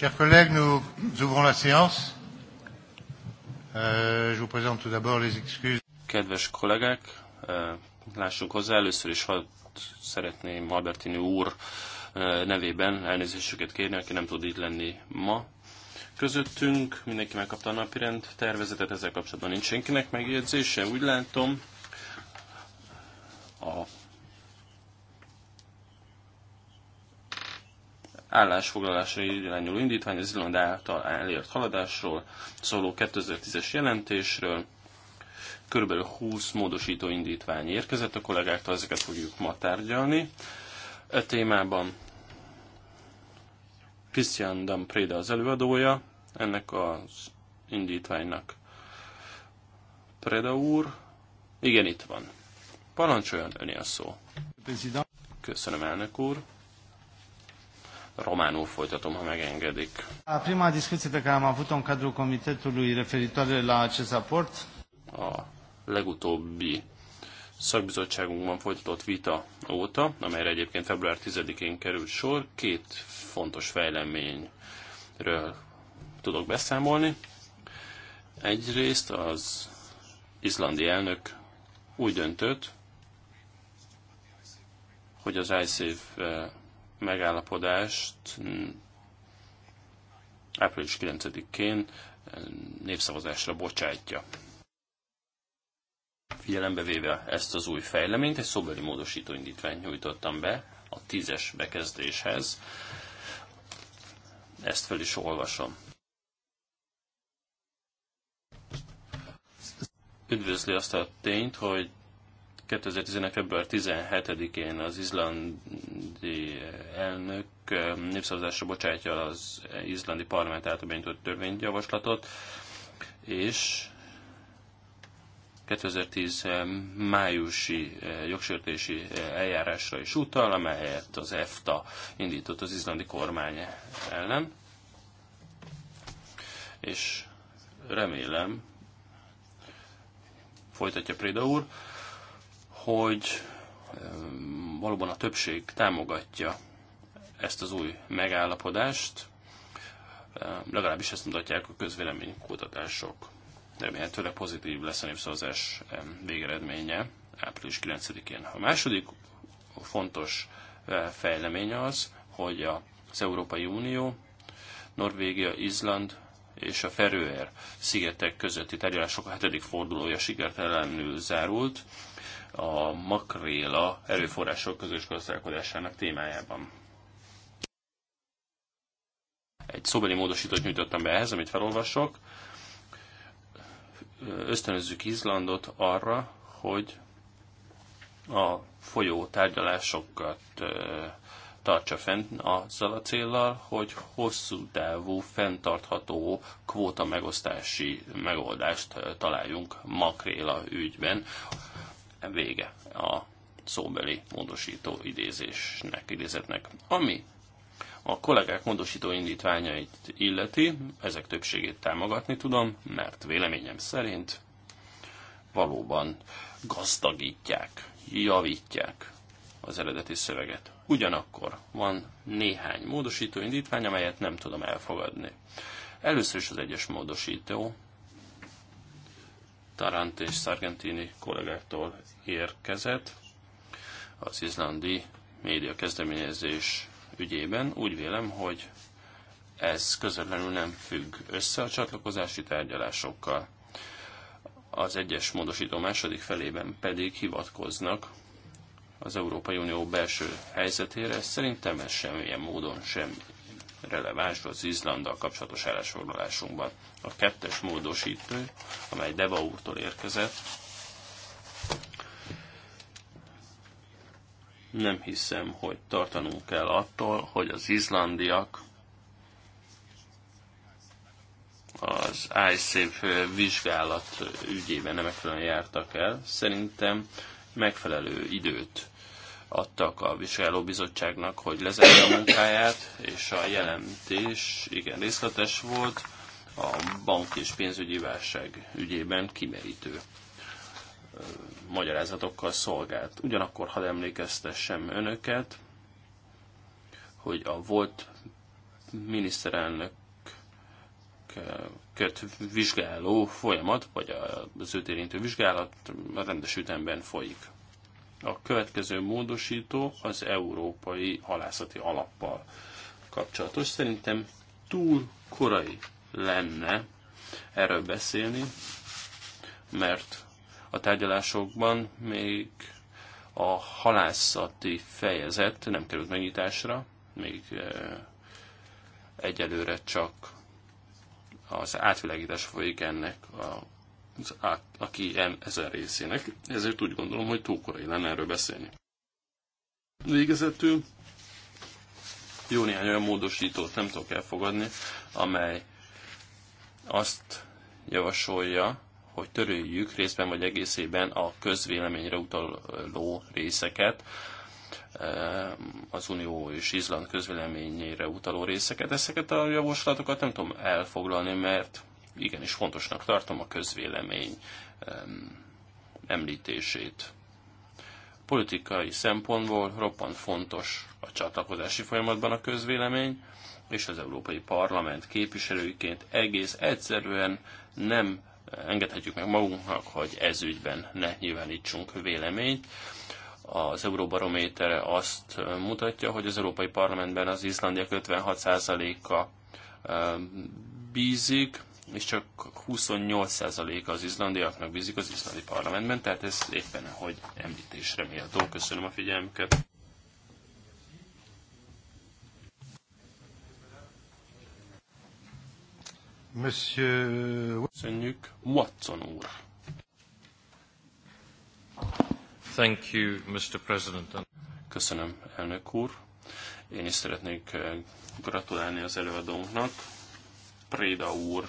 Chers collègues, nous ouvrons la séance. Euh, je vous présente tout d'abord les excuses. Kedves kollégák, euh, lássuk hozzá, először is hogy szeretném Albertini úr euh, nevében elnézésüket kérni, aki nem tud itt lenni ma közöttünk. Mindenki megkapta a napirend tervezetet, ezzel kapcsolatban nincs senkinek megjegyzése, úgy látom. A állásfoglalásra irányuló indítvány az Izland által elért haladásról szóló 2010-es jelentésről. Körülbelül 20 módosító indítvány érkezett a kollégáktól, ezeket fogjuk ma tárgyalni. E témában Christian Dampréda az előadója ennek az indítványnak. Preda úr, igen, itt van. Parancsoljon öné a szó. Köszönöm, elnök úr románul folytatom, ha megengedik. A prima discuție pe care am avut-o în cadrul comitetului referitoare la acest raport. A legutóbbi szakbizottságunkban folytatott vita óta, amelyre egyébként február 10-én került sor, két fontos fejleményről tudok beszámolni. Egyrészt az izlandi elnök úgy döntött, hogy az ISAF megállapodást mm, április 9-én eh, népszavazásra bocsátja. Figyelembe véve ezt az új fejleményt, egy szobeli módosító indítványt nyújtottam be a tízes bekezdéshez. Ezt fel is olvasom. Üdvözli azt a tényt, hogy 2011. február 17-én az izlandi elnök um, népszavazásra bocsátja az izlandi parlament által benyújtott törvényjavaslatot, és 2010 um, májusi uh, jogsértési uh, eljárásra is utal, amelyet az EFTA indított az izlandi kormány ellen. És remélem, folytatja Préda úr, hogy valóban a többség támogatja ezt az új megállapodást, legalábbis ezt mutatják a közvéleménykutatások. Remélhetőleg pozitív lesz a népszavazás végeredménye április 9-én. A második fontos eh, fejlemény az, hogy az Európai Unió, Norvégia, Izland és a Feröer szigetek közötti tárgyalások a hetedik fordulója sikertelenül zárult a makréla erőforrások közös gazdálkodásának témájában. Egy szóbeli módosítót nyújtottam be ehhez, amit felolvasok. Ösztönözzük Izlandot arra, hogy a folyó tárgyalásokat tartsa fent azzal a céllal, hogy hosszú távú, fenntartható kvóta megosztási megoldást találjunk makréla ügyben vége a szóbeli módosító idézésnek, idézetnek. Ami a kollégák módosító indítványait illeti, ezek többségét támogatni tudom, mert véleményem szerint valóban gazdagítják, javítják az eredeti szöveget. Ugyanakkor van néhány módosító indítvány, amelyet nem tudom elfogadni. Először is az egyes módosító, Tarant és Sargentini kollégáktól érkezett az izlandi média kezdeményezés ügyében. Úgy vélem, hogy ez közvetlenül nem függ össze a csatlakozási tárgyalásokkal. Az egyes módosító második felében pedig hivatkoznak az Európai Unió belső helyzetére, szerintem ez semmilyen módon sem releváns az Izlanddal kapcsolatos állásfoglalásunkban. A kettes módosítő, amely Deva úrtól érkezett, nem hiszem, hogy tartanunk kell attól, hogy az izlandiak az ISAFE vizsgálat ügyében nem megfelelően jártak el. Szerintem megfelelő időt adtak a vizsgálóbizottságnak, hogy lezárja a munkáját, és a jelentés igen részletes volt, a bank és pénzügyi válság ügyében kimerítő magyarázatokkal szolgált. Ugyanakkor ha emlékeztessem önöket, hogy a volt miniszterelnök köt vizsgáló folyamat, vagy az őt érintő vizsgálat rendes ütemben folyik. A következő módosító az európai halászati alappal kapcsolatos. Szerintem túl korai lenne erről beszélni, mert a tárgyalásokban még a halászati fejezet nem került megnyitásra, még eh, egyelőre csak az átvilágítás folyik ennek a az át, aki ezen részének, ezért úgy gondolom, hogy túl korai lenne erről beszélni. Végezetül jó néhány olyan módosítót nem tudok elfogadni, amely azt javasolja, hogy törőjük részben vagy egészében a közvéleményre utaló részeket, az Unió és Izland közvéleményére utaló részeket. Ezeket a javaslatokat nem tudom elfoglalni, mert igenis fontosnak tartom a közvélemény említését. Politikai szempontból roppant fontos a csatlakozási folyamatban a közvélemény, és az Európai Parlament képviselőiként egész egyszerűen nem engedhetjük meg magunknak, hogy ez ügyben ne nyilvánítsunk véleményt. Az Euróbarométer azt mutatja, hogy az Európai Parlamentben az izlandiak 56%-a bízik, és csak 28% az izlandiaknak bízik az izlandi parlamentben, tehát ez éppen ahogy említésre méltó. Köszönöm a figyelmüket! Monsieur... Köszönjük, Watson úr! Thank you, Mr. President. Köszönöm, elnök úr. Én is szeretnék eh, gratulálni az előadónknak. Préda úr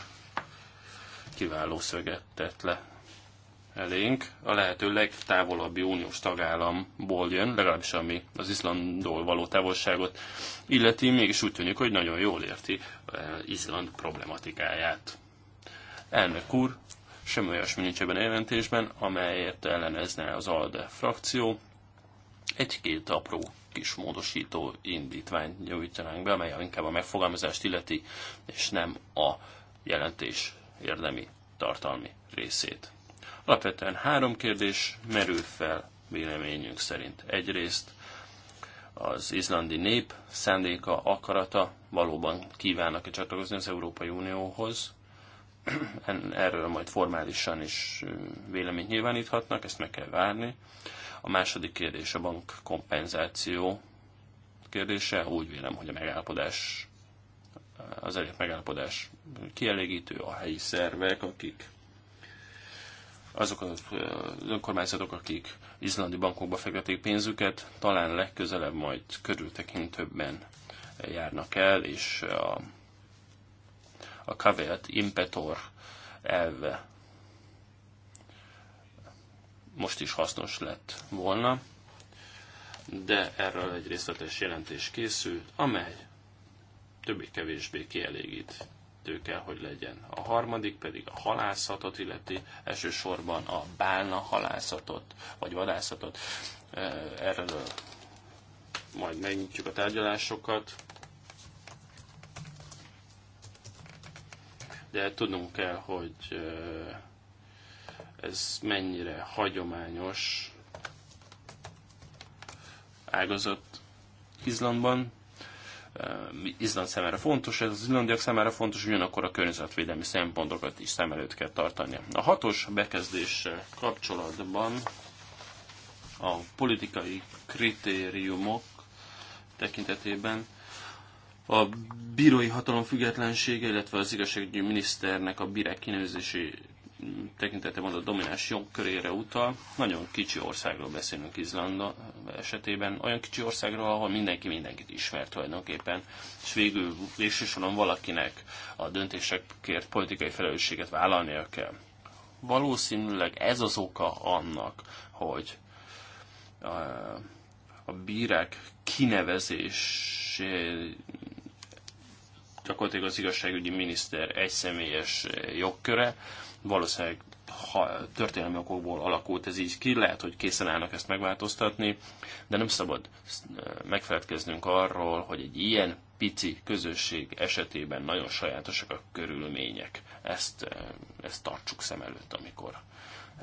kiváló szöget tett le elénk. A lehető legtávolabbi uniós tagállamból jön, legalábbis ami az Izlandról való távolságot illeti, mégis úgy tűnik, hogy nagyon jól érti eh, Izland problematikáját. Elnök úr, semmi olyasmi nincs ebben a jelentésben, amelyért ellenezne az ALDE frakció. Egy-két apró kis módosító indítványt nyújtanánk be, amely inkább a megfogalmazást illeti, és nem a jelentés érdemi, tartalmi részét. Alapvetően három kérdés merül fel véleményünk szerint. Egyrészt az izlandi nép szándéka, akarata valóban kívánnak-e csatlakozni az Európai Unióhoz. Erről majd formálisan is véleményt nyilváníthatnak, ezt meg kell várni. A második kérdés a bank kompenzáció kérdése. Úgy vélem, hogy a megállapodás az elért megállapodás kielégítő, a helyi szervek, akik azok az önkormányzatok, akik izlandi bankokba fektetik pénzüket, talán legközelebb majd körültekintőbben járnak el, és a, a caveat impetor elve most is hasznos lett volna, de erről egy részletes jelentés készült, amely többé-kevésbé kielégítő kell, hogy legyen. A harmadik pedig a halászatot illeti, elsősorban a bálna halászatot, vagy vadászatot. E, erről majd megnyitjuk a tárgyalásokat. De tudnunk kell, hogy e, ez mennyire hagyományos ágazat Izlandban, Izland számára fontos, ez az izlandiak számára fontos, ugyanakkor a környezetvédelmi szempontokat is szem előtt kell tartani. A hatos bekezdés kapcsolatban a politikai kritériumok tekintetében a bírói hatalom függetlensége, illetve az igazságügyi miniszternek a bírek kinevezési tekintete van a domináns jogkörére utal. Nagyon kicsi országról beszélünk Izland esetében, olyan kicsi országról, ahol mindenki mindenkit ismert tulajdonképpen, és végül végsősoron valakinek a döntésekért politikai felelősséget vállalnia kell. Valószínűleg ez az oka annak, hogy a, a bírák kinevezés gyakorlatilag az igazságügyi miniszter egyszemélyes jogköre, Valószínűleg ha, történelmi okokból alakult ez így ki, lehet, hogy készen állnak ezt megváltoztatni, de nem szabad megfeledkeznünk arról, hogy egy ilyen pici közösség esetében nagyon sajátosak a körülmények. Ezt, ezt tartsuk szem előtt, amikor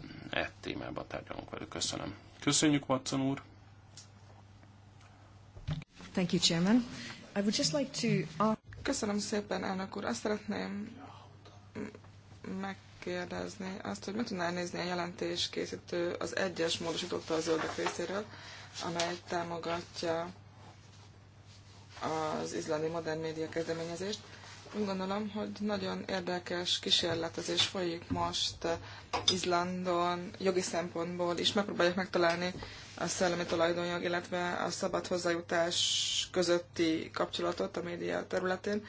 mm, e témában tárgyalunk velük. Köszönöm. Köszönjük, Watson úr! Thank you, Chairman. I would just like to... Köszönöm szépen, elnök úr. Azt szeretném meg kérdezni azt, hogy mit tudná nézni a jelentés készítő az egyes módosította a zöldek részéről, amely támogatja az izlandi modern média kezdeményezést. Úgy gondolom, hogy nagyon érdekes kísérletezés folyik most Izlandon jogi szempontból is. Megpróbálják megtalálni a szellemi tulajdonjog, illetve a szabad hozzájutás közötti kapcsolatot a média területén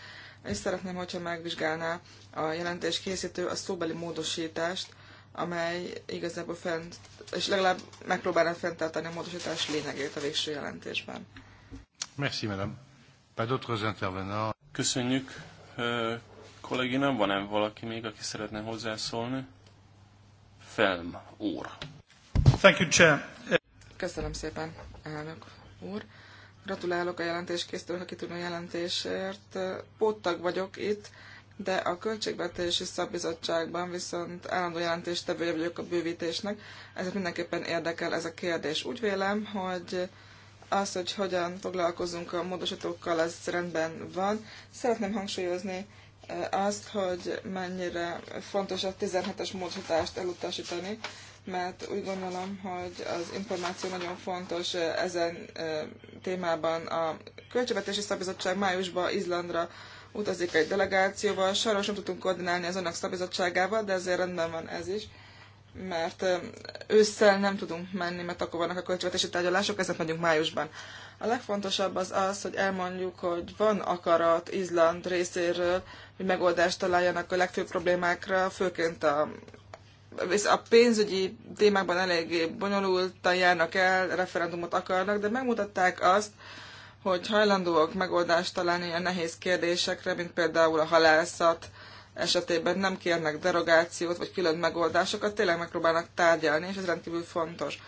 és szeretném, hogyha megvizsgálná a jelentés készítő a szóbeli módosítást, amely igazából fent, és legalább megpróbálná fenntartani a módosítás lényegét a végső jelentésben. Merci, madame. d'autres intervenants. Köszönjük. Kolléginám, van-e valaki még, aki szeretne hozzászólni? Felm úr. Thank you, Chair. Köszönöm szépen, elnök úr. Gratulálok a jelentéskészítőnek ha kitűnő jelentésért. Póttag vagyok itt, de a Költségvetési Szabbizottságban viszont állandó jelentéstevője vagyok a bővítésnek, ezért mindenképpen érdekel ez a kérdés. Úgy vélem, hogy az, hogy hogyan foglalkozunk a módosítókkal, ez rendben van. Szeretném hangsúlyozni eh, azt, hogy mennyire fontos a 17-es módosítást elutasítani, mert úgy gondolom, hogy az információ nagyon fontos ezen témában. A Költségvetési Szabizottság májusban Izlandra utazik egy delegációval. Sajnos nem tudtunk koordinálni az önök szabizottságával, de ezért rendben van ez is mert ősszel nem tudunk menni, mert akkor vannak a költségvetési tárgyalások, ezek megyünk májusban. A legfontosabb az az, hogy elmondjuk, hogy van akarat Izland részéről, hogy megoldást találjanak a legfőbb problémákra, főként a a pénzügyi témákban eléggé bonyolultan járnak el, referendumot akarnak, de megmutatták azt, hogy hajlandóak megoldást találni a nehéz kérdésekre, mint például a halászat esetében nem kérnek derogációt vagy külön megoldásokat, tényleg megpróbálnak tárgyalni, és ez rendkívül fontos.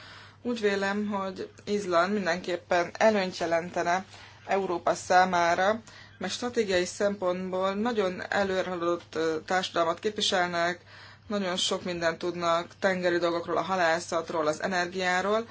Úgy vélem, hogy Izland mindenképpen előnyt jelentene Európa számára, mert stratégiai szempontból nagyon előrehaladott társadalmat képviselnek, nagyon sok mindent tudnak tengeri dolgokról, a halászatról, az energiáról,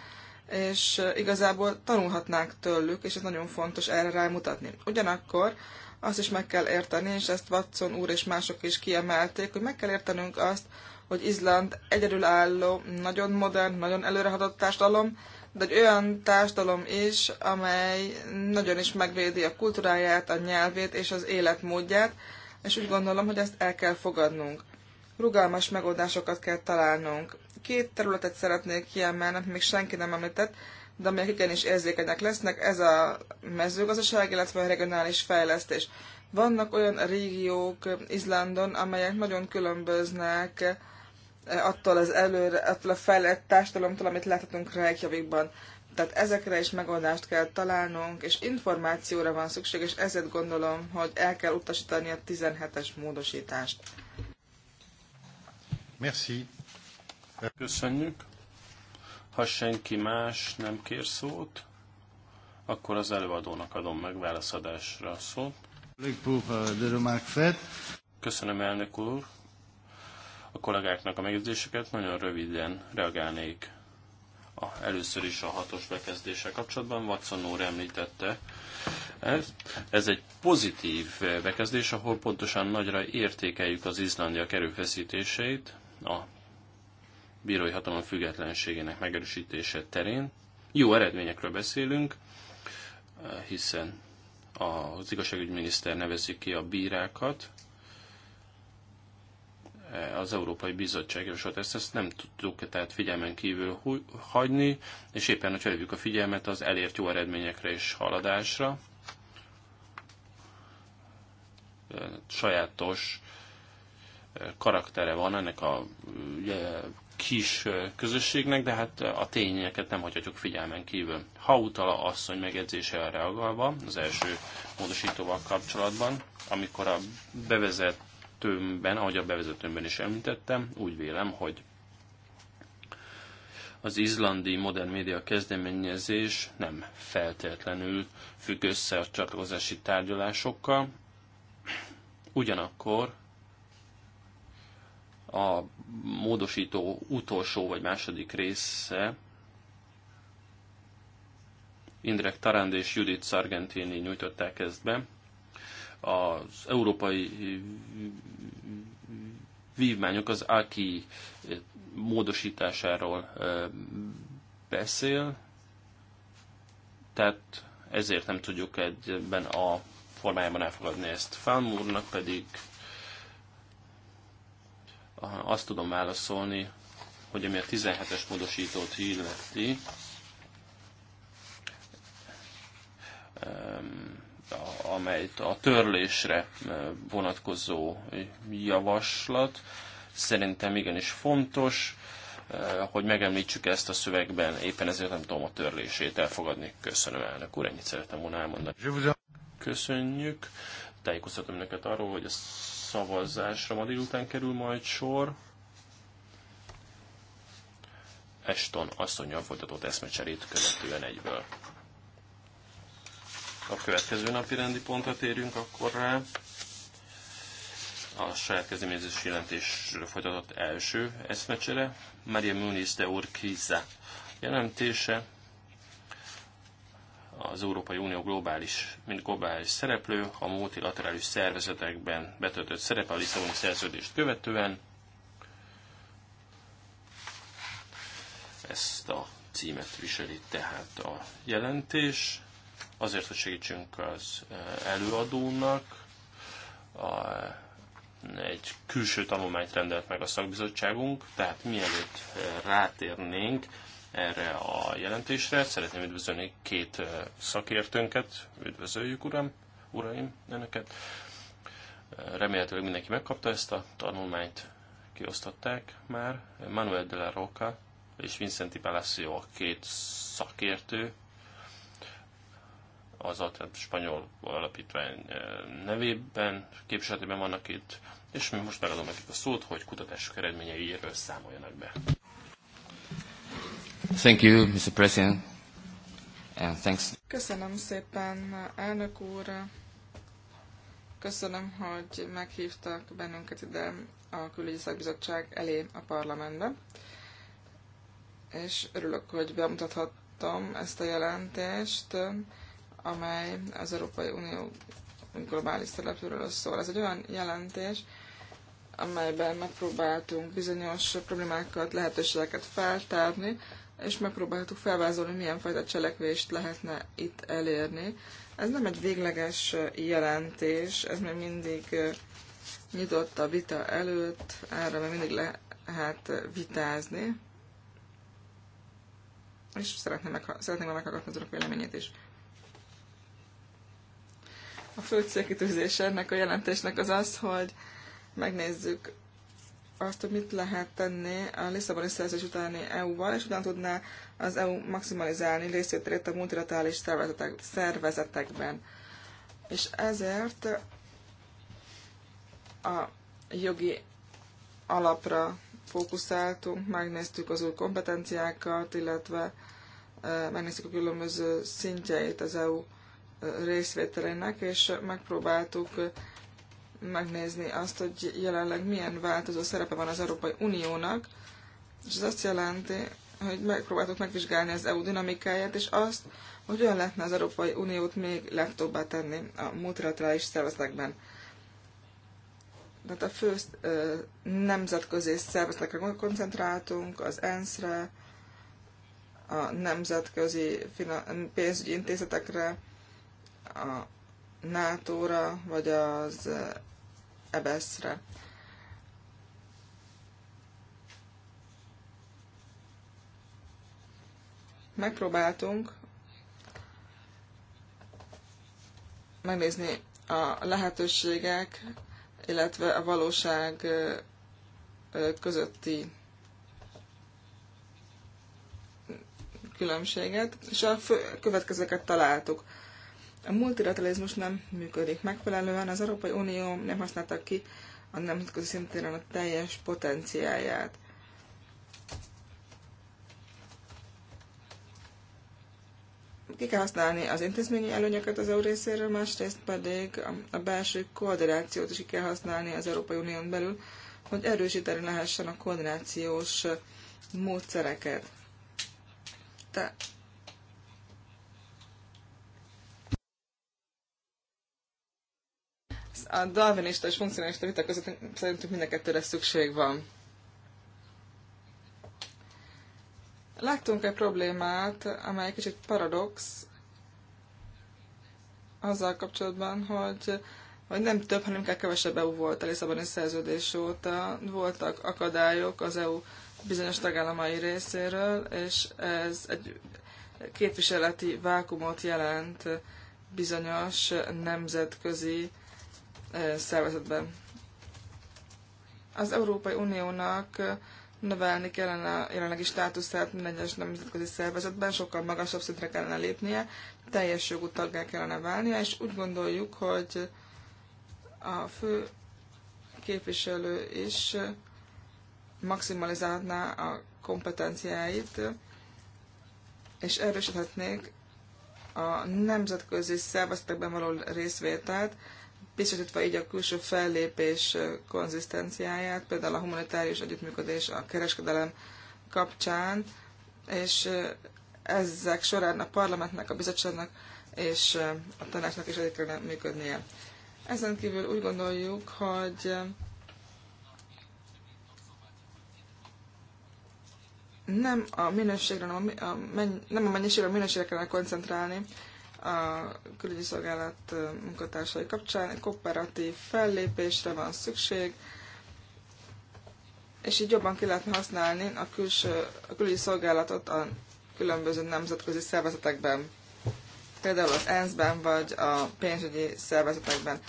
és igazából tanulhatnánk tőlük, és ez nagyon fontos erre rámutatni. Ugyanakkor azt is meg kell érteni, és ezt Watson úr és mások is kiemelték, hogy meg kell értenünk azt, hogy Izland egyedülálló, nagyon modern, nagyon előrehatott társadalom, de egy olyan társadalom is, amely nagyon is megvédi a kultúráját, a nyelvét és az életmódját, és úgy gondolom, hogy ezt el kell fogadnunk rugalmas megoldásokat kell találnunk. Két területet szeretnék kiemelni, amit még senki nem említett, de amelyek igenis érzékenyek lesznek, ez a mezőgazdaság, illetve a regionális fejlesztés. Vannak olyan régiók Izlandon, amelyek nagyon különböznek eh, attól az előre, attól a fejlett társadalomtól, amit láthatunk Reykjavikban. Tehát ezekre is megoldást kell találnunk, és információra van szükség, és ezért gondolom, hogy el kell utasítani a 17-es módosítást. Merci. Köszönjük. Ha senki más nem kér szót, akkor az előadónak adom meg válaszadásra a szót. Euh, Köszönöm, elnök úr. A kollégáknak a megjegyzéseket nagyon röviden reagálnék. A, először is a hatos bekezdéssel kapcsolatban Watson úr említette ez, Ez egy pozitív bekezdés, ahol pontosan nagyra értékeljük az izlandiak erőfeszítéseit, a bírói hatalom függetlenségének megerősítése terén. Jó eredményekről beszélünk, hiszen az igazságügyminiszter nevezi ki a bírákat, az Európai Bizottság ott ezt, ezt nem tudtuk tehát figyelmen kívül hagyni, és éppen, hogy felhívjuk a figyelmet az elért jó eredményekre és haladásra, sajátos karaktere van ennek a kis közösségnek, de hát a tényeket nem hagyhatjuk figyelmen kívül. Ha Hautala asszony megjegyzése reagálva az első módosítóval kapcsolatban, amikor a bevezetőmben, ahogy a bevezetőmben is említettem, úgy vélem, hogy az izlandi modern média kezdeményezés nem feltétlenül függ össze a csatlakozási tárgyalásokkal, ugyanakkor a módosító utolsó vagy második része Indrek Tarand és Judith Sargentini nyújtották ezt be. Az európai vívmányok az AKI módosításáról beszél, tehát ezért nem tudjuk egyben a formájában elfogadni ezt. Fálmúrnak pedig azt tudom válaszolni, hogy ami a 17-es módosítót illeti, amelyet a törlésre vonatkozó javaslat, szerintem igenis fontos, eh, hogy megemlítsük ezt a szövegben, éppen ezért nem tudom a törlését elfogadni. Köszönöm elnök úr, ennyit szeretem volna elmondani. Köszönjük. Tájékoztatom neked arról, hogy a szavazásra ma délután kerül majd sor. Eston asszonya folytatott eszmecserét követően egyből. A következő napi rendi pontra térünk akkor rá. A saját kezdeményezés jelentésről folytatott első eszmecsere. Maria Muniz de Urquiza jelentése az Európai Unió globális, mint globális szereplő, a multilaterális szervezetekben betöltött szerepe a Lisszaboni szerződést követően. Ezt a címet viseli tehát a jelentés. Azért, hogy segítsünk az eh, előadónak, a, egy külső tanulmányt rendelt meg a szakbizottságunk, tehát mielőtt eh, rátérnénk erre a jelentésre. Szeretném üdvözölni két szakértőnket. Üdvözöljük, uram, uraim, önöket. Remélhetőleg mindenki megkapta ezt a tanulmányt, kiosztották már. Manuel de la Roca és Vincenti Palacio a két szakértő, az Alternatív Spanyol Alapítvány nevében, képviseletében vannak itt, és mi most megadom nekik a szót, hogy kutatások eredményeiről számoljanak be. Thank you, Mr. President. And thanks. Köszönöm szépen, elnök úr. Köszönöm, hogy meghívtak bennünket ide a Külügyi Szakbizottság elé a parlamentbe. És örülök, hogy bemutathattam ezt a jelentést, amely az Európai Unió globális szerepéről szól. Ez egy olyan jelentés, amelyben megpróbáltunk bizonyos problémákat, lehetőségeket feltárni, és megpróbáltuk felvázolni, milyen fajta cselekvést lehetne itt elérni. Ez nem egy végleges jelentés, ez még mindig nyitott a vita előtt, erre még mindig lehet vitázni. És szeretném, megha- szeretném meghallgatni az önök véleményét is. A fő célkitűzés ennek a jelentésnek az az, hogy megnézzük azt, hogy mit lehet tenni a Lisszaboni szerzés utáni EU-val, és utána tudná az EU maximalizálni részvételét a multilaterális szervezetek, szervezetekben. És ezért a jogi alapra fókuszáltunk, megnéztük az új kompetenciákat, illetve megnéztük a különböző szintjeit az EU részvételének, és megpróbáltuk megnézni azt, hogy jelenleg milyen változó szerepe van az Európai Uniónak, és ez azt jelenti, hogy megpróbáltuk megvizsgálni az EU dinamikáját, és azt, hogy olyan lehetne az Európai Uniót még legtöbbá tenni a multilaterális szervezetekben. Tehát a fő nemzetközi szervezetekre koncentráltunk, az ENSZ-re, a nemzetközi pénzügyi intézetekre, a NATO-ra, vagy az ebeszre. Megpróbáltunk megnézni a lehetőségek, illetve a valóság közötti különbséget, és a következőket találtuk. A multilateralizmus nem működik megfelelően, az Európai Unió nem használta ki a nemzetközi szintéren a teljes potenciáját. Ki kell használni az intézményi előnyöket az EU részéről, másrészt pedig a belső koordinációt is ki kell használni az Európai Unión belül, hogy erősíteni lehessen a koordinációs módszereket. Te a darwinista és funkcionalista vita között szerintünk mind a kettőre szükség van. Láttunk egy problémát, amely kicsit paradox azzal kapcsolatban, hogy, hogy nem több, hanem inkább kevesebb EU volt a Lisszaboni szerződés óta. Voltak akadályok az EU bizonyos tagállamai részéről, és ez egy képviseleti vákumot jelent bizonyos nemzetközi szervezetben. Az Európai Uniónak növelni kellene a jelenlegi státuszát minden egyes nemzetközi szervezetben, sokkal magasabb szintre kellene lépnie, teljes jogú taggá kellene válnia, és úgy gondoljuk, hogy a fő képviselő is maximalizálhatná a kompetenciáit, és erősíthetnék a nemzetközi szervezetekben való részvételt, biztosítva így a külső fellépés konzisztenciáját, például a humanitárius együttműködés a kereskedelem kapcsán, és ezek során a parlamentnek, a bizottságnak és a tanácsnak is együtt kellene működnie. Ezen kívül úgy gondoljuk, hogy nem a minőségre, nem a, nem a mennyiségre, a minőségre kellene koncentrálni, a külügyi szolgálat munkatársai kapcsán. Egy kooperatív fellépésre van szükség, és így jobban ki lehetne használni a, külső, a külügyi szolgálatot a különböző nemzetközi szervezetekben, például az ENSZ-ben vagy a pénzügyi szervezetekben.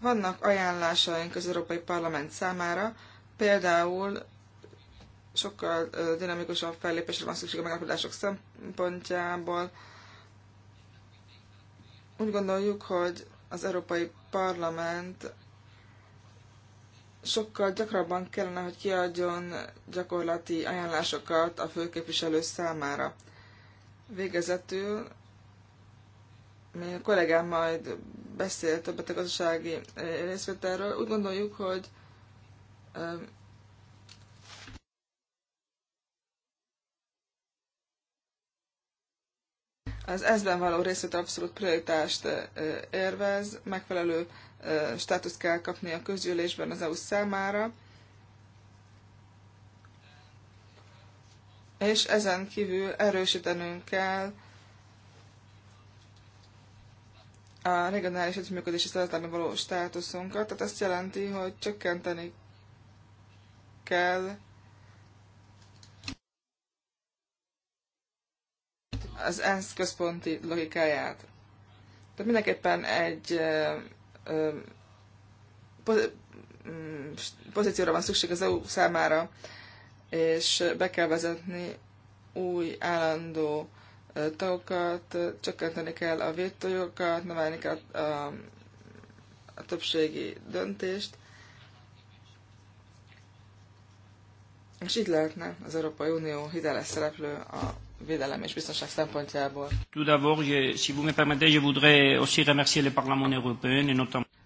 Vannak ajánlásaink az Európai Parlament számára, például sokkal dinamikusabb fellépésre van szükség a megállapodások szempontjából, úgy gondoljuk, hogy az Európai Parlament sokkal gyakrabban kellene, hogy kiadjon gyakorlati ajánlásokat a főképviselő számára. Végezetül mi a kollégám majd beszél a gazdasági részvételről. Úgy gondoljuk, hogy az ezben való részét abszolút prioritást érvez, megfelelő státuszt kell kapni a közgyűlésben az EU számára, és ezen kívül erősítenünk kell a regionális együttműködési szervezetben való státuszunkat, tehát azt jelenti, hogy csökkenteni kell az ENSZ központi logikáját. Tehát mindenképpen egy mm, pozícióra van szükség az EU számára, és be kell vezetni új állandó tagokat, csökkenteni kell a vétójogokat, növelni kell a, a, a többségi döntést, és így lehetne az Európai Unió hiteles szereplő a védelem és biztonság szempontjából.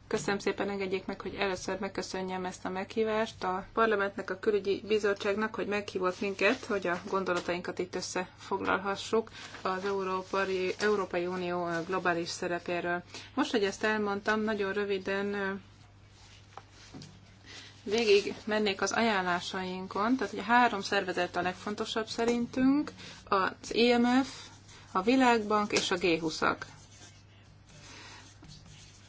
Köszönöm szépen, engedjék meg, hogy először megköszönjem ezt a meghívást a parlamentnek, a külügyi bizottságnak, hogy meghívott minket, hogy a gondolatainkat itt összefoglalhassuk az Európai, Európai Unió globális szerepéről. Most, hogy ezt elmondtam, nagyon röviden végig mennék az ajánlásainkon, tehát hogy a három szervezet a legfontosabb szerintünk, az IMF, e a Világbank és a G20-ak.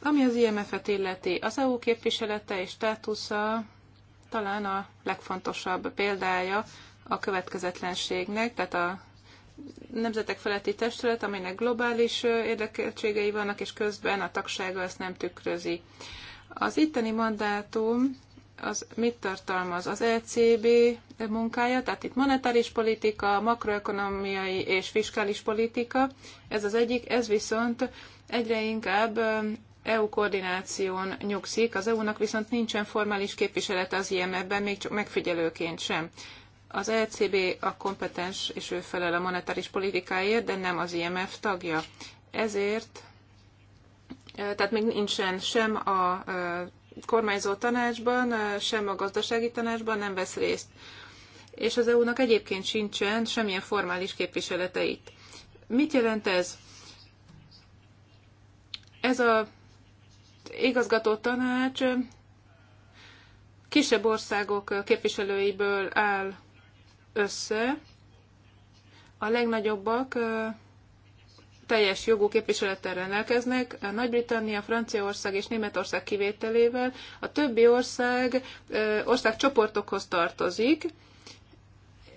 Ami az IMF-et e illeti, az EU képviselete és státusza talán a legfontosabb példája a következetlenségnek, tehát a nemzetek feletti testület, aminek globális érdekeltségei vannak, és közben a tagsága ezt nem tükrözi. Az itteni mandátum az mit tartalmaz? Az ECB munkája, tehát itt monetáris politika, makroekonomiai és fiskális politika, ez az egyik, ez viszont egyre inkább um, EU koordináción nyugszik, az EU-nak viszont nincsen formális képviselete az IMF-ben, még csak megfigyelőként sem. Az ECB a kompetens, és ő felel a monetáris politikáért, de nem az IMF tagja. Ezért eh, tehát még nincsen sem a eh, kormányzó tanácsban, sem a gazdasági tanácsban nem vesz részt. És az EU-nak egyébként sincsen semmilyen formális képviselete itt. Mit jelent ez? Ez a igazgató tanács kisebb országok képviselőiből áll össze, a legnagyobbak teljes jogú képviselettel rendelkeznek, Nagy-Britannia, Franciaország és Németország kivételével. A többi ország országcsoportokhoz tartozik,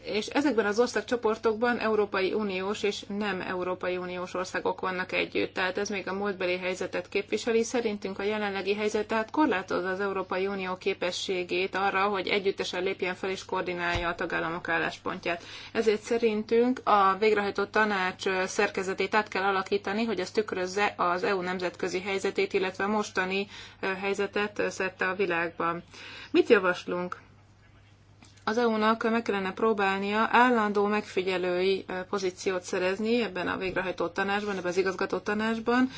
és ezekben az országcsoportokban Európai Uniós és nem Európai Uniós országok vannak együtt. Tehát ez még a múltbeli helyzetet képviseli. Szerintünk a jelenlegi helyzet tehát korlátozza az Európai Unió képességét arra, hogy együttesen lépjen fel és koordinálja a tagállamok álláspontját. Ezért szerintünk a végrehajtott tanács szerkezetét át kell alakítani, hogy ez tükrözze az EU nemzetközi helyzetét, illetve a mostani helyzetet szerte a világban. Mit javaslunk? az EU-nak meg kellene próbálnia állandó megfigyelői pozíciót szerezni ebben a végrehajtó tanácsban, ebben az igazgató tanácsban,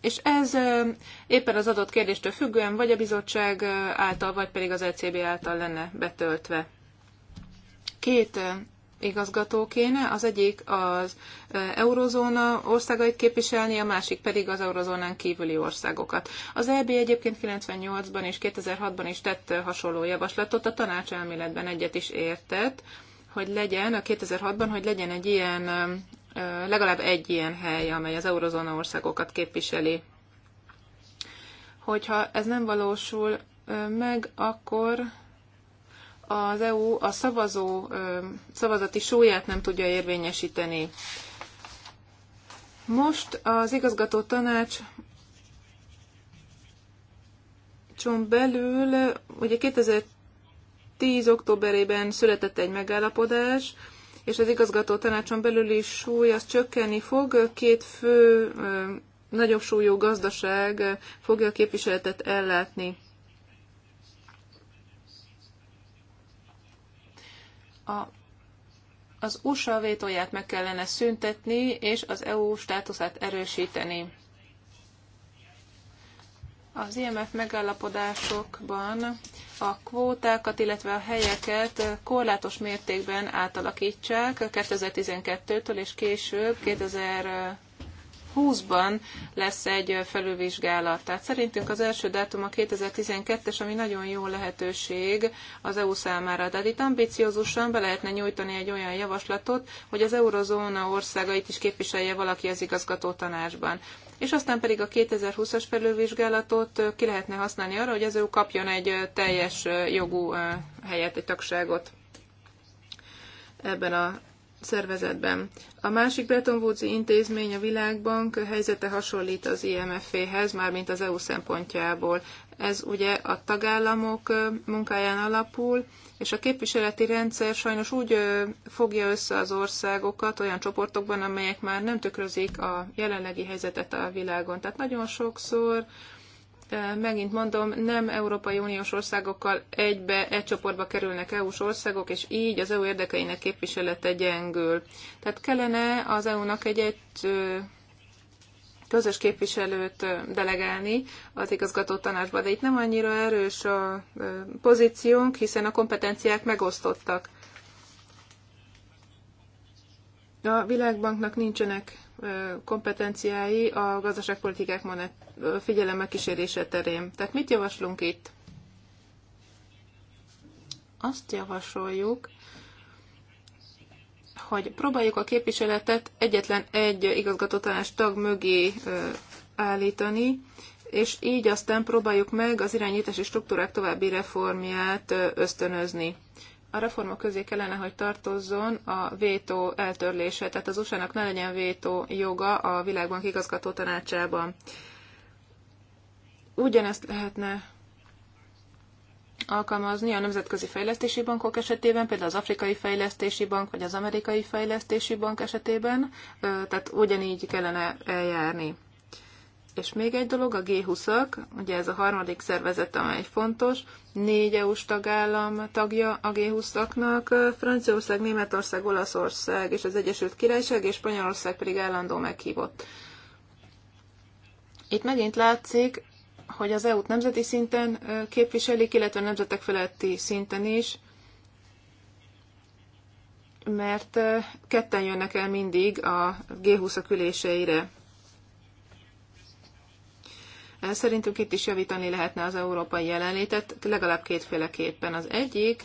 és ez éppen az adott kérdéstől függően vagy a bizottság által, vagy pedig az ECB által lenne betöltve. Két igazgató kéne, az egyik az eurozóna országait képviselni, a másik pedig az eurozónán kívüli országokat. Az EB egyébként 98-ban és 2006-ban is tett hasonló javaslatot, a tanács elméletben egyet is értett, hogy legyen a 2006-ban, hogy legyen egy ilyen, legalább egy ilyen hely, amely az eurozóna országokat képviseli. Hogyha ez nem valósul meg, akkor az EU a szavazó szavazati súlyát nem tudja érvényesíteni. Most az igazgató tanács csom belül, ugye 2010. októberében született egy megállapodás, és az igazgató tanácson belüli súly az csökkenni fog, két fő nagyobb súlyú gazdaság fogja a képviseletet ellátni. a, az USA vétóját meg kellene szüntetni, és az EU státuszát erősíteni. Az IMF megállapodásokban a kvótákat, illetve a helyeket korlátos mértékben átalakítsák 2012-től és később 2000 2020-ban lesz egy felülvizsgálat. Tehát szerintünk az első dátum a 2012-es, ami nagyon jó lehetőség az EU számára. Tehát itt ambiciózusan be lehetne nyújtani egy olyan javaslatot, hogy az eurozóna országait is képviselje valaki az igazgató tanácsban és aztán pedig a 2020-as felülvizsgálatot ki lehetne használni arra, hogy az EU kapjon egy teljes jogú helyet, egy tagságot ebben a szervezetben. A másik Bretton woods intézmény, a Világbank helyzete hasonlít az IMF-hez, mármint az EU szempontjából. Ez ugye a tagállamok munkáján alapul, és a képviseleti rendszer sajnos úgy fogja össze az országokat olyan csoportokban, amelyek már nem tükrözik a jelenlegi helyzetet a világon. Tehát nagyon sokszor megint mondom, nem Európai Uniós országokkal egybe, egy csoportba kerülnek EU-s országok, és így az EU érdekeinek képviselete gyengül. Tehát kellene az EU-nak egy, egy közös képviselőt delegálni az igazgató tanácsba, de itt nem annyira erős a pozíciónk, hiszen a kompetenciák megosztottak. A világbanknak nincsenek kompetenciái a gazdaságpolitikák monet, figyelemmel kísérése terén. Tehát mit javaslunk itt? Azt javasoljuk, hogy próbáljuk a képviseletet egyetlen egy igazgatótanács tag mögé állítani, és így aztán próbáljuk meg az irányítási struktúrák további reformját ösztönözni a reformok közé kellene, hogy tartozzon a vétó eltörlése, tehát az USA-nak ne legyen vétó joga a világbank igazgató tanácsában. Ugyanezt lehetne alkalmazni a nemzetközi fejlesztési bankok esetében, például az afrikai fejlesztési bank vagy az amerikai fejlesztési bank esetében, tehát ugyanígy kellene eljárni. És még egy dolog, a G20-ak, ugye ez a harmadik szervezet, amely fontos, négy EU-s tagállam tagja a G20-aknak, Franciaország, Németország, Olaszország és az Egyesült Királyság, és Spanyolország pedig állandó meghívott. Itt megint látszik, hogy az EU-t nemzeti szinten képviselik, illetve nemzetek feletti szinten is, mert ketten jönnek el mindig a G20-ak üléseire Szerintünk itt is javítani lehetne az európai jelenlétet, legalább kétféleképpen. Az egyik,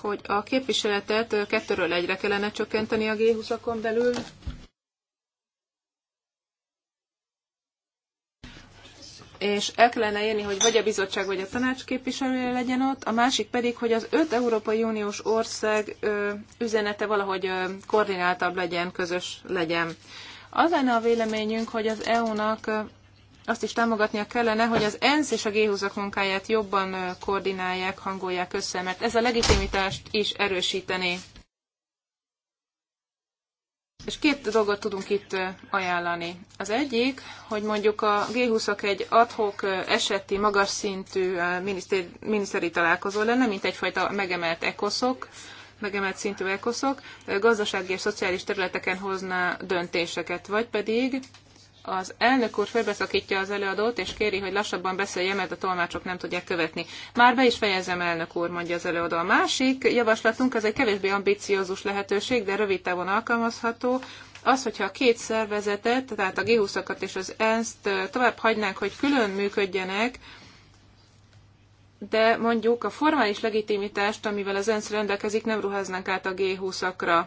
hogy a képviseletet kettőről egyre kellene csökkenteni a G20-akon belül, és el kellene érni, hogy vagy a bizottság, vagy a tanács képviselője legyen ott, a másik pedig, hogy az öt Európai Uniós ország ö, üzenete valahogy ö, koordináltabb legyen, közös legyen. Az lenne a véleményünk, hogy az EU-nak azt is támogatnia kellene, hogy az ENSZ és a g ak munkáját jobban koordinálják, hangolják össze, mert ez a legitimitást is erősítené. És két dolgot tudunk itt ajánlani. Az egyik, hogy mondjuk a G20-ak egy adhok eseti, magas szintű minisztéri, miniszteri találkozó lenne, mint egyfajta megemelt ekoszok, megemelt szintű ekoszok, gazdasági és szociális területeken hozna döntéseket, vagy pedig az elnök úr félbeszakítja az előadót, és kéri, hogy lassabban beszélje, mert a tolmácsok nem tudják követni. Már be is fejezem, elnök úr, mondja az előadó. A másik javaslatunk, az egy kevésbé ambiciózus lehetőség, de rövid távon alkalmazható, az, hogyha a két szervezetet, tehát a g akat és az ENSZ-t tovább hagynánk, hogy külön működjenek, de mondjuk a formális legitimitást, amivel az ENSZ rendelkezik, nem ruháznánk át a G20-akra.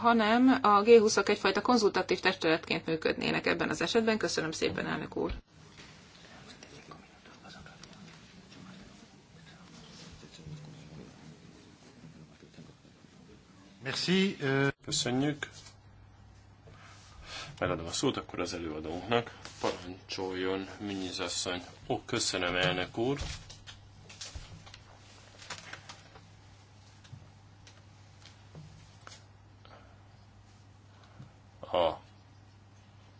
hanem a G20-ak egyfajta konzultatív testületként működnének ebben az esetben. Köszönöm szépen, elnök úr! Merci. Köszönjük. Megadom a szót akkor az előadónknak. Parancsoljon, Münyiz asszony. Ó, köszönöm, elnök úr. a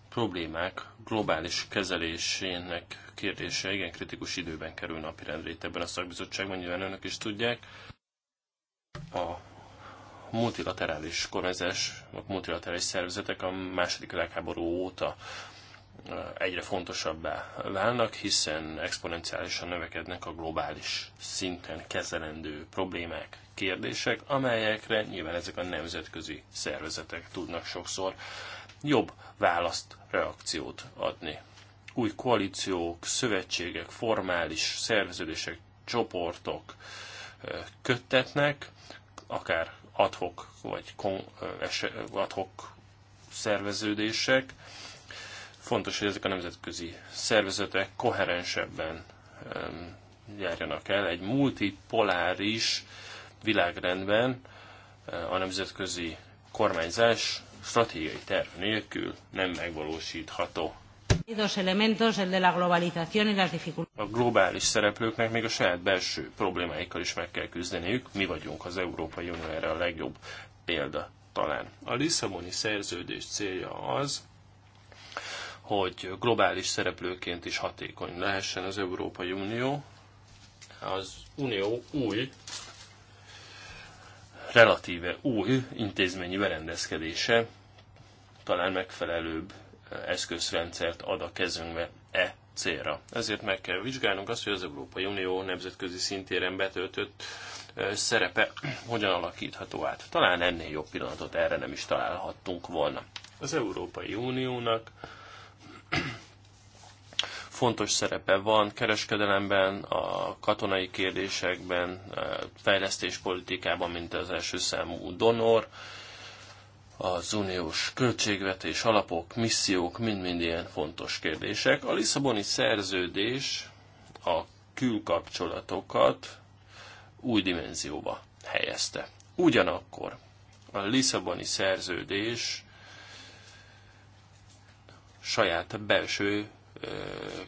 problémák globális kezelésének kérdése igen kritikus időben kerül napirendre itt ebben a szakbizottságban, nyilván önök is tudják. A multilaterális kormányzás, a multilaterális szervezetek a második világháború óta egyre fontosabbá válnak, hiszen exponenciálisan növekednek a globális szinten kezelendő problémák kérdések, amelyekre nyilván ezek a nemzetközi szervezetek tudnak sokszor jobb választ, reakciót adni. Új koalíciók, szövetségek, formális szerveződések, csoportok köttetnek, akár adhok vagy adhok szerveződések. Fontos, hogy ezek a nemzetközi szervezetek koherensebben járjanak el egy multipoláris világrendben eh, a nemzetközi kormányzás stratégiai terv nélkül nem megvalósítható. A globális szereplőknek még a saját belső problémáikkal is meg kell küzdeniük, mi vagyunk az Európai Unió erre a legjobb példa talán. A Lisszaboni szerződés célja az, hogy globális szereplőként is hatékony lehessen az Európai Unió. Az Unió új relatíve új intézményi berendezkedése talán megfelelőbb eh, eszközrendszert ad a kezünkbe e célra. Ezért meg kell vizsgálnunk azt, hogy az Európai Unió nemzetközi szintéren betöltött eh, szerepe hogyan alakítható át. Talán ennél jobb pillanatot erre nem is találhattunk volna. Az Európai Uniónak fontos szerepe van kereskedelemben, a katonai kérdésekben, fejlesztéspolitikában, mint az első számú donor, az uniós költségvetés, alapok, missziók, mind-mind ilyen fontos kérdések. A Lisszaboni szerződés a külkapcsolatokat új dimenzióba helyezte. Ugyanakkor a Lisszaboni szerződés saját belső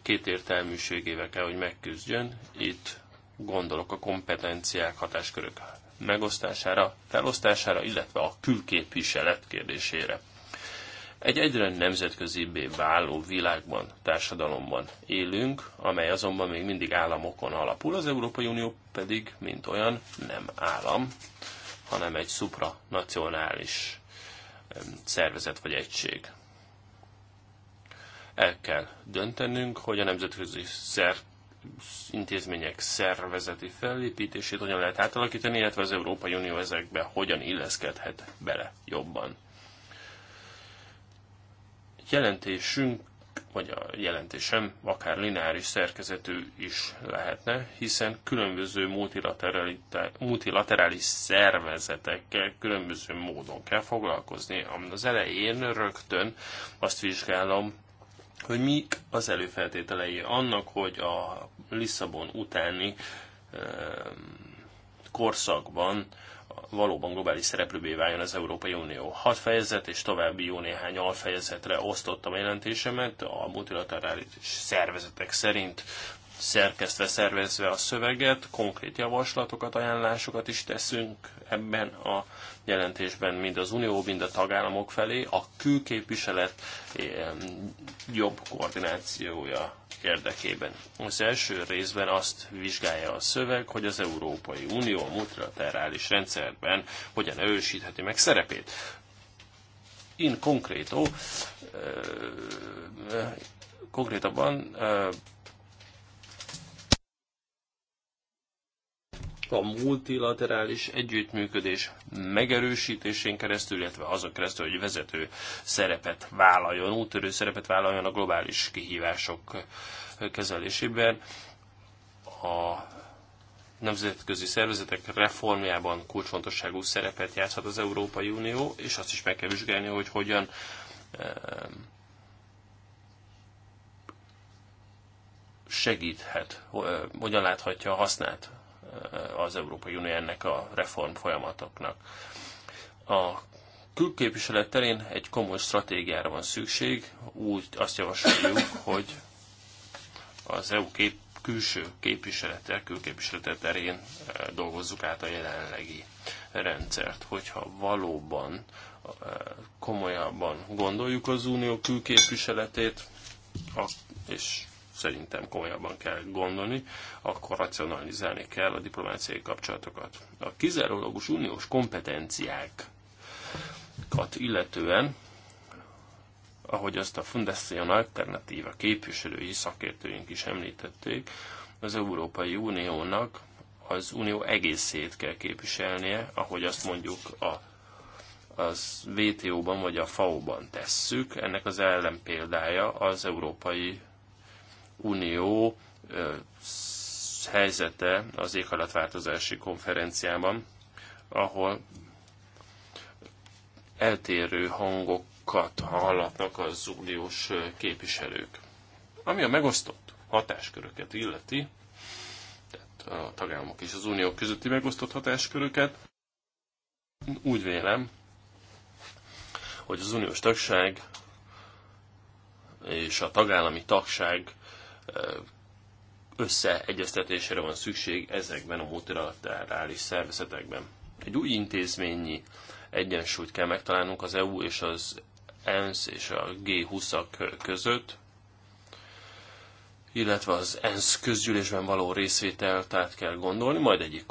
kétértelműségével kell, hogy megküzdjön. Itt gondolok a kompetenciák, hatáskörök megosztására, felosztására, illetve a külképviselet kérdésére. Egy egyre nemzetközibbé váló világban, társadalomban élünk, amely azonban még mindig államokon alapul, az Európai Unió pedig, mint olyan, nem állam, hanem egy supranacionális szervezet vagy egység. El kell döntenünk, hogy a nemzetközi szer intézmények szervezeti felépítését hogyan lehet átalakítani, illetve az Európai Unió ezekbe hogyan illeszkedhet bele jobban. Jelentésünk, vagy a jelentésem akár lineáris szerkezetű is lehetne, hiszen különböző multilaterális szervezetekkel különböző módon kell foglalkozni. Az elején rögtön azt vizsgálom hogy mi az előfeltételei annak, hogy a Lisszabon utáni korszakban valóban globális szereplővé váljon az Európai Unió. Hat fejezet és további jó néhány alfejezetre osztottam a jelentésemet, a multilaterális szervezetek szerint szerkesztve, szervezve a szöveget, konkrét javaslatokat, ajánlásokat is teszünk ebben a jelentésben mind az Unió, mind a tagállamok felé a külképviselet jobb koordinációja érdekében. Az első részben azt vizsgálja a szöveg, hogy az Európai Unió a multilaterális rendszerben hogyan erősítheti meg szerepét. In konkrétó, konkrétabban a multilaterális együttműködés megerősítésén keresztül, illetve azon keresztül, hogy vezető szerepet vállaljon, úttörő szerepet vállaljon a globális kihívások kezelésében. A nemzetközi szervezetek reformjában kulcsfontosságú szerepet játszhat az Európai Unió, és azt is meg kell vizsgálni, hogy hogyan ehm, segíthet, hogyan láthatja a hasznát az Európai Unió ennek a reform folyamatoknak. A külképviselet terén egy komoly stratégiára van szükség, úgy azt javasoljuk, hogy az EU kép, külső képviselete, külképviselete terén eh, dolgozzuk át a jelenlegi rendszert, hogyha valóban eh, komolyabban gondoljuk az unió külképviseletét, és szerintem komolyabban kell gondolni, akkor racionalizálni kell a diplomáciai kapcsolatokat. A kizárólagos uniós kompetenciákat illetően, ahogy azt a Fundación Alternatíva képviselői szakértőink is említették, az Európai Uniónak az unió egészét kell képviselnie, ahogy azt mondjuk a az WTO-ban vagy a FAO-ban tesszük. Ennek az ellenpéldája az Európai Unió helyzete az éghajlatváltozási konferenciában, ahol eltérő hangokat hallatnak az uniós képviselők. Ami a megosztott hatásköröket illeti, tehát a tagállamok és az unió közötti megosztott hatásköröket, úgy vélem, hogy az uniós tagság és a tagállami tagság összeegyeztetésre van szükség ezekben a multilaterális szervezetekben. Egy új intézményi egyensúlyt kell megtalálnunk az EU és az ENSZ és a G20-ak között, illetve az ENSZ közgyűlésben való részvételt át kell gondolni, majd, egyik,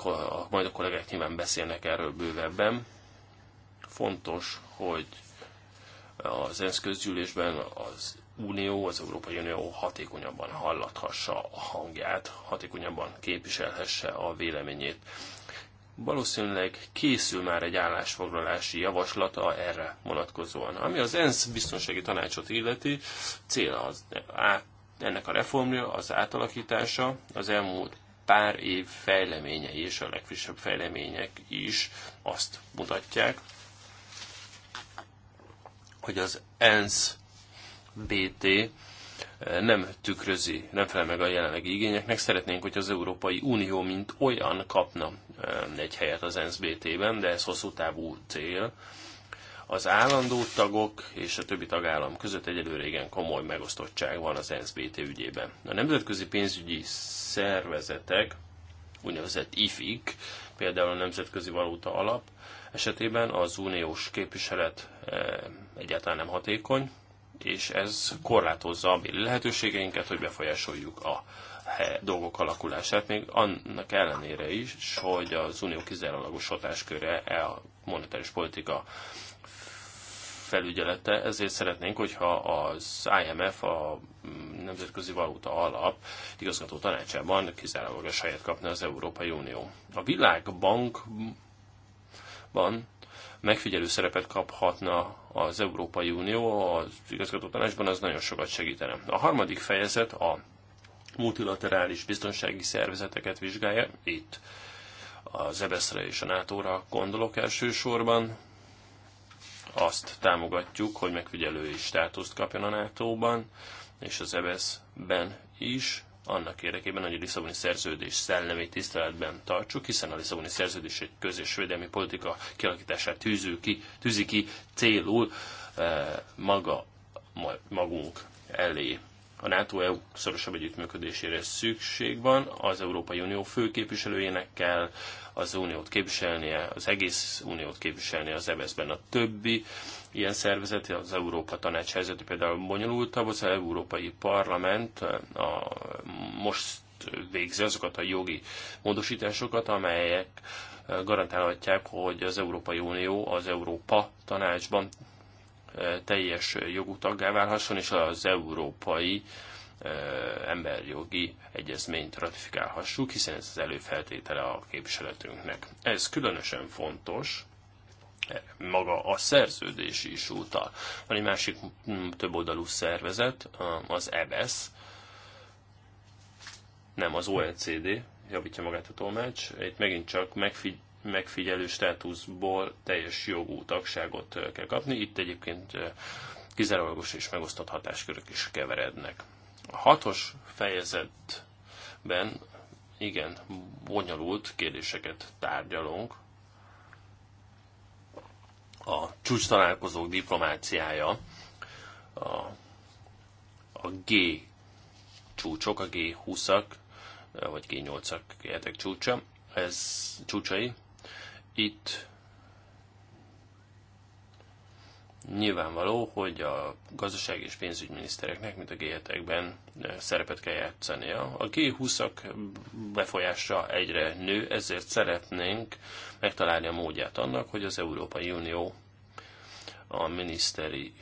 majd a kollégák nyilván beszélnek erről bővebben. Fontos, hogy az ENSZ közgyűlésben az Unió, az Európai Unió hatékonyabban hallathassa a hangját, hatékonyabban képviselhesse a véleményét. Valószínűleg készül már egy állásfoglalási javaslata erre vonatkozóan. Ami az ENSZ biztonsági tanácsot illeti, cél az át, ennek a reformja, az átalakítása, az elmúlt pár év fejleményei és a legfrissebb fejlemények is azt mutatják, hogy az ENSZ BT eh, nem tükrözi, nem felel meg a jelenlegi igényeknek. Szeretnénk, hogy az Európai Unió mint olyan kapna eh, egy helyet az ENSZ BT-ben, de ez hosszú távú cél. Az állandó tagok és a többi tagállam között egyelőre igen komoly megosztottság van az ENSZ BT ügyében. A nemzetközi pénzügyi szervezetek, úgynevezett IFIG, például a Nemzetközi Valuta Alap esetében az uniós képviselet eh, egyáltalán nem hatékony, és ez korlátozza a mi lehetőségeinket, hogy befolyásoljuk a dolgok alakulását, még annak ellenére is, hogy az unió kizárólagos hatásköre e a monetáris politika felügyelete, ezért szeretnénk, hogyha az IMF, a Nemzetközi Valuta Alap igazgató tanácsában kizárólag a saját kapna az Európai Unió. A Világbankban megfigyelő szerepet kaphatna az Európai Unió az igazgató tanácsban, az nagyon sokat segítene. A harmadik fejezet a multilaterális biztonsági szervezeteket vizsgálja, itt az EBSZ-re e és a NATO-ra gondolok elsősorban. Azt támogatjuk, hogy megfigyelői státuszt kapjon a NATO-ban, és az EBSZ-ben e is annak érdekében, hogy a Lisszaboni szerződés szellemét tiszteletben tartsuk, hiszen a Lisszaboni szerződés egy közös védelmi politika kialakítását tűzi ki, tűzi ki célul e, maga magunk elé. A NATO-EU szorosabb együttműködésére szükség van, az Európai Unió főképviselőjének kell az uniót képviselnie, az egész uniót képviselnie az ebesz e a többi ilyen szervezet, az Európa Tanács helyzete például bonyolultabb, az Európai Parlament a, most végzi azokat a jogi módosításokat, amelyek garantálhatják, hogy az Európai Unió az Európa Tanácsban teljes jogú taggá válhasson, és az Európai emberjogi egyezményt ratifikálhassuk, hiszen ez az előfeltétele a képviseletünknek. Ez különösen fontos, maga a szerződés is utal. Van egy másik mm, oldalú szervezet, az EBS, e nem az OECD, javítja magát a tolmács, itt megint csak megfigy- megfigyelő státuszból teljes jogú tagságot kell kapni, itt egyébként kizárólagos és megosztott hatáskörök is keverednek. A hatos fejezetben igen, bonyolult kérdéseket tárgyalunk, a csúcs találkozók diplomáciája, a, a G csúcsok, a G20-ak, vagy G8-ak csúcsa, ez csúcsai. Itt Nyilvánvaló, hogy a gazdaság és pénzügyminisztereknek, mint a G7-ekben eh, szerepet kell játszania. A G20-ak befolyása egyre nő, ezért szeretnénk megtalálni a módját annak, hogy az Európai Unió a miniszteri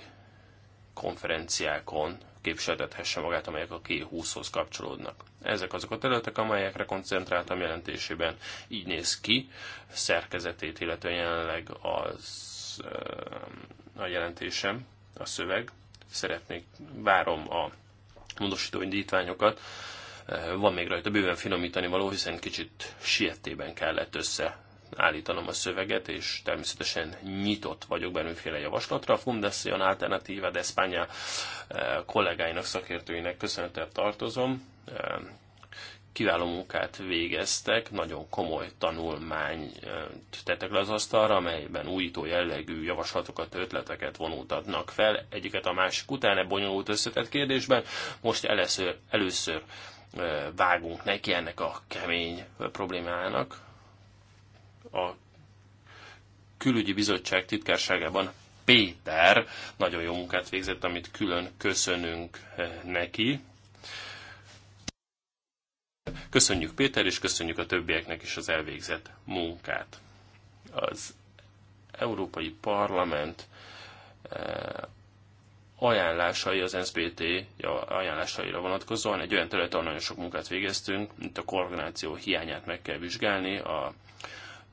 konferenciákon képviseltethesse magát, amelyek a G20-hoz kapcsolódnak. Ezek azok a területek, amelyekre koncentráltam jelentésében. Így néz ki szerkezetét, illetve jelenleg az eh, a jelentésem, a szöveg. Szeretnék, várom a módosító indítványokat. Eh, van még rajta bőven finomítani való, hiszen kicsit sietében kellett összeállítanom a szöveget, és természetesen nyitott vagyok bármiféle javaslatra. A Fundación Alternativa de España eh, kollégáinak, szakértőinek köszönetet tartozom eh, kiváló munkát végeztek, nagyon komoly tanulmányt tettek le az asztalra, amelyben újító jellegű javaslatokat, ötleteket vonultatnak fel, egyiket a másik után, e bonyolult összetett kérdésben. Most először, először vágunk neki ennek a kemény problémának. A külügyi bizottság titkárságában Péter nagyon jó munkát végzett, amit külön köszönünk neki Köszönjük Péter, és köszönjük a többieknek is az elvégzett munkát. Az Európai Parlament eh, ajánlásai, az NSZPT ajánlásaira vonatkozóan egy olyan területen, ahol nagyon sok munkát végeztünk, mint a koordináció hiányát meg kell vizsgálni, a,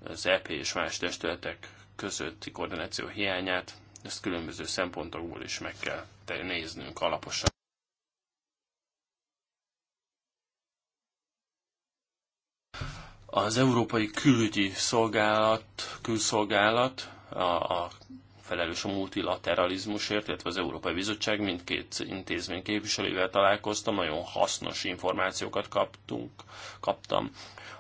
az EP és más testületek közötti koordináció hiányát, ezt különböző szempontokból is meg kell néznünk alaposan. Az Európai Külügyi Szolgálat, Külszolgálat, a, a felelős a multilateralizmusért, illetve az Európai Bizottság mindkét intézmény képviselővel találkoztam, nagyon hasznos információkat kaptunk, kaptam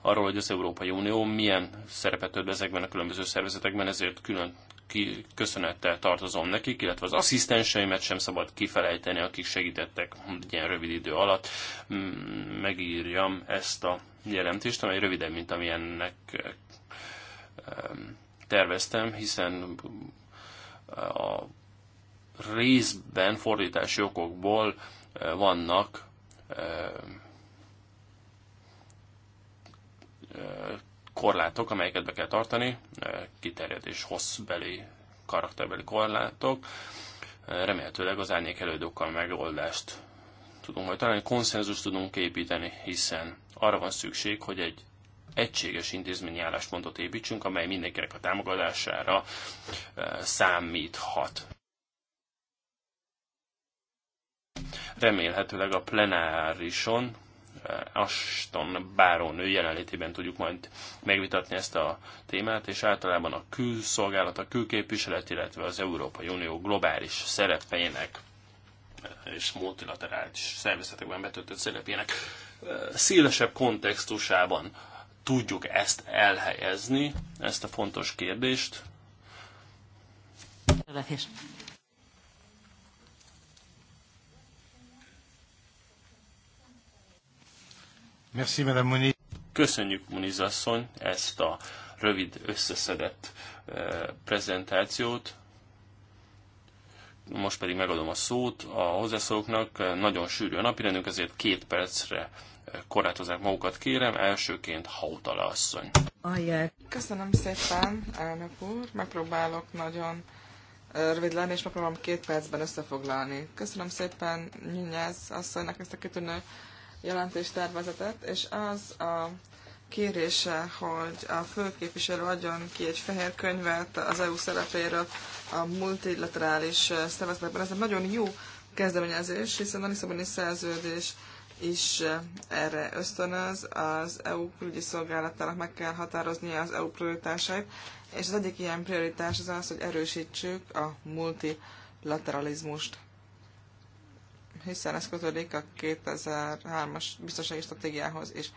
arról, hogy az Európai Unió milyen szerepet tölt ezekben a különböző szervezetekben, ezért külön ki, köszönettel tartozom nekik, illetve az asszisztenseimet sem szabad kifelejteni, akik segítettek egy ilyen rövid idő alatt mm, megírjam ezt a jelentést, amely rövidebb, mint amilyennek terveztem, hiszen a részben fordítási okokból e, vannak e, korlátok, amelyeket be kell tartani, eh, kiterjedés hosszbeli, karakterbeli korlátok. Eh, remélhetőleg az árnyék elődökkel megoldást tudunk majd találni, konszenzus tudunk építeni, hiszen arra van szükség, hogy egy egységes intézményi álláspontot építsünk, amely mindenkinek a támogatására eh, számíthat. Remélhetőleg a plenárison Aston Báron ő jelenlétében tudjuk majd megvitatni ezt a témát, és általában a külszolgálat, a külképviselet, illetve az Európai Unió globális szerepeinek és multilaterális szervezetekben betöltött szerepének szélesebb kontextusában tudjuk ezt elhelyezni, ezt a fontos kérdést. Merci, Madame Köszönjük, Muniz asszony, ezt a rövid összeszedett eh, prezentációt. Most pedig megadom a szót a hozzászólóknak. Nagyon sűrű a napirendünk, ezért két percre eh, korlátozák magukat, kérem. Elsőként Hautala asszony. Köszönöm szépen, elnök úr. Megpróbálok nagyon eh, rövid lenni, és megpróbálom két percben összefoglalni. Köszönöm szépen Nyúnyász asszonynak ezt a kitűnő jelentéstervezetet, és az a kérése, hogy a főképviselő adjon ki egy fehér könyvet az EU szerepéről a multilaterális szervezetekben. Ez egy nagyon jó kezdeményezés, hiszen a Lisszaboni szerződés is erre ösztönöz. Az EU külügyi szolgálatának meg kell határoznia az EU prioritásait, és az egyik ilyen prioritás az az, hogy erősítsük a multilateralizmust hiszen ez kötődik a 2003-as biztonsági stratégiához is.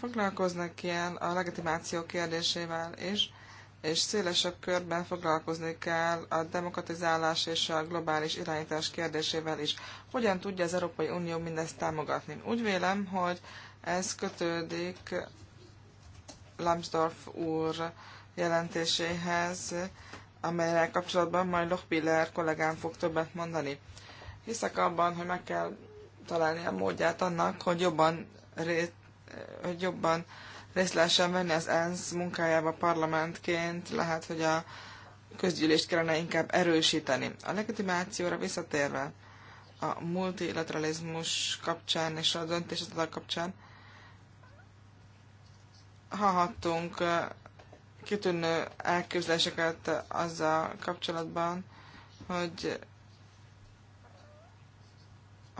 Foglalkoznak ilyen a legitimáció kérdésével is, és szélesebb körben foglalkozni kell a demokratizálás és a globális irányítás kérdésével is. Hogyan tudja az Európai Unió mindezt támogatni? Úgy vélem, hogy ez kötődik Lambsdorff úr jelentéséhez, amelyre kapcsolatban majd Lochbiller kollégám fog többet mondani. Hiszek abban, hogy meg kell találni a módját annak, hogy jobban, ré, hogy jobban részt lehessen venni az ENSZ munkájába parlamentként, lehet, hogy a közgyűlést kellene inkább erősíteni. A legitimációra visszatérve a multilateralizmus kapcsán és a döntéshozatal kapcsán hallhattunk kitűnő elképzeléseket azzal kapcsolatban, hogy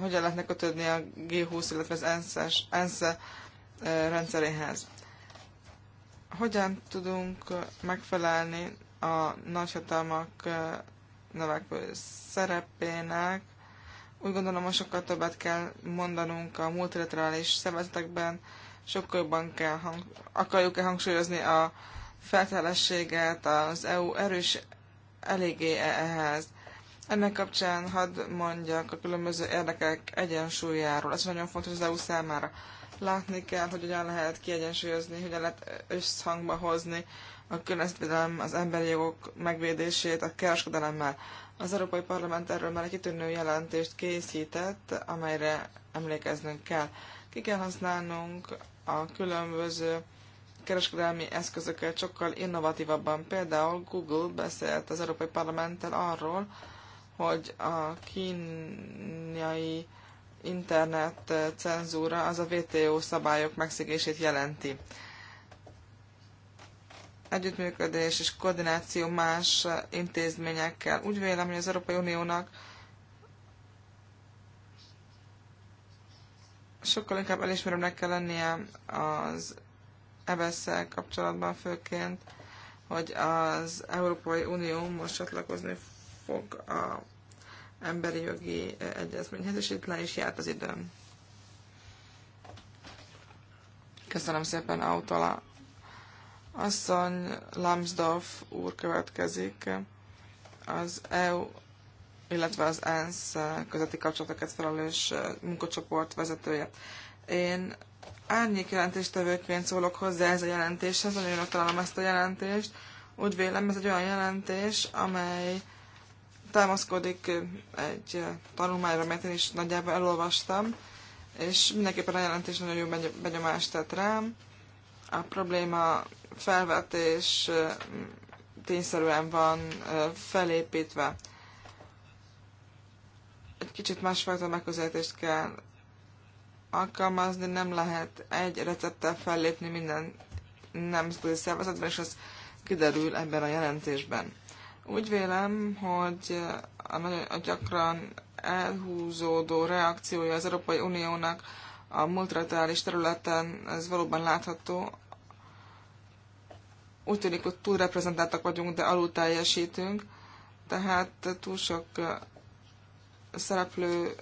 hogyan lehetne kötődni a G20, illetve az ENSZE eh, rendszeréhez. Hogyan tudunk megfelelni a nagyhatalmak eh, növekvő szerepének? Úgy gondolom, hogy sokkal többet kell mondanunk a multilaterális szervezetekben, sokkal jobban kell hang- akarjuk-e hangsúlyozni a feltelességet, az EU erős eléggé ehhez. Ennek kapcsán hadd mondjak a különböző érdekek egyensúlyáról. Ez nagyon fontos az EU számára. Látni kell, hogy hogyan lehet kiegyensúlyozni, hogyan lehet összhangba hozni a környezetvédelem, az emberi jogok megvédését a kereskedelemmel. Az Európai Parlament erről már egy kitűnő jelentést készített, amelyre emlékeznünk kell. Ki kell használnunk a különböző kereskedelmi eszközöket sokkal innovatívabban. Például Google beszélt az Európai Parlamenttel arról, hogy a kínai internet cenzúra az a WTO szabályok megszegését jelenti. Együttműködés és koordináció más intézményekkel. Úgy vélem, hogy az Európai Uniónak sokkal inkább elismerőnek kell lennie az ebesszel kapcsolatban főként, hogy az Európai Unió most csatlakozni fog a emberi jogi eh, egyezményhez, és itt le is járt az időm. Köszönöm szépen, Autola. Asszony Lambsdorff úr következik. Az EU, illetve az ENSZ eh, közötti kapcsolatokat felelős eh, munkacsoport vezetője. Én árnyék jelentéstevőként szólok hozzá ez a jelentéshez, nagyon találom ezt a jelentést. Úgy vélem, ez egy olyan jelentés, amely támaszkodik egy tanulmányra, mert én is nagyjából elolvastam, és mindenképpen a jelentés nagyon jó benyomást tett rám. A probléma felvetés tényszerűen van felépítve. Egy kicsit másfajta megközelítést kell alkalmazni, nem lehet egy recepttel fellépni minden nemzeti szervezetben, és ez kiderül ebben a jelentésben. Úgy vélem, hogy a nagyon gyakran elhúzódó reakciója az Európai Uniónak a multilaterális területen, ez valóban látható. Úgy tűnik, hogy túl reprezentáltak vagyunk, de alul teljesítünk, tehát túl sok szereplővel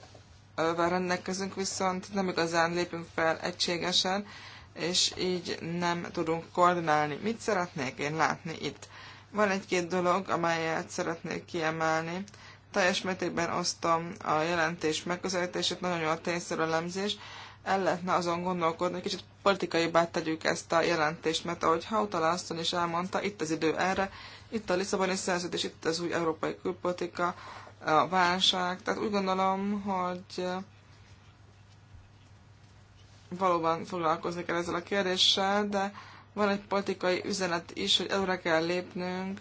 rendelkezünk, viszont nem igazán lépünk fel egységesen, és így nem tudunk koordinálni. Mit szeretnék én látni itt? Van egy-két dolog, amelyet szeretnék kiemelni. Teljes mértékben osztom a jelentés megközelítését, nagyon jó a tényszerű elemzés. El lehetne azon gondolkodni, hogy kicsit politikaibbá tegyük ezt a jelentést, mert ahogy Hautala asszony is elmondta, itt az idő erre, itt a Lisszaboni szerződés, itt az új európai külpolitika, a válság. Tehát úgy gondolom, hogy valóban foglalkozni kell ezzel a kérdéssel, de van egy politikai üzenet is, hogy előre kell lépnünk,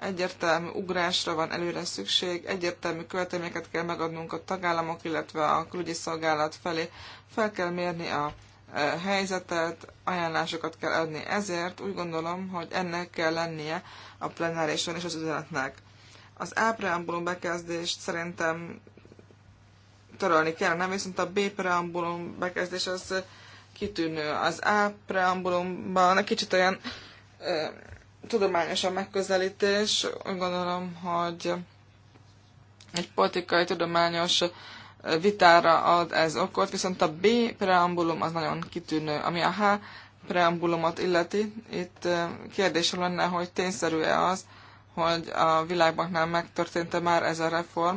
egyértelmű ugrásra van előre szükség, egyértelmű költeményeket kell megadnunk a tagállamok, illetve a külügyi szolgálat felé. Fel kell mérni a e, helyzetet, ajánlásokat kell adni. Ezért úgy gondolom, hogy ennek kell lennie a plenárison és az üzenetnek. Az A preambulum bekezdést szerintem törölni kell, nem viszont a B preambulum bekezdés az kitűnő. Az A preambulumban egy kicsit olyan ö, tudományos a megközelítés. Gondolom, hogy egy politikai, tudományos vitára ad ez okot, viszont a B preambulum az nagyon kitűnő, ami a H preambulumot illeti. Itt kérdés lenne, hogy tényszerű-e az, hogy a világbanknál megtörtént-e már ez a reform.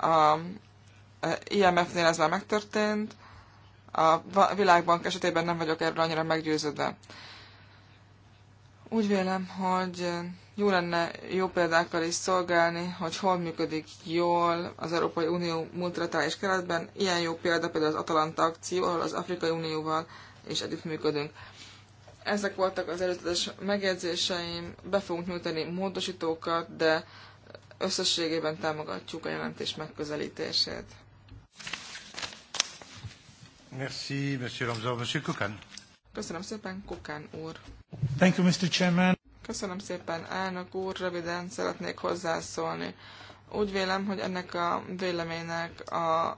A IMF-nél ez már megtörtént, a világbank esetében nem vagyok erről annyira meggyőződve. Úgy vélem, hogy jó lenne jó példákkal is szolgálni, hogy hol működik jól az Európai Unió multilaterális keretben. Ilyen jó példa például az Atalanta akció, ahol az Afrikai Unióval is működünk. Ezek voltak az előzetes megjegyzéseim, be fogunk nyújtani módosítókat, de összességében támogatjuk a jelentés megközelítését. Merci, Monsieur Monsieur Kukan. Köszönöm szépen, Kukán úr. Thank you, Mr. Chairman. Köszönöm szépen, elnök úr. Röviden szeretnék hozzászólni. Úgy vélem, hogy ennek a véleménynek a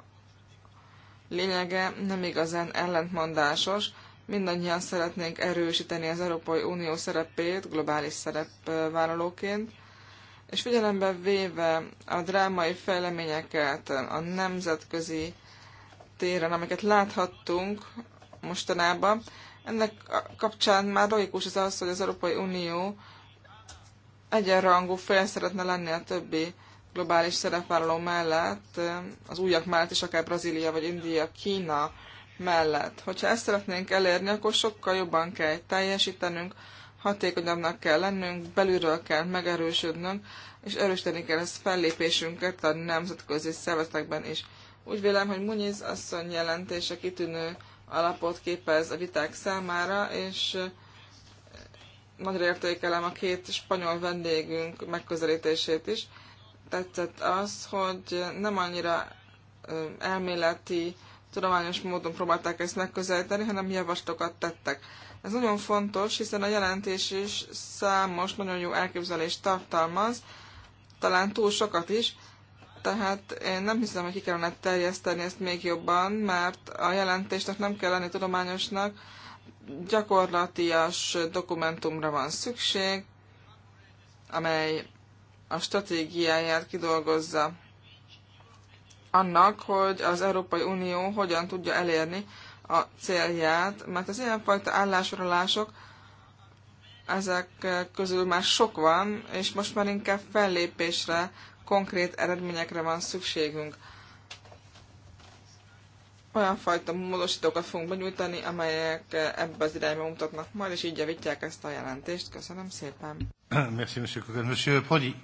lényege nem igazán ellentmondásos. Mindannyian szeretnénk erősíteni az Európai Unió szerepét globális szerepvállalóként, és figyelembe véve a drámai fejleményeket, a nemzetközi téren, amiket láthattunk mostanában, ennek kapcsán már logikus az az, hogy az Európai Unió egyenrangú fél szeretne lenni a többi globális szerepvállaló mellett, az újak mellett is, akár Brazília vagy India, Kína mellett. Hogyha ezt szeretnénk elérni, akkor sokkal jobban kell teljesítenünk, hatékonyabbnak kell lennünk, belülről kell megerősödnünk, és erősíteni kell ezt fellépésünket a nemzetközi szervezetekben is. Úgy vélem, hogy Muniz asszony jelentése kitűnő alapot képez a viták számára, és nagyra értékelem a két spanyol vendégünk megközelítését is. Tetszett az, hogy nem annyira elméleti, tudományos módon próbálták ezt megközelíteni, hanem javaslatokat tettek. Ez nagyon fontos, hiszen a jelentés is számos, nagyon jó elképzelést tartalmaz, talán túl sokat is, tehát én nem hiszem, hogy ki kellene terjeszteni ezt még jobban, mert a jelentésnek nem kell lenni tudományosnak, gyakorlatias dokumentumra van szükség, amely a stratégiáját kidolgozza annak, hogy az Európai Unió hogyan tudja elérni a célját, mert az ilyenfajta állásorolások ezek közül már sok van, és most már inkább fellépésre konkrét eredményekre van szükségünk. Olyan fajta módosítókat fogunk benyújtani, amelyek ebbe az irányba mutatnak majd, és így javítják ezt a jelentést. Köszönöm szépen. Merci, monsieur Coquin. Monsieur Podi.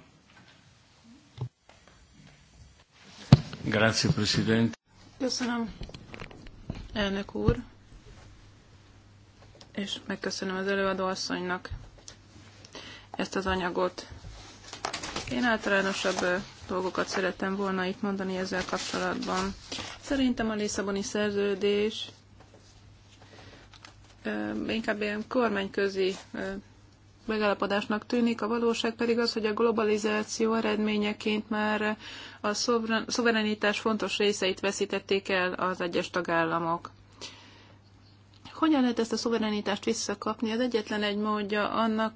Grazie, Presidente. Köszönöm, elnök úr, és megköszönöm az előadó asszonynak ezt az anyagot. Én általánosabb dolgokat szerettem volna itt mondani ezzel kapcsolatban. Szerintem a Lisszaboni szerződés inkább ilyen kormányközi megállapodásnak tűnik, a valóság pedig az, hogy a globalizáció eredményeként már a szuverenitás fontos részeit veszítették el az egyes tagállamok. Hogyan lehet ezt a szuverenitást visszakapni? Az egyetlen egy módja annak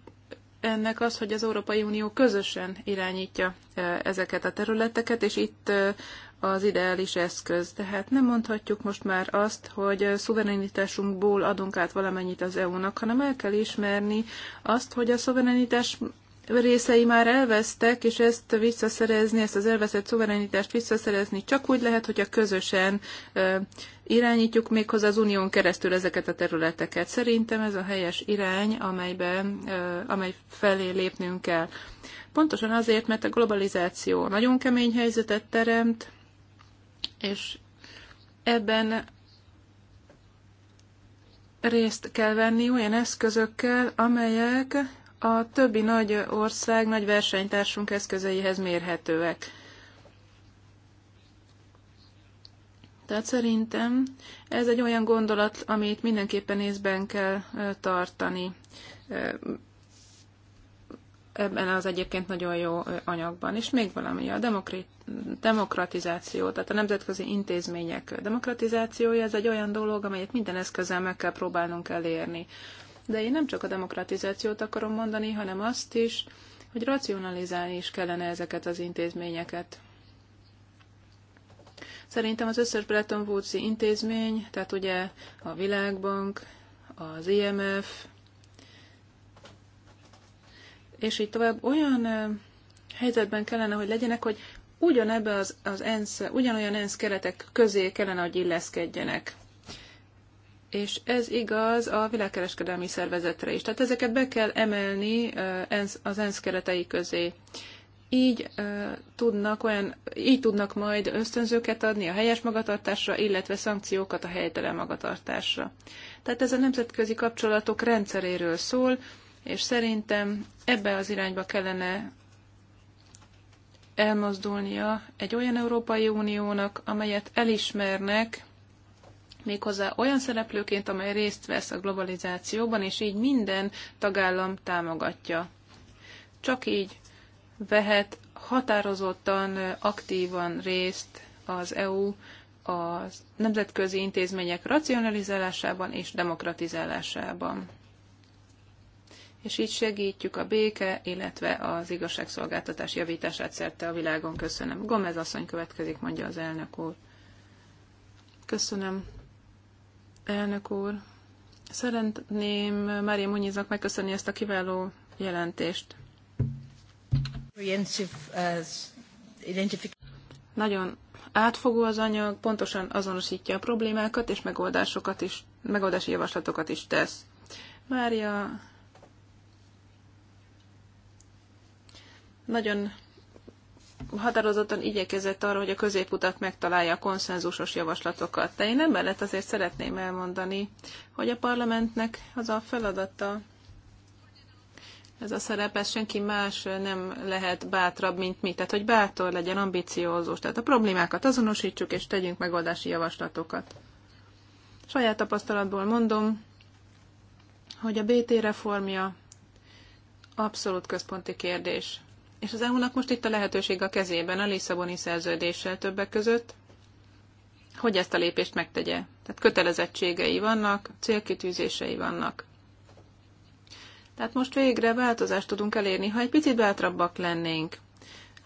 ennek az, hogy az Európai Unió közösen irányítja e, ezeket a területeket, és itt e, az ideális eszköz. Tehát nem mondhatjuk most már azt, hogy szuverenitásunkból adunk át valamennyit az EU-nak, hanem el kell ismerni azt, hogy a szuverenitás részei már elvesztek, és ezt visszaszerezni, ezt az elveszett szuverenitást visszaszerezni csak úgy lehet, hogyha közösen irányítjuk méghozzá az unión keresztül ezeket a területeket. Szerintem ez a helyes irány, amelyben, amely felé lépnünk kell. Pontosan azért, mert a globalizáció nagyon kemény helyzetet teremt, és ebben részt kell venni olyan eszközökkel, amelyek a többi nagy ország, nagy versenytársunk eszközeihez mérhetőek. Tehát szerintem ez egy olyan gondolat, amit mindenképpen észben kell tartani ebben az egyébként nagyon jó anyagban. És még valami, a demokratizáció, tehát a nemzetközi intézmények demokratizációja, ez egy olyan dolog, amelyet minden eszközzel meg kell próbálnunk elérni. De én nem csak a demokratizációt akarom mondani, hanem azt is, hogy racionalizálni is kellene ezeket az intézményeket. Szerintem az összes Bretton woods intézmény, tehát ugye a Világbank, az IMF, és így tovább olyan helyzetben kellene, hogy legyenek, hogy ugyanebbe az, az ENSZ, ugyanolyan ENSZ keretek közé kellene, hogy illeszkedjenek és ez igaz a világkereskedelmi szervezetre is. Tehát ezeket be kell emelni eh, az ENSZ keretei közé. Így, eh, tudnak olyan, így tudnak majd ösztönzőket adni a helyes magatartásra, illetve szankciókat a helytelen magatartásra. Tehát ez a nemzetközi kapcsolatok rendszeréről szól, és szerintem ebbe az irányba kellene elmozdulnia egy olyan Európai Uniónak, amelyet elismernek, méghozzá olyan szereplőként, amely részt vesz a globalizációban, és így minden tagállam támogatja. Csak így vehet határozottan, aktívan részt az EU a nemzetközi intézmények racionalizálásában és demokratizálásában. És így segítjük a béke, illetve az igazságszolgáltatás javítását szerte a világon. Köszönöm. Gomez asszony következik, mondja az elnök úr. Köszönöm, Elnök úr, szeretném Mária Munyiznak megköszönni ezt a kiváló jelentést. Nagyon átfogó az anyag, pontosan azonosítja a problémákat, és megoldásokat is, megoldási javaslatokat is tesz. Mária nagyon határozottan igyekezett arra, hogy a középutat megtalálja a konszenzusos javaslatokat. De én emellett azért szeretném elmondani, hogy a parlamentnek az a feladata, ez a ez senki más nem lehet bátrabb, mint mi. Tehát, hogy bátor legyen, ambiciózus. Tehát a problémákat azonosítsuk, és tegyünk megoldási javaslatokat. Saját tapasztalatból mondom, hogy a BT reformja abszolút központi kérdés. És az EU-nak most itt a lehetőség a kezében, a Lisszaboni szerződéssel többek között, hogy ezt a lépést megtegye. Tehát kötelezettségei vannak, célkitűzései vannak. Tehát most végre változást tudunk elérni, ha egy picit bátrabbak lennénk,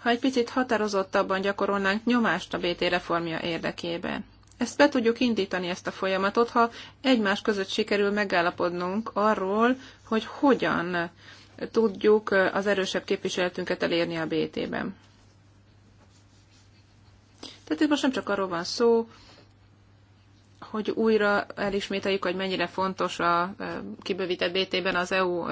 ha egy picit határozottabban gyakorolnánk nyomást a BT reformja érdekében. Ezt be tudjuk indítani, ezt a folyamatot, ha egymás között sikerül megállapodnunk arról, hogy hogyan tudjuk az erősebb képviseletünket elérni a BT-ben. Tehát itt most nem csak arról van szó, hogy újra elismételjük, hogy mennyire fontos a kibővített BT-ben az EU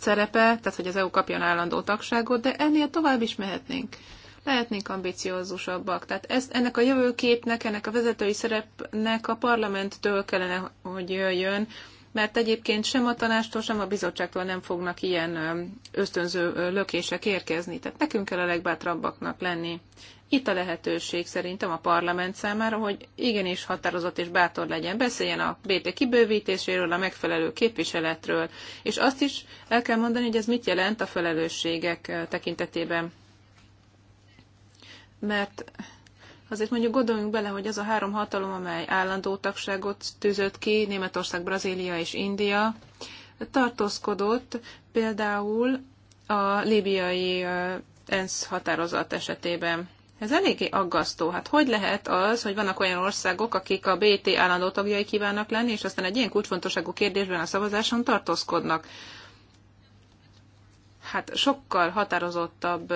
szerepe, tehát hogy az EU kapjon állandó tagságot, de ennél tovább is mehetnénk. Lehetnénk ambiciózusabbak. Tehát ezt, ennek a jövőképnek, ennek a vezetői szerepnek a parlamenttől kellene, hogy jöjjön, mert egyébként sem a tanástól, sem a bizottságtól nem fognak ilyen ösztönző lökések érkezni. Tehát nekünk kell a legbátrabbaknak lenni. Itt a lehetőség szerintem a parlament számára, hogy igenis határozott és bátor legyen. Beszéljen a BT kibővítéséről, a megfelelő képviseletről, és azt is el kell mondani, hogy ez mit jelent a felelősségek tekintetében. Mert azért mondjuk gondoljunk bele, hogy az a három hatalom, amely állandó tagságot tűzött ki, Németország, Brazília és India, tartózkodott például a líbiai ENSZ határozat esetében. Ez eléggé aggasztó. Hát hogy lehet az, hogy vannak olyan országok, akik a BT állandó tagjai kívánnak lenni, és aztán egy ilyen kulcsfontosságú kérdésben a szavazáson tartózkodnak? Hát sokkal határozottabb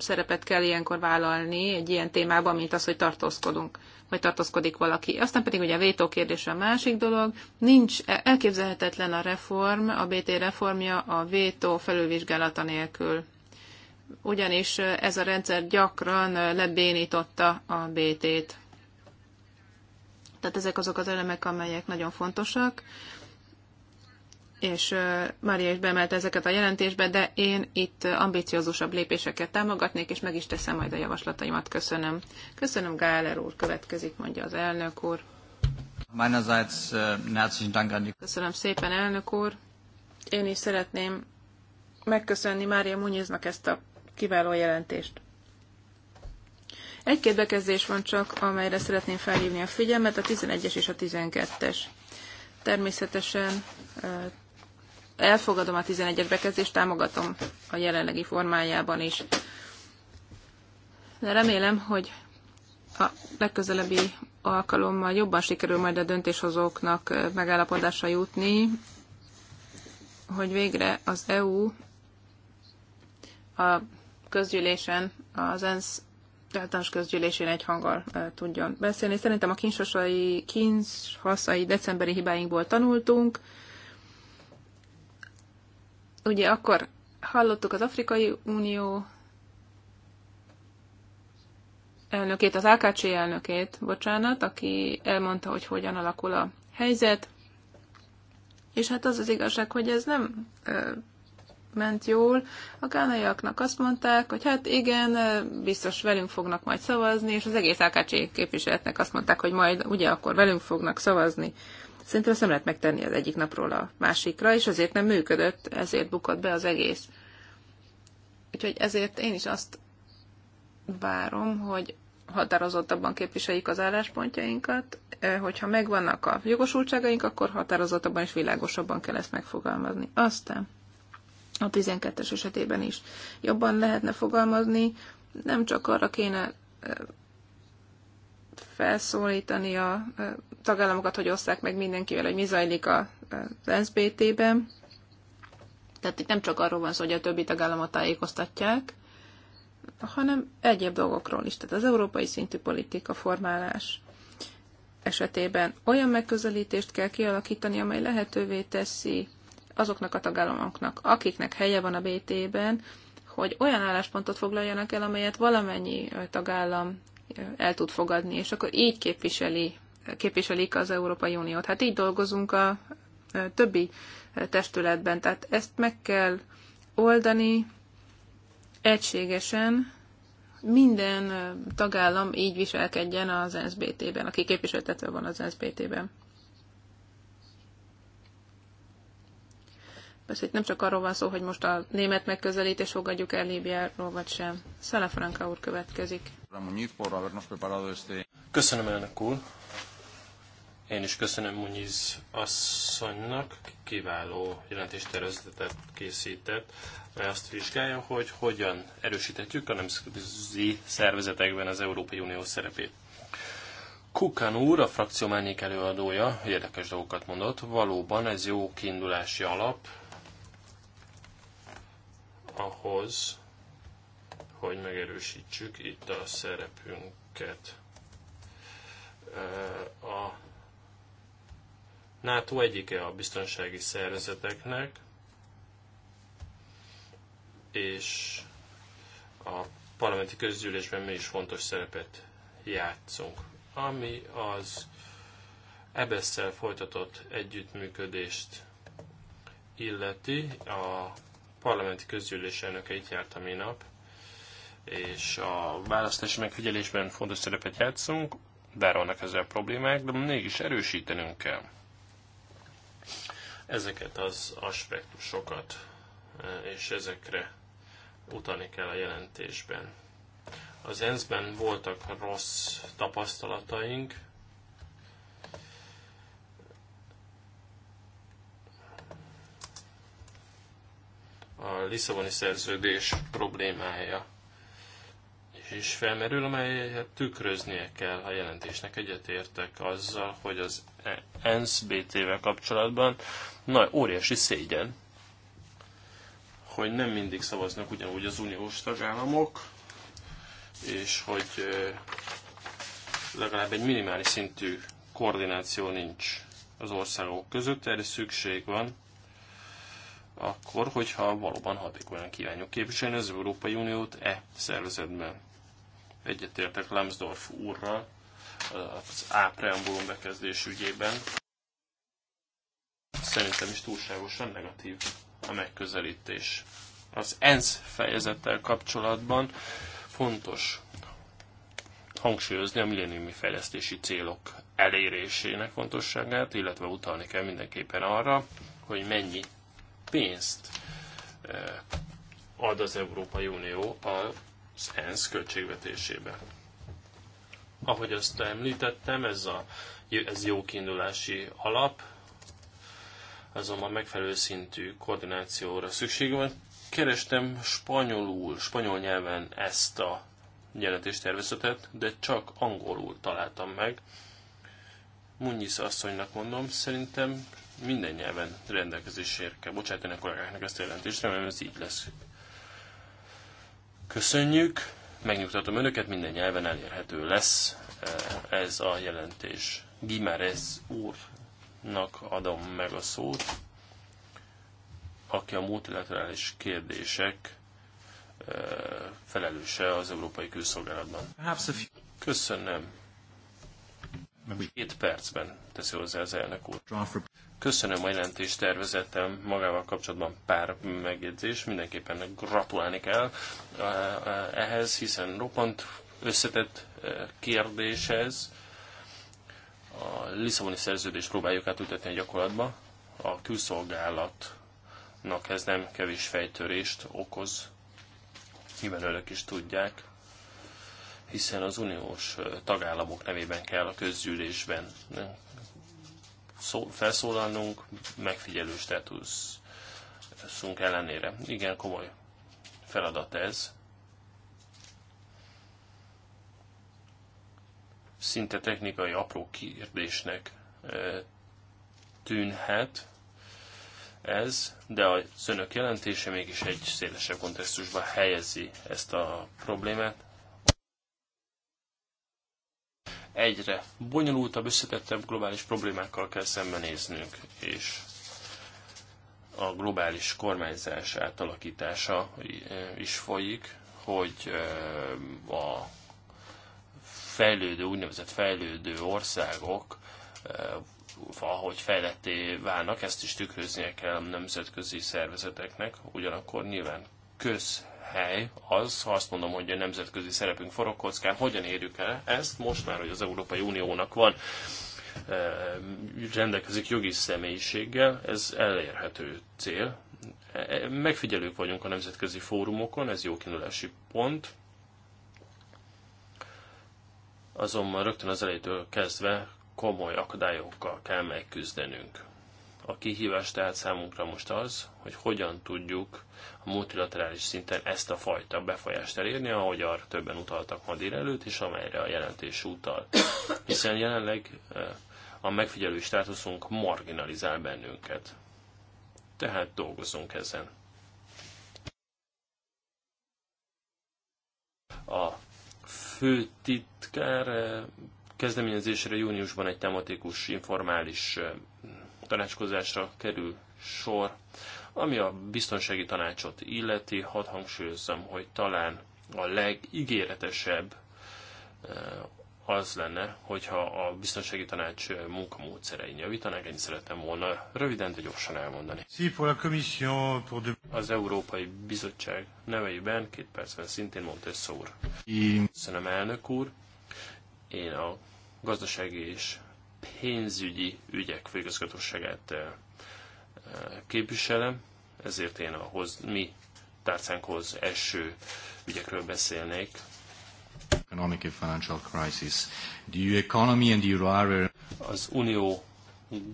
szerepet kell ilyenkor vállalni egy ilyen témában, mint az, hogy tartózkodunk, vagy tartózkodik valaki. Aztán pedig ugye a vétó kérdése a másik dolog. Nincs, elképzelhetetlen a reform, a BT reformja a vétó felülvizsgálata nélkül. Ugyanis ez a rendszer gyakran lebénította a BT-t. Tehát ezek azok az elemek, amelyek nagyon fontosak és Mária is bemelte ezeket a jelentésbe, de én itt ambiciózusabb lépéseket támogatnék, és meg is teszem majd a javaslataimat. Köszönöm. Köszönöm, Gáler úr. Következik, mondja az elnök úr. Meinerseits Köszönöm szépen, elnök úr. Én is szeretném megköszönni Mária Munyéznak ezt a kiváló jelentést. Egy-két bekezdés van csak, amelyre szeretném felhívni a figyelmet, a 11-es és a 12-es. Természetesen elfogadom a 11-es bekezdést, támogatom a jelenlegi formájában is. De remélem, hogy a legközelebbi alkalommal jobban sikerül majd a döntéshozóknak megállapodásra jutni, hogy végre az EU a közgyűlésen, az ENSZ általános közgyűlésén egy hanggal tudjon beszélni. Szerintem a kinshasai, kinshasai decemberi hibáinkból tanultunk, Ugye akkor hallottuk az Afrikai Unió elnökét, az AKC elnökét, bocsánat, aki elmondta, hogy hogyan alakul a helyzet, és hát az az igazság, hogy ez nem ö, ment jól. A gánaiaknak azt mondták, hogy hát igen, biztos velünk fognak majd szavazni, és az egész AKC képviseletnek azt mondták, hogy majd ugye akkor velünk fognak szavazni. Szerintem ezt nem lehet megtenni az egyik napról a másikra, és azért nem működött, ezért bukott be az egész. Úgyhogy ezért én is azt várom, hogy határozottabban képviseljük az álláspontjainkat, eh, hogyha megvannak a jogosultságaink, akkor határozottabban és világosabban kell ezt megfogalmazni. Aztán a 12-es esetében is jobban lehetne fogalmazni, nem csak arra kéne eh, felszólítani a tagállamokat, hogy osszák meg mindenkivel, hogy mi zajlik a SBT-ben. Tehát itt nem csak arról van szó, hogy a többi tagállamot tájékoztatják, hanem egyéb dolgokról is. Tehát az európai szintű politika formálás esetében olyan megközelítést kell kialakítani, amely lehetővé teszi azoknak a tagállamoknak, akiknek helye van a BT-ben, hogy olyan álláspontot foglaljanak el, amelyet valamennyi tagállam el tud fogadni, és akkor így képviseli, képviselik az Európai Uniót. Hát így dolgozunk a többi testületben, tehát ezt meg kell oldani egységesen, minden tagállam így viselkedjen az NSBT-ben, aki képviseltetve van az NSBT-ben. Persze itt nem csak arról van szó, hogy most a német megközelítés fogadjuk el Líbiáról, vagy sem. Franka úr következik. Köszönöm elnök úr. Én is köszönöm Muniz asszonynak, kiváló jelentéstervezetet készített, mert azt vizsgálja, hogy hogyan erősíthetjük a nemzeti szervezetekben az Európai Unió szerepét. Kukan úr, a frakció márnyék előadója, érdekes dolgokat mondott, valóban ez jó kiindulási alap, ahhoz, hogy megerősítsük itt a szerepünket. A NATO egyike a biztonsági szervezeteknek, és a parlamenti közgyűlésben mi is fontos szerepet játszunk. Ami az ebesszel folytatott együttműködést illeti, a parlamenti közgyűlés elnöke itt járt a minap, és a választási megfigyelésben fontos szerepet játszunk, bár vannak ezzel problémák, de mégis erősítenünk kell ezeket az aspektusokat, és ezekre utalni kell a jelentésben. Az ENSZ-ben voltak rossz tapasztalataink, a Lisszaboni szerződés problémája is felmerül, amelyet tükröznie kell a jelentésnek. Egyetértek azzal, hogy az ENSZ-BT-vel kapcsolatban nagy, óriási szégyen, hogy nem mindig szavaznak ugyanúgy az uniós tagállamok, és hogy legalább egy minimális szintű koordináció nincs az országok között, erre szükség van akkor, hogyha valóban hatékonyan kívánjuk képviselni az Európai Uniót e szervezetben. Egyetértek Lambsdorff úrral az A preambulum bekezdés ügyében. Szerintem is túlságosan negatív a megközelítés. Az ENSZ fejezettel kapcsolatban fontos hangsúlyozni a milléniumi fejlesztési célok elérésének fontosságát, illetve utalni kell mindenképpen arra, hogy mennyi pénzt eh, ad az Európai Unió az ENSZ költségvetésébe. Ahogy azt említettem, ez, a, ez jó kiindulási alap, azonban megfelelő szintű koordinációra szükség van. Kerestem spanyolul, spanyol nyelven ezt a jelentéstervezetet, de csak angolul találtam meg. Munyisz asszonynak mondom, szerintem minden nyelven rendelkezésére kell bocsátani a kollégáknak ezt a jelentést, remélem ez így lesz. Köszönjük, megnyugtatom önöket, minden nyelven elérhető lesz ez a jelentés. Gimerez úrnak adom meg a szót, aki a multilaterális kérdések felelőse az Európai Külszolgálatban. Köszönöm. Két percben teszi hozzá az elnök úr. Köszönöm a jelentést tervezettem magával kapcsolatban pár megjegyzés, mindenképpen gratulálni kell eh, eh, ehhez, hiszen roppant összetett eh, kérdéshez A Lisszaboni szerződést próbáljuk átültetni a gyakorlatba. A külszolgálatnak ez nem kevés fejtörést okoz, mivel önök is tudják, hiszen az uniós tagállamok nevében kell a közgyűlésben szó, felszólalnunk megfigyelő státuszunk ellenére. Igen, komoly feladat ez. Szinte technikai apró kérdésnek e, tűnhet ez, de a önök jelentése mégis egy szélesebb kontextusba helyezi ezt a problémát egyre bonyolultabb, összetettebb globális problémákkal kell szembenéznünk, és a globális kormányzás átalakítása e, is folyik, hogy e, a fejlődő, úgynevezett fejlődő országok, e, ahogy fejletté válnak, ezt is tükröznie kell a nemzetközi szervezeteknek, ugyanakkor nyilván köz hely az, ha azt mondom, hogy a nemzetközi szerepünk forog kockán, hogyan érjük el ezt most már, hogy az Európai Uniónak van e, rendelkezik jogi személyiséggel, ez elérhető cél. E, e, megfigyelők vagyunk a nemzetközi fórumokon, ez jó kiindulási pont. Azonban rögtön az elejétől kezdve komoly akadályokkal kell megküzdenünk. A kihívás tehát számunkra most az, hogy hogyan tudjuk a multilaterális szinten ezt a fajta befolyást elérni, ahogy arra többen utaltak ma délelőtt, és amelyre a jelentés utal. Hiszen jelenleg eh, a megfigyelő státuszunk marginalizál bennünket. Tehát dolgozunk ezen. A főtitkár eh, kezdeményezésre júniusban egy tematikus informális eh, tanácskozásra kerül sor. Ami a biztonsági tanácsot illeti, hadd hangsúlyozzam, hogy talán a legígéretesebb eh, az lenne, hogyha a biztonsági tanács munkamódszerein javítanák, én szerettem volna röviden, de gyorsan elmondani. Az Európai Bizottság neveiben két percben szintén Montessa úr. Köszönöm elnök úr. Én a gazdasági és pénzügyi ügyek főigazgatóságát eh, képviselem, ezért én ahhoz, mi tárcánkhoz első ügyekről beszélnék. Economic and financial crisis. The economy and the euro Az unió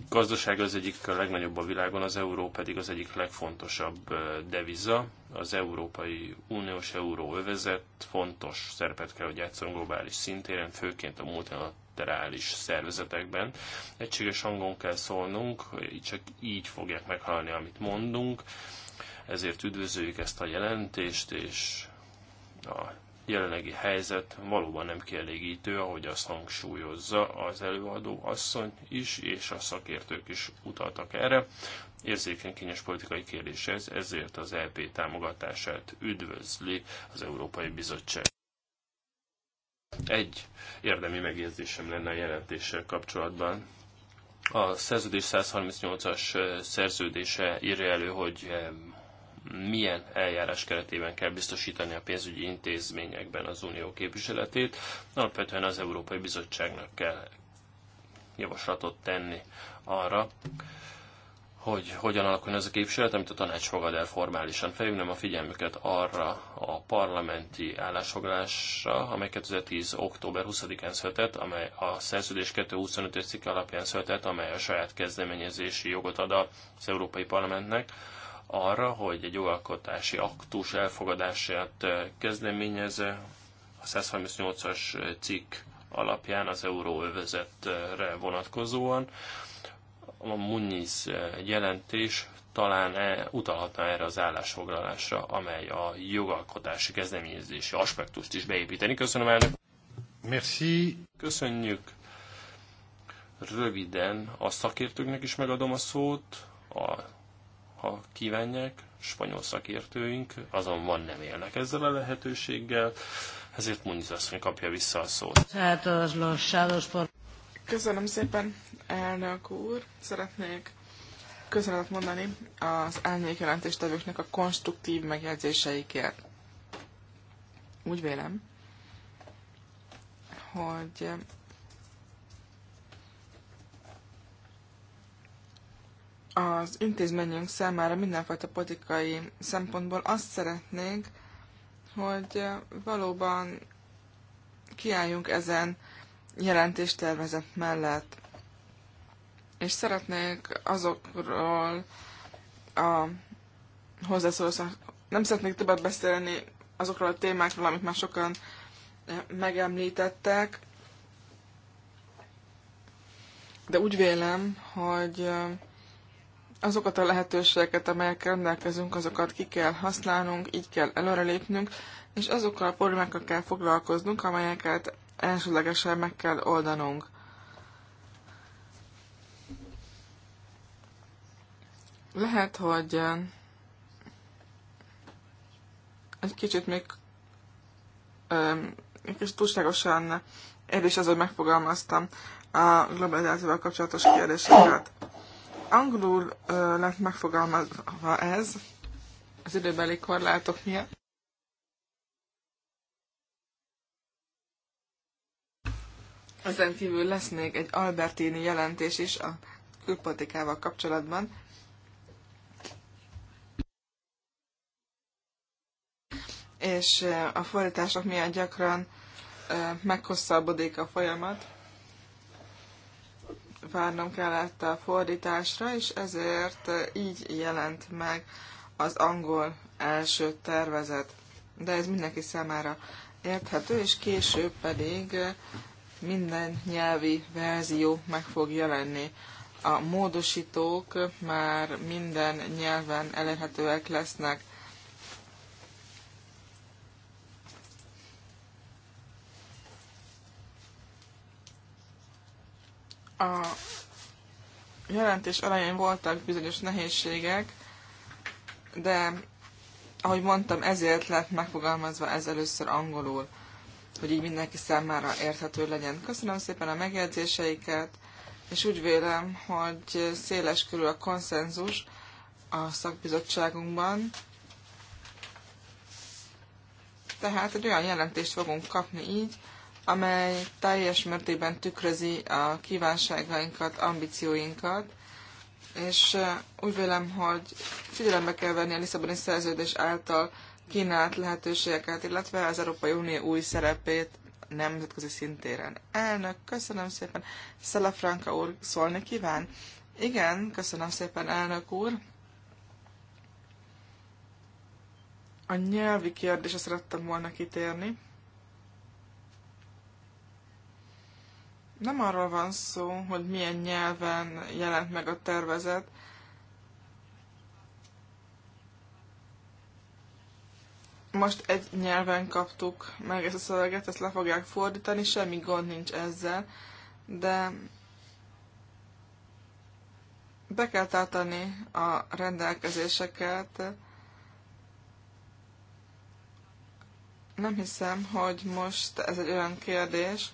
gazdasága az egyik a legnagyobb a világon, az euró pedig az egyik legfontosabb eh, deviza. Az Európai Uniós Euróövezet fontos szerepet kell, hogy játszon globális szintéren, főként a multilaterális szervezetekben. Egységes hangon kell szólnunk, csak így fogják meghalni, amit mondunk. Ezért üdvözöljük ezt a jelentést, és a jelenlegi helyzet valóban nem kielégítő, ahogy azt hangsúlyozza az előadó asszony is, és a szakértők is utaltak erre. Érzékeny kényes politikai kérdés ez, ezért az EP támogatását üdvözli az Európai Bizottság. Egy érdemi megjegyzésem lenne a jelentéssel kapcsolatban. A szerződés 138-as szerződése írja elő, hogy milyen eljárás keretében kell biztosítani a pénzügyi intézményekben az unió képviseletét. Alapvetően az Európai Bizottságnak kell javaslatot tenni arra, hogy hogyan alakuljon ez a képviselet, amit a tanács fogad el formálisan. Felhívnám a figyelmüket arra a parlamenti állásfoglalásra, amely 2010. október 20-án született, amely a szerződés 225-es cikke alapján született, amely a saját kezdeményezési jogot ad az Európai Parlamentnek arra, hogy egy jogalkotási aktus elfogadását kezdeményezze a 138-as cikk alapján az euróövezetre vonatkozóan a Muniz eh, jelentés talán e utalhatna erre az állásfoglalásra, amely a jogalkotási kezdeményezési aspektust is beépíteni. Köszönöm elnök. Merci. Köszönjük. Röviden a szakértőknek is megadom a szót, a, ha kívánják, spanyol szakértőink, azonban nem élnek ezzel a lehetőséggel, ezért Muniz asszony kapja vissza a szót. Köszönöm szépen, elnök úr. Szeretnék köszönetet mondani az elnék jelentéstevőknek a konstruktív megjegyzéseikért. Úgy vélem, hogy az intézményünk számára mindenfajta politikai szempontból azt szeretnénk, hogy valóban kiálljunk ezen jelentéstervezet mellett. És szeretnék azokról a hozzászólások, nem szeretnék többet beszélni azokról a témákról, amit már sokan eh, megemlítettek, de úgy vélem, hogy eh, azokat a lehetőségeket, amelyek rendelkezünk, azokat ki kell használnunk, így kell előrelépnünk, és azokkal a problémákkal kell foglalkoznunk, amelyeket elsőlegesen meg kell oldanunk. Lehet, hogy egy kicsit még egy kicsit túlságosan erős az, hogy megfogalmaztam a globalizációval kapcsolatos kérdéseket. Angolul lett megfogalmazva ez az időbeli korlátok miatt. Ezen kívül lesz még egy Albertini jelentés is a külpolitikával kapcsolatban. És a fordítások miatt gyakran meghosszabbodik a folyamat. Várnom kellett a fordításra, és ezért így jelent meg az angol első tervezet. De ez mindenki számára érthető, és később pedig minden nyelvi verzió meg fog jelenni. A módosítók már minden nyelven elérhetőek lesznek. A jelentés elején voltak bizonyos nehézségek, de ahogy mondtam, ezért lett megfogalmazva ez először angolul hogy így mindenki számára érthető legyen. Köszönöm szépen a megjegyzéseiket, és úgy vélem, hogy széles körül a konszenzus a szakbizottságunkban. Tehát egy olyan jelentést fogunk kapni így, amely teljes mértékben tükrözi a kívánságainkat, ambícióinkat, és úgy vélem, hogy figyelembe kell venni a Lisszaboni szerződés által kínált lehetőségeket, illetve az Európai Unió új szerepét nemzetközi szintéren. Elnök, köszönöm szépen. Szela Franka úr szólni kíván? Igen, köszönöm szépen, elnök úr. A nyelvi kérdésre szerettem volna kitérni. Nem arról van szó, hogy milyen nyelven jelent meg a tervezet, most egy nyelven kaptuk meg ezt a szöveget, ezt le fogják fordítani, semmi gond nincs ezzel, de be kell tartani a rendelkezéseket. Nem hiszem, hogy most ez egy olyan kérdés,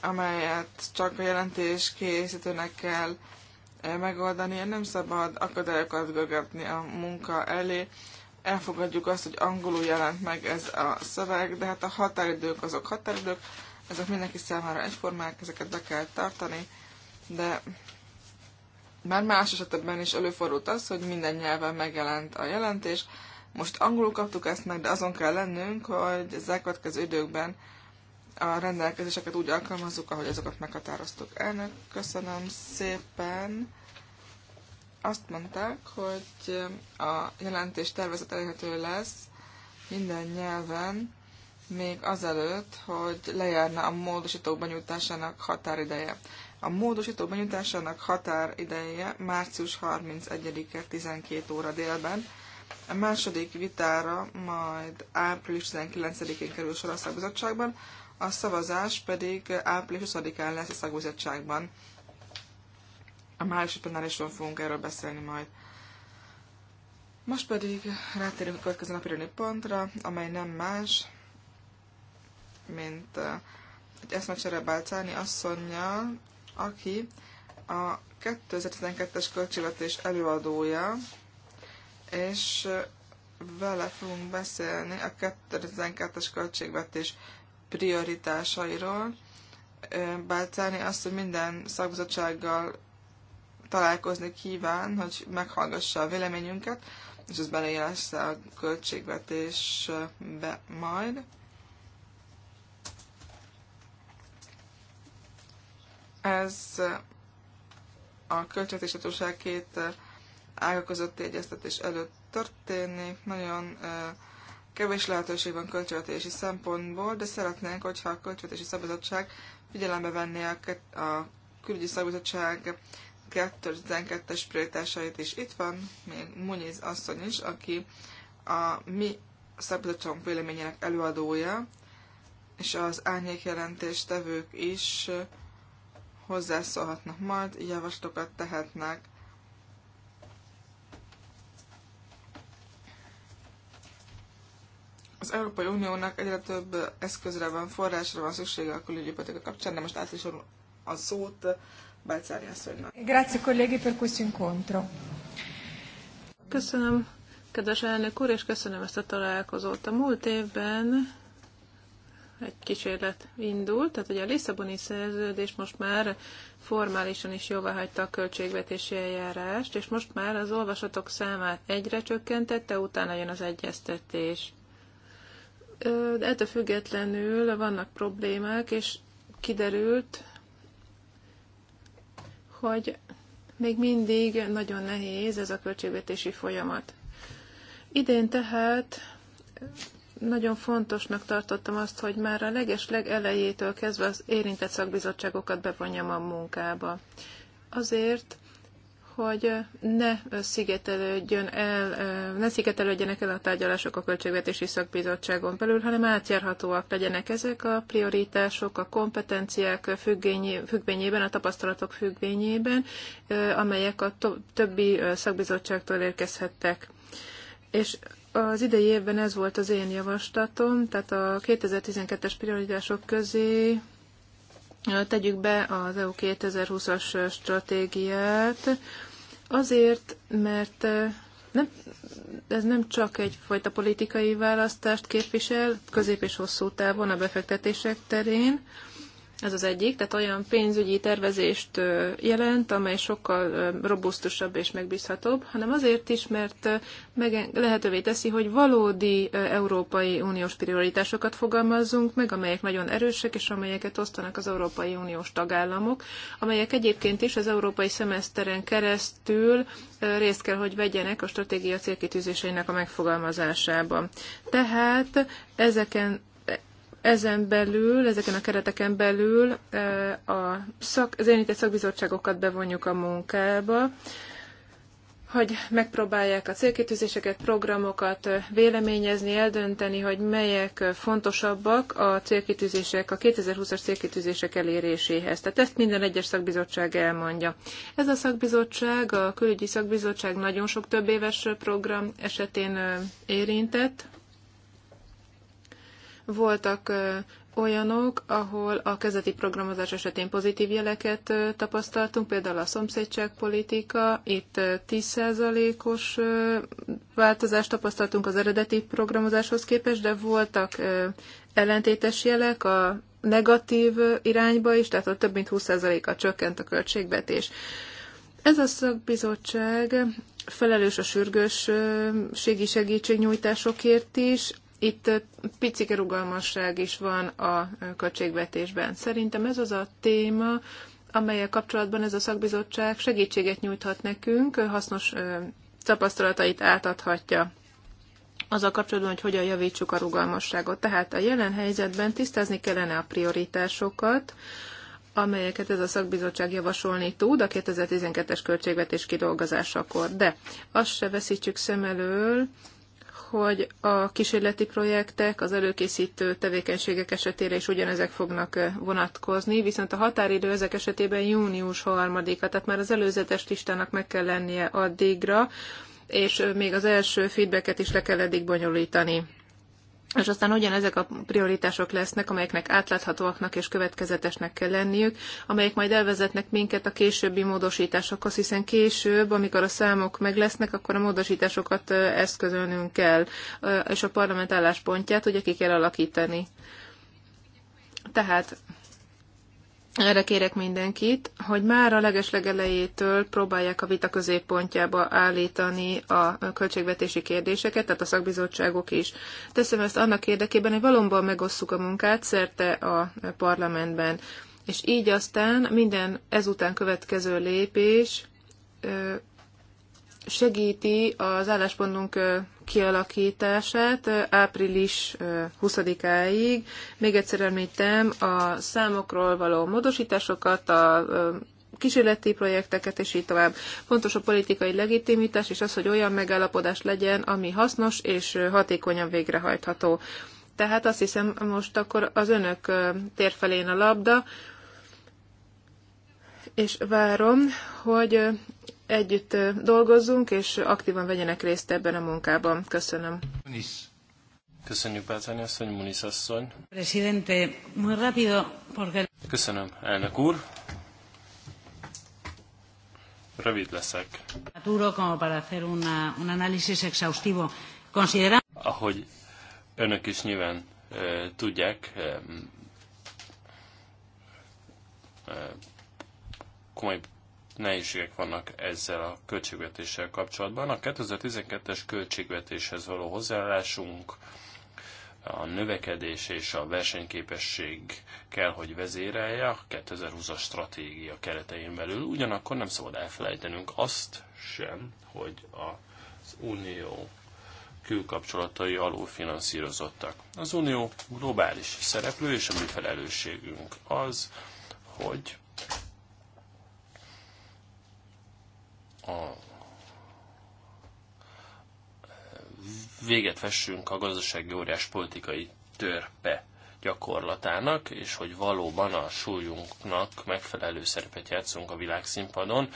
amelyet csak a jelentés készítőnek kell megoldani. Nem szabad akadályokat gögetni a munka elé elfogadjuk azt, hogy angolul jelent meg ez a szöveg, de hát a határidők azok határidők, ezek mindenki számára egyformák, ezeket be kell tartani, de már más esetben is előfordult az, hogy minden nyelven megjelent a jelentés. Most angolul kaptuk ezt meg, de azon kell lennünk, hogy az elkövetkező időkben a rendelkezéseket úgy alkalmazzuk, ahogy azokat meghatároztuk. Elnök, köszönöm szépen! azt mondták, hogy a jelentés tervezet elérhető lesz minden nyelven, még azelőtt, hogy lejárna a módosítók benyújtásának határideje. A módosítók benyújtásának határideje március 31-e 12 óra délben, a második vitára majd április 19-én kerül sor a szakbizottságban, a szavazás pedig április 20-án lesz a szakbizottságban. A is van fogunk erről beszélni majd. Most pedig rátérünk a következő napi pontra, amely nem más, mint eh, egy eszmecsere Bálcáni asszonynal, aki a 2012-es költségvetés előadója, és eh, vele fogunk beszélni a 2012-es költségvetés prioritásairól. Eh, Bálcáni azt, hogy minden szakbizottsággal találkozni kíván, hogy meghallgassa a véleményünket, és ez belejelezte a költségvetésbe majd. Ez a hatóság két eh, ága közötti egyeztetés előtt történik. Nagyon eh, kevés lehetőség van költségvetési szempontból, de szeretnénk, hogyha a költségvetési szabadság figyelembe venné a, a külügyi szabadság 2012-es prioritásait is. Itt van még Muniz asszony is, aki a mi szabadságunk véleményének előadója, és az árnyékjelentést tevők is hozzászólhatnak majd, javaslatokat tehetnek. Az Európai Uniónak egyre több eszközre van, forrásra van szüksége a külügyi politika kapcsán, de most át is a szót Balcáni asszonynak. Grazie per questo incontro. Köszönöm, kedves elnök úr, és köszönöm ezt a találkozót. A múlt évben egy kísérlet indult, tehát ugye a Lisszaboni szerződés most már formálisan is jóváhagyta a költségvetési eljárást, és most már az olvasatok számát egyre csökkentette, utána jön az egyeztetés. De ettől függetlenül vannak problémák, és kiderült, hogy még mindig nagyon nehéz ez a költségvetési folyamat. Idén tehát nagyon fontosnak tartottam azt, hogy már a legesleg elejétől kezdve az érintett szakbizottságokat bevonjam a munkába. Azért, hogy ne szigetelődjön el, ne szigetelődjenek el a tárgyalások a Költségvetési Szakbizottságon belül, hanem átjárhatóak legyenek ezek a prioritások, a kompetenciák függvényében, a tapasztalatok függvényében, amelyek a többi szakbizottságtól érkezhettek. És az idei évben ez volt az én javaslatom, tehát a 2012-es prioritások közé tegyük be az EU 2020-as stratégiát, Azért, mert nem, ez nem csak egyfajta politikai választást képvisel, közép és hosszú távon a befektetések terén, ez az egyik, tehát olyan pénzügyi tervezést jelent, amely sokkal robusztusabb és megbízhatóbb, hanem azért is, mert meg lehetővé teszi, hogy valódi Európai Uniós prioritásokat fogalmazzunk meg, amelyek nagyon erősek, és amelyeket osztanak az Európai Uniós tagállamok, amelyek egyébként is az európai szemeszteren keresztül részt kell, hogy vegyenek a stratégia célkitűzéseinek a megfogalmazásában. Tehát ezeken ezen belül, ezeken a kereteken belül a szak, az érintett szakbizottságokat bevonjuk a munkába, hogy megpróbálják a célkitűzéseket, programokat véleményezni, eldönteni, hogy melyek fontosabbak a célkitűzések, a 2020-as célkitűzések eléréséhez. Tehát ezt minden egyes szakbizottság elmondja. Ez a szakbizottság, a külügyi szakbizottság nagyon sok több éves program esetén érintett, voltak olyanok, ahol a kezdeti programozás esetén pozitív jeleket tapasztaltunk, például a szomszédságpolitika, itt 10%-os változást tapasztaltunk az eredeti programozáshoz képest, de voltak ellentétes jelek a negatív irányba is, tehát ott több mint 20%-kal csökkent a költségvetés. Ez a szakbizottság felelős a sürgősségi segítségnyújtásokért is, itt picike rugalmasság is van a költségvetésben. Szerintem ez az a téma, amelyel kapcsolatban ez a szakbizottság segítséget nyújthat nekünk, hasznos tapasztalatait átadhatja azzal kapcsolatban, hogy hogyan javítsuk a rugalmasságot. Tehát a jelen helyzetben tisztázni kellene a prioritásokat, amelyeket ez a szakbizottság javasolni tud a 2012-es költségvetés kidolgozásakor. De azt se veszítsük szem elől, hogy a kísérleti projektek, az előkészítő tevékenységek esetére is ugyanezek fognak vonatkozni, viszont a határidő ezek esetében június 3-a, tehát már az előzetes listának meg kell lennie addigra, és még az első feedbacket is le kell eddig bonyolítani és aztán ugyanezek a prioritások lesznek, amelyeknek átláthatóaknak és következetesnek kell lenniük, amelyek majd elvezetnek minket a későbbi módosításokhoz, hiszen később, amikor a számok meg lesznek, akkor a módosításokat eszközölnünk kell, és a parlament álláspontját ugye ki kell alakítani. Tehát erre kérek mindenkit, hogy már a legeslegelejétől próbálják a vita középpontjába állítani a költségvetési kérdéseket, tehát a szakbizottságok is. Teszem ezt annak érdekében, hogy valóban megosszuk a munkát szerte a parlamentben. És így aztán minden ezután következő lépés segíti az álláspontunk kialakítását április 20-áig. Még egyszer említem, a számokról való módosításokat, a kísérleti projekteket, és így tovább. Fontos a politikai legitimitás, és az, hogy olyan megállapodás legyen, ami hasznos és hatékonyan végrehajtható. Tehát azt hiszem, most akkor az önök térfelén a labda, és várom, hogy együtt dolgozzunk, és aktívan vegyenek részt ebben a munkában. Köszönöm. Köszönjük Bázáni asszony, Muniz asszony. Presidente, muy rápido, porque... Köszönöm, elnök úr. Rövid leszek. como para hacer una, un análisis exhaustivo. Ahogy önök is nyilván e, tudják, e, e, komoly nehézségek vannak ezzel a költségvetéssel kapcsolatban. A 2012-es költségvetéshez való hozzáállásunk a növekedés és a versenyképesség kell, hogy vezérelje a 2020-as stratégia keretein belül. Ugyanakkor nem szabad elfelejtenünk azt sem, hogy az unió külkapcsolatai finanszírozottak. Az unió globális szereplő, és a mi felelősségünk az, hogy a véget vessünk a gazdasági óriás politikai törpe gyakorlatának, és hogy valóban a súlyunknak megfelelő szerepet játszunk a világszínpadon.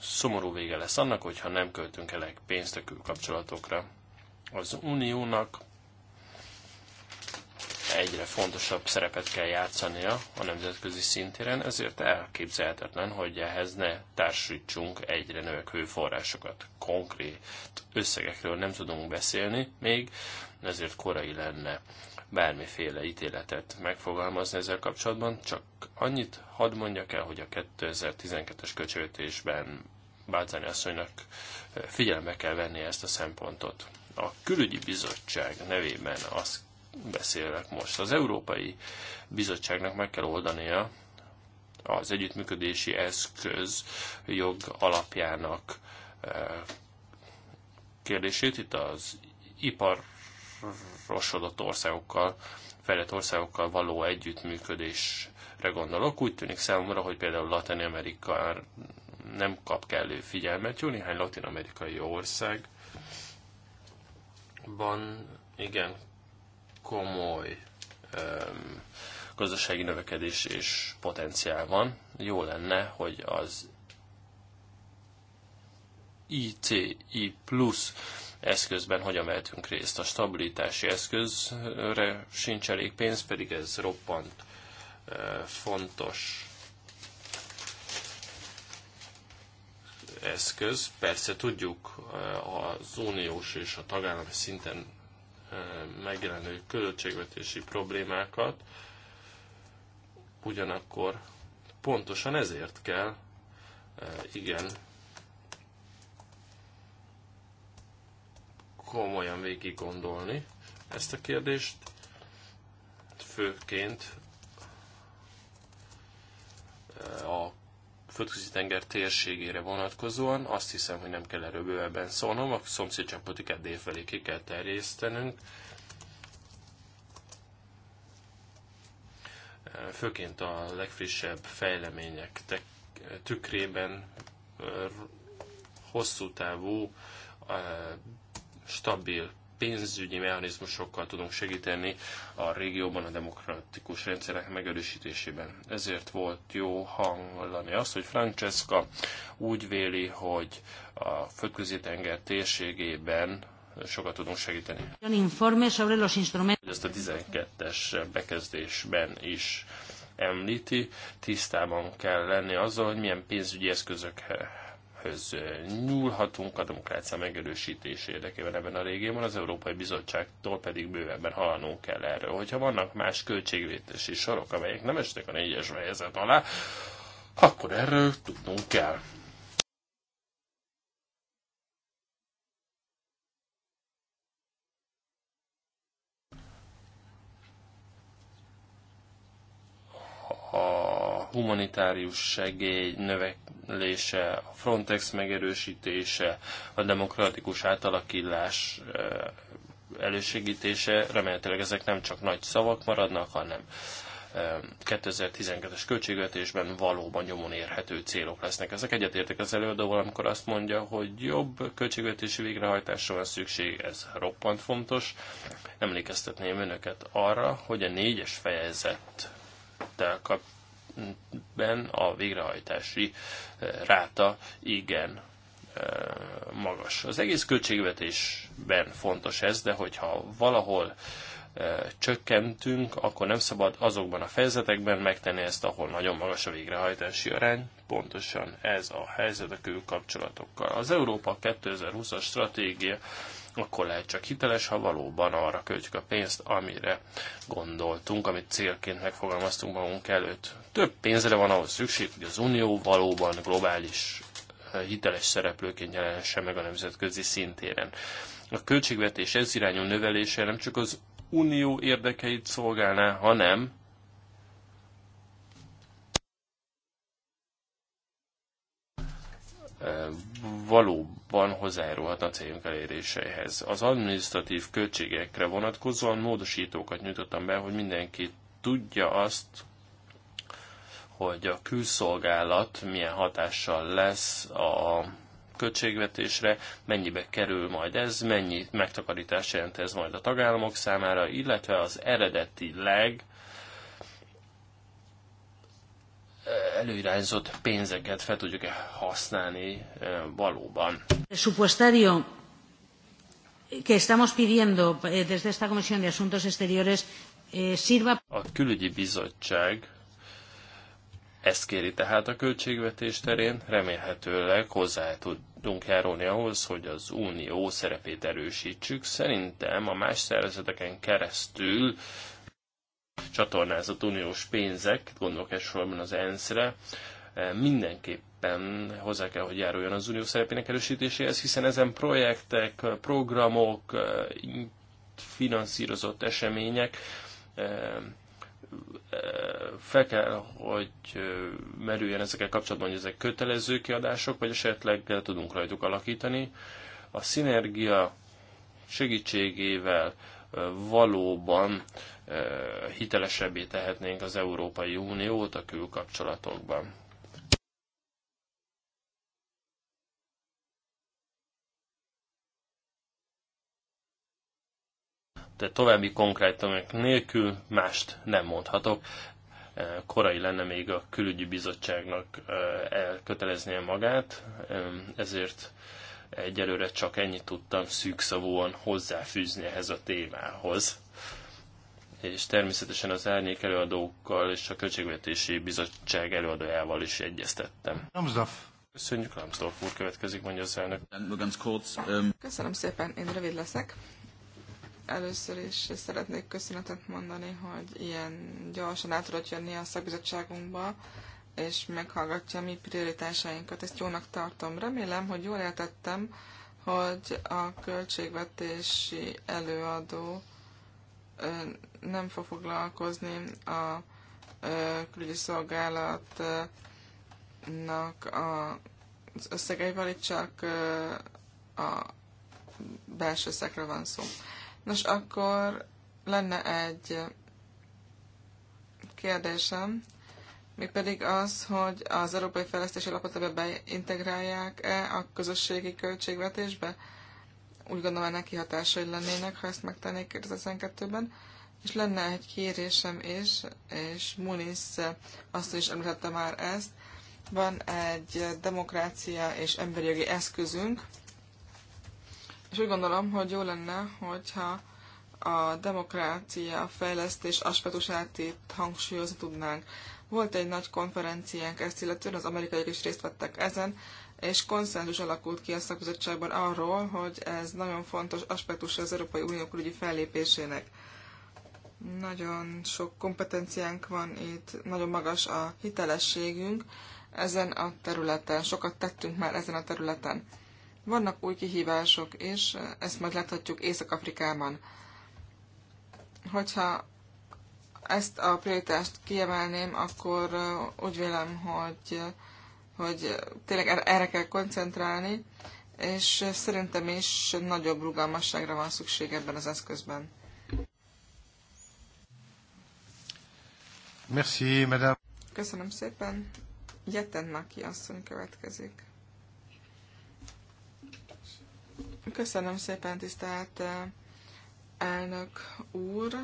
Szomorú vége lesz annak, hogyha nem költünk elég pénzt a külkapcsolatokra. Az uniónak egyre fontosabb szerepet kell játszania a nemzetközi szintéren, ezért elképzelhetetlen, hogy ehhez ne társítsunk egyre növekvő forrásokat. Konkrét összegekről nem tudunk beszélni még, ezért korai lenne bármiféle ítéletet megfogalmazni ezzel kapcsolatban, csak annyit hadd mondjak el, hogy a 2012-es költségvetésben Bázáni asszonynak eh, figyelembe kell venni ezt a szempontot. A külügyi bizottság nevében azt beszélek most. Az Európai Bizottságnak meg kell oldania az együttműködési eszköz jog alapjának eh, kérdését. Itt az iparosodott országokkal, fejlett országokkal való együttműködésre gondolok. Úgy tűnik számomra, hogy például Latin Amerika nem kap kellő figyelmet. Jó néhány latin-amerikai országban igen komoly öm, gazdasági növekedés és potenciál van. Jó lenne, hogy az ICI plusz eszközben hogyan vehetünk részt. A stabilitási eszközre sincs elég pénz, pedig ez roppant fontos eszköz. Persze tudjuk az uniós és a tagállami szinten megjelenő költségvetési problémákat, ugyanakkor pontosan ezért kell e, igen komolyan végig gondolni ezt a kérdést, főként földközi tenger térségére vonatkozóan azt hiszem, hogy nem kell erről bővebben szólnom, a szomszédságpolitikát délfelé ki kell terjesztenünk. Főként a legfrissebb fejlemények tükrében hosszú távú, eh, stabil pénzügyi mechanizmusokkal tudunk segíteni a régióban a demokratikus rendszerek megerősítésében. Ezért volt jó hallani azt, hogy Francesca úgy véli, hogy a Földközi-tenger térségében sokat tudunk segíteni. Ezt a 12-es bekezdésben is említi, tisztában kell lenni azzal, hogy milyen pénzügyi eszközök eszközökhöz nyúlhatunk a demokrácia megerősítés érdekében ebben a régióban, az Európai Bizottságtól pedig bővebben hallanunk kell erről. Hogyha vannak más költségvétési sorok, amelyek nem estek a négyes fejezet alá, akkor erről tudnunk kell. a humanitárius segély növelése, a Frontex megerősítése, a demokratikus átalakítás eh, elősegítése, remélhetőleg ezek nem csak nagy szavak maradnak, hanem 2012-es eh, költségvetésben valóban nyomon érhető célok lesznek. Ezek egyetértek az előadóval, amikor azt mondja, hogy jobb költségvetési végrehajtásra van szükség, ez roppant fontos. Emlékeztetném önöket arra, hogy a négyes fejezettel ben a végrehajtási eh, ráta igen eh, magas. Az egész költségvetésben fontos ez, de hogyha valahol eh, csökkentünk, akkor nem szabad azokban a fejezetekben megtenni ezt, ahol nagyon magas a végrehajtási arány. Pontosan ez a helyzet a külkapcsolatokkal. Az Európa 2020-as stratégia akkor lehet csak hiteles, ha valóban arra költjük a pénzt, amire gondoltunk, amit célként megfogalmaztunk magunk előtt. Több pénzre van ahhoz szükség, hogy az Unió valóban globális hiteles szereplőként jelenhesse meg a nemzetközi szintéren. A költségvetés ez irányú növelése nem csak az unió érdekeit szolgálná, hanem való van hozzájárulhat a céljunk eléréseihez. Az administratív költségekre vonatkozóan módosítókat nyújtottam be, hogy mindenki tudja azt, hogy a külszolgálat milyen hatással lesz a költségvetésre, mennyibe kerül majd ez, mennyi megtakarítás jelent ez majd a tagállamok számára, illetve az eredetileg előirányzott pénzeket fel tudjuk-e használni valóban. Supuestario que estamos pidiendo eh, desde esta Comisión de Asuntos Exteriores eh, sirva... A külügyi bizottság ezt kéri tehát a költségvetés terén, remélhetőleg hozzá tudunk járulni ahhoz, hogy az unió szerepét erősítsük. Szerintem a más szervezeteken keresztül csatornázott uniós pénzek, gondolok elsősorban az ENSZ-re, eh, mindenképpen hozzá kell, hogy járuljon az unió szerepének erősítéséhez, hiszen ezen projektek, programok, eh, finanszírozott események eh, fel kell, hogy merüljön ezekkel kapcsolatban, hogy ezek kötelező kiadások, vagy esetleg tudunk rajtuk alakítani. A szinergia segítségével valóban hitelesebbé tehetnénk az Európai Uniót a külkapcsolatokban. De további konkrétumok nélkül mást nem mondhatok. Korai lenne még a külügyi bizottságnak elköteleznie magát, ezért egyelőre csak ennyit tudtam szűkszavúan hozzáfűzni ehhez a témához és természetesen az árnyék előadókkal és a Költségvetési Bizottság előadójával is egyeztettem. Ramsdorf. Köszönjük, Ramsdorf úr következik, mondja az elnök. Köszönöm szépen, én rövid leszek. Először is szeretnék köszönetet mondani, hogy ilyen gyorsan át tudott jönni a szakbizottságunkba, és meghallgatja mi prioritásainkat. Ezt jónak tartom. Remélem, hogy jól értettem, hogy a költségvetési előadó nem fog foglalkozni a külügyi szolgálatnak az összegeivel, itt csak a belső szekre van szó. Nos, akkor lenne egy kérdésem, pedig az, hogy az Európai Fejlesztési Alapot beintegrálják-e a közösségi költségvetésbe? úgy gondolom ennek kihatásai lennének, ha ezt megtennék 2012-ben. És lenne egy kérésem is, és Muniz azt is említette már ezt, van egy demokrácia és emberi jogi eszközünk, és úgy gondolom, hogy jó lenne, hogyha a demokrácia fejlesztés aspektusát itt hangsúlyozni tudnánk. Volt egy nagy konferenciánk ezt illetően, az amerikaiak is részt vettek ezen, és konszenzus alakult ki a szakbizottságban arról, hogy ez nagyon fontos aspektus az Európai Unió külügyi fellépésének. Nagyon sok kompetenciánk van itt, nagyon magas a hitelességünk ezen a területen. Sokat tettünk már ezen a területen. Vannak új kihívások, és ezt majd láthatjuk Észak-Afrikában. Hogyha ezt a prioritást kiemelném, akkor úgy vélem, hogy hogy tényleg er- erre kell koncentrálni, és szerintem is nagyobb rugalmasságra van szükség ebben az eszközben. Merci, madame. Köszönöm szépen. Naki asszony következik. Köszönöm szépen, tisztelt eh, elnök úr.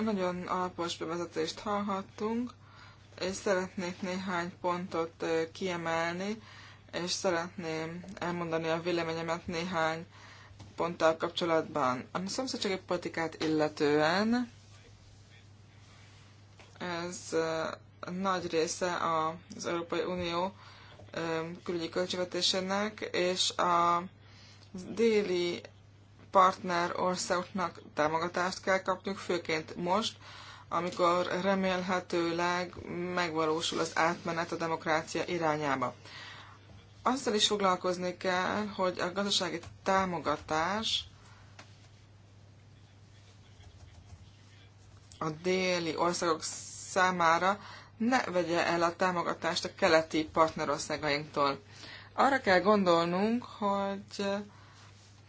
Nagyon alapos bevezetést hallhattunk, és szeretnék néhány pontot kiemelni, és szeretném elmondani a véleményemet néhány ponttal kapcsolatban. A szomszédsági politikát illetően, ez nagy része az Európai Unió külügyi költségvetésének, és a déli partner országoknak támogatást kell kapniuk, főként most, amikor remélhetőleg megvalósul az átmenet a demokrácia irányába. Azzal is foglalkozni kell, hogy a gazdasági támogatás a déli országok számára ne vegye el a támogatást a keleti partnerországainktól. Arra kell gondolnunk, hogy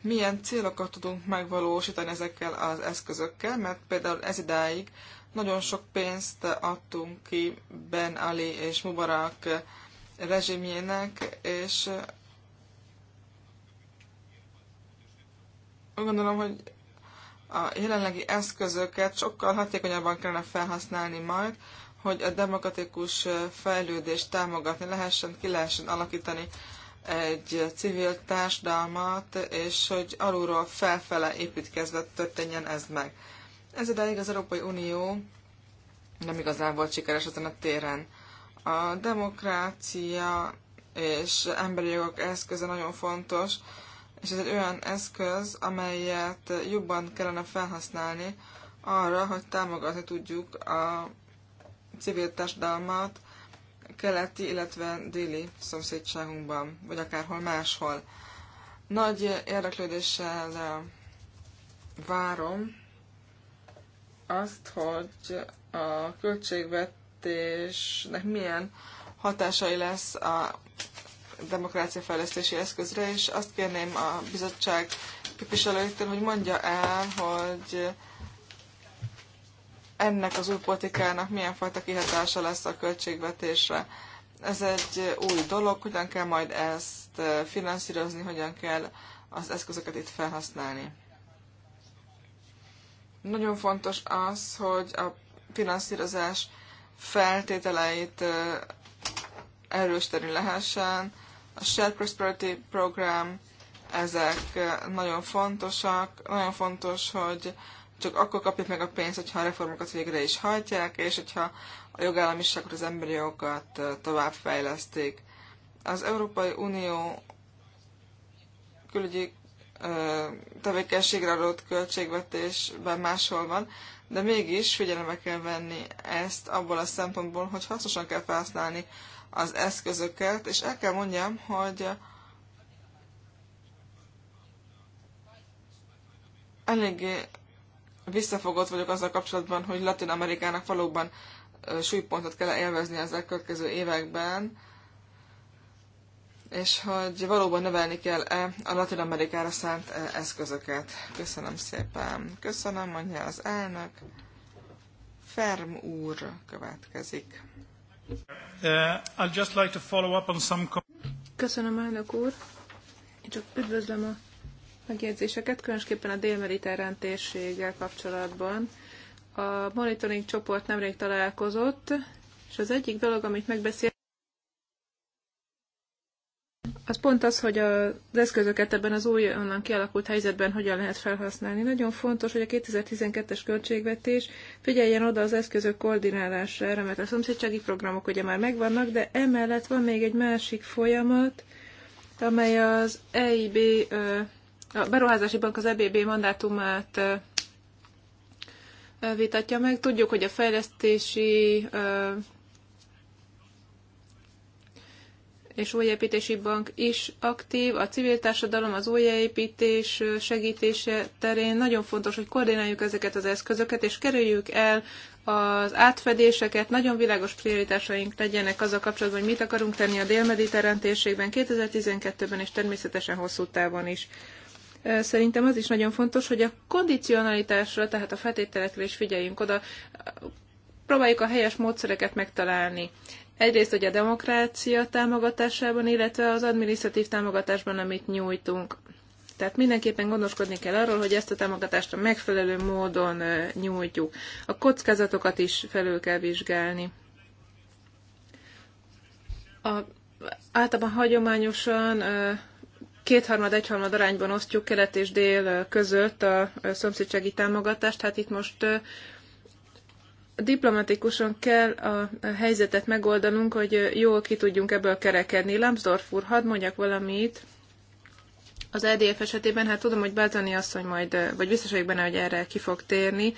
milyen célokat tudunk megvalósítani ezekkel az eszközökkel, mert például ez idáig nagyon sok pénzt adtunk ki Ben Ali és Mubarak rezsimjének, és úgy gondolom, hogy a jelenlegi eszközöket sokkal hatékonyabban kellene felhasználni majd, hogy a demokratikus fejlődést támogatni lehessen, ki lehessen alakítani egy civil társadalmat, és hogy alulról felfele építkezve történjen ez meg. Ez ideig az Európai Unió nem igazán volt sikeres ezen a téren. A demokrácia és emberi jogok eszköze nagyon fontos, és ez egy olyan eszköz, amelyet jobban kellene felhasználni arra, hogy támogatni tudjuk a civil társadalmat, keleti, illetve déli szomszédságunkban, vagy akárhol máshol. Nagy érdeklődéssel eh, várom azt, hogy a költségvetésnek milyen hatásai lesz a demokráciafejlesztési eszközre, és azt kérném a bizottság képviselőjétől, hogy mondja el, hogy ennek az új politikának milyen fajta kihatása lesz a költségvetésre. Ez egy új dolog, hogyan kell majd ezt eh, finanszírozni, hogyan kell az eszközöket itt felhasználni. Nagyon fontos az, hogy a finanszírozás feltételeit eh, erős lehessen. A Shared Prosperity Program, ezek eh, nagyon fontosak, nagyon fontos, hogy csak akkor kapjuk meg a pénzt, hogyha a reformokat végre is hajtják, és hogyha a jogállamiságot, az emberi jogokat továbbfejleszték. Az Európai Unió külügyi tevékenységre adott költségvetésben máshol van, de mégis figyelembe kell venni ezt abból a szempontból, hogy hasznosan kell felhasználni az eszközöket, és el kell mondjam, hogy eléggé visszafogott vagyok azzal kapcsolatban, hogy Latin Amerikának valóban súlypontot kell élvezni az elkövetkező években, és hogy valóban növelni kell -e a Latin Amerikára szánt eszközöket. Köszönöm szépen. Köszönöm, mondja az elnök. Ferm úr következik. Uh, I'd just like to follow up on some... Köszönöm, elnök úr. Én csak üdvözlöm a megjegyzéseket, különösképpen a dél térséggel kapcsolatban. A monitoring csoport nemrég találkozott, és az egyik dolog, amit megbeszél, az pont az, hogy az eszközöket ebben az új onnan kialakult helyzetben hogyan lehet felhasználni. Nagyon fontos, hogy a 2012-es költségvetés figyeljen oda az eszközök koordinálására, mert a szomszédsági programok ugye már megvannak, de emellett van még egy másik folyamat, amely az EIB a beruházási bank az EBB mandátumát vitatja meg. Tudjuk, hogy a fejlesztési és újépítési bank is aktív, a civil társadalom az újépítés segítése terén nagyon fontos, hogy koordináljuk ezeket az eszközöket, és kerüljük el az átfedéseket, nagyon világos prioritásaink legyenek az a kapcsolatban, hogy mit akarunk tenni a délmediterrán térségben 2012-ben, és természetesen hosszú távon is. Szerintem az is nagyon fontos, hogy a kondicionalitásra, tehát a feltételekre is figyeljünk oda, próbáljuk a helyes módszereket megtalálni. Egyrészt hogy a demokrácia támogatásában, illetve az administratív támogatásban, amit nyújtunk. Tehát mindenképpen gondoskodni kell arról, hogy ezt a támogatást a megfelelő módon nyújtjuk. A kockázatokat is felül kell vizsgálni. A, általában hagyományosan kétharmad, egyharmad arányban osztjuk kelet és dél között a szomszédsági támogatást. Hát itt most diplomatikusan kell a helyzetet megoldanunk, hogy jól ki tudjunk ebből kerekedni. Lambsdorff úr, hadd mondjak valamit az EDF esetében, hát tudom, hogy Beltani asszony majd, vagy biztos vagyok benne, hogy erre ki fog térni.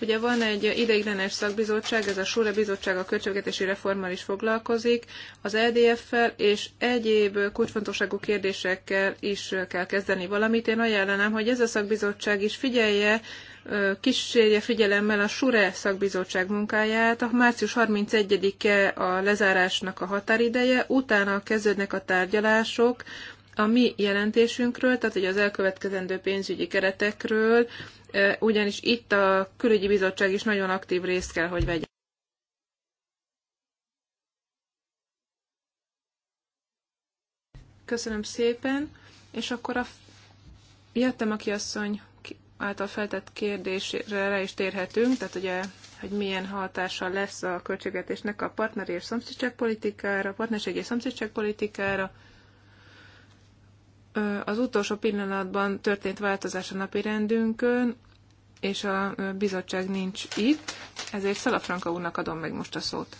Ugye van egy ideiglenes szakbizottság, ez a Sure Bizottság a költségvetési reformmal is foglalkozik, az EDF-fel és egyéb kulcsfontosságú kérdésekkel is kell kezdeni valamit. Én ajánlanám, hogy ez a szakbizottság is figyelje, kísérje figyelemmel a SURE szakbizottság munkáját. A március 31-e a lezárásnak a határideje, utána kezdődnek a tárgyalások, a mi jelentésünkről, tehát hogy az elkövetkezendő pénzügyi keretekről, e, ugyanis itt a külügyi bizottság is nagyon aktív részt kell, hogy vegye. Köszönöm szépen, és akkor a jöttem, aki asszony által feltett kérdésre rá is térhetünk, tehát ugye, hogy milyen hatással lesz a költségvetésnek a partneri és szomszédságpolitikára, partnerségi és szomszédságpolitikára, politikára, az utolsó pillanatban történt változás a napi rendünkön, és a bizottság nincs itt, ezért Szalafranka úrnak adom meg most a szót.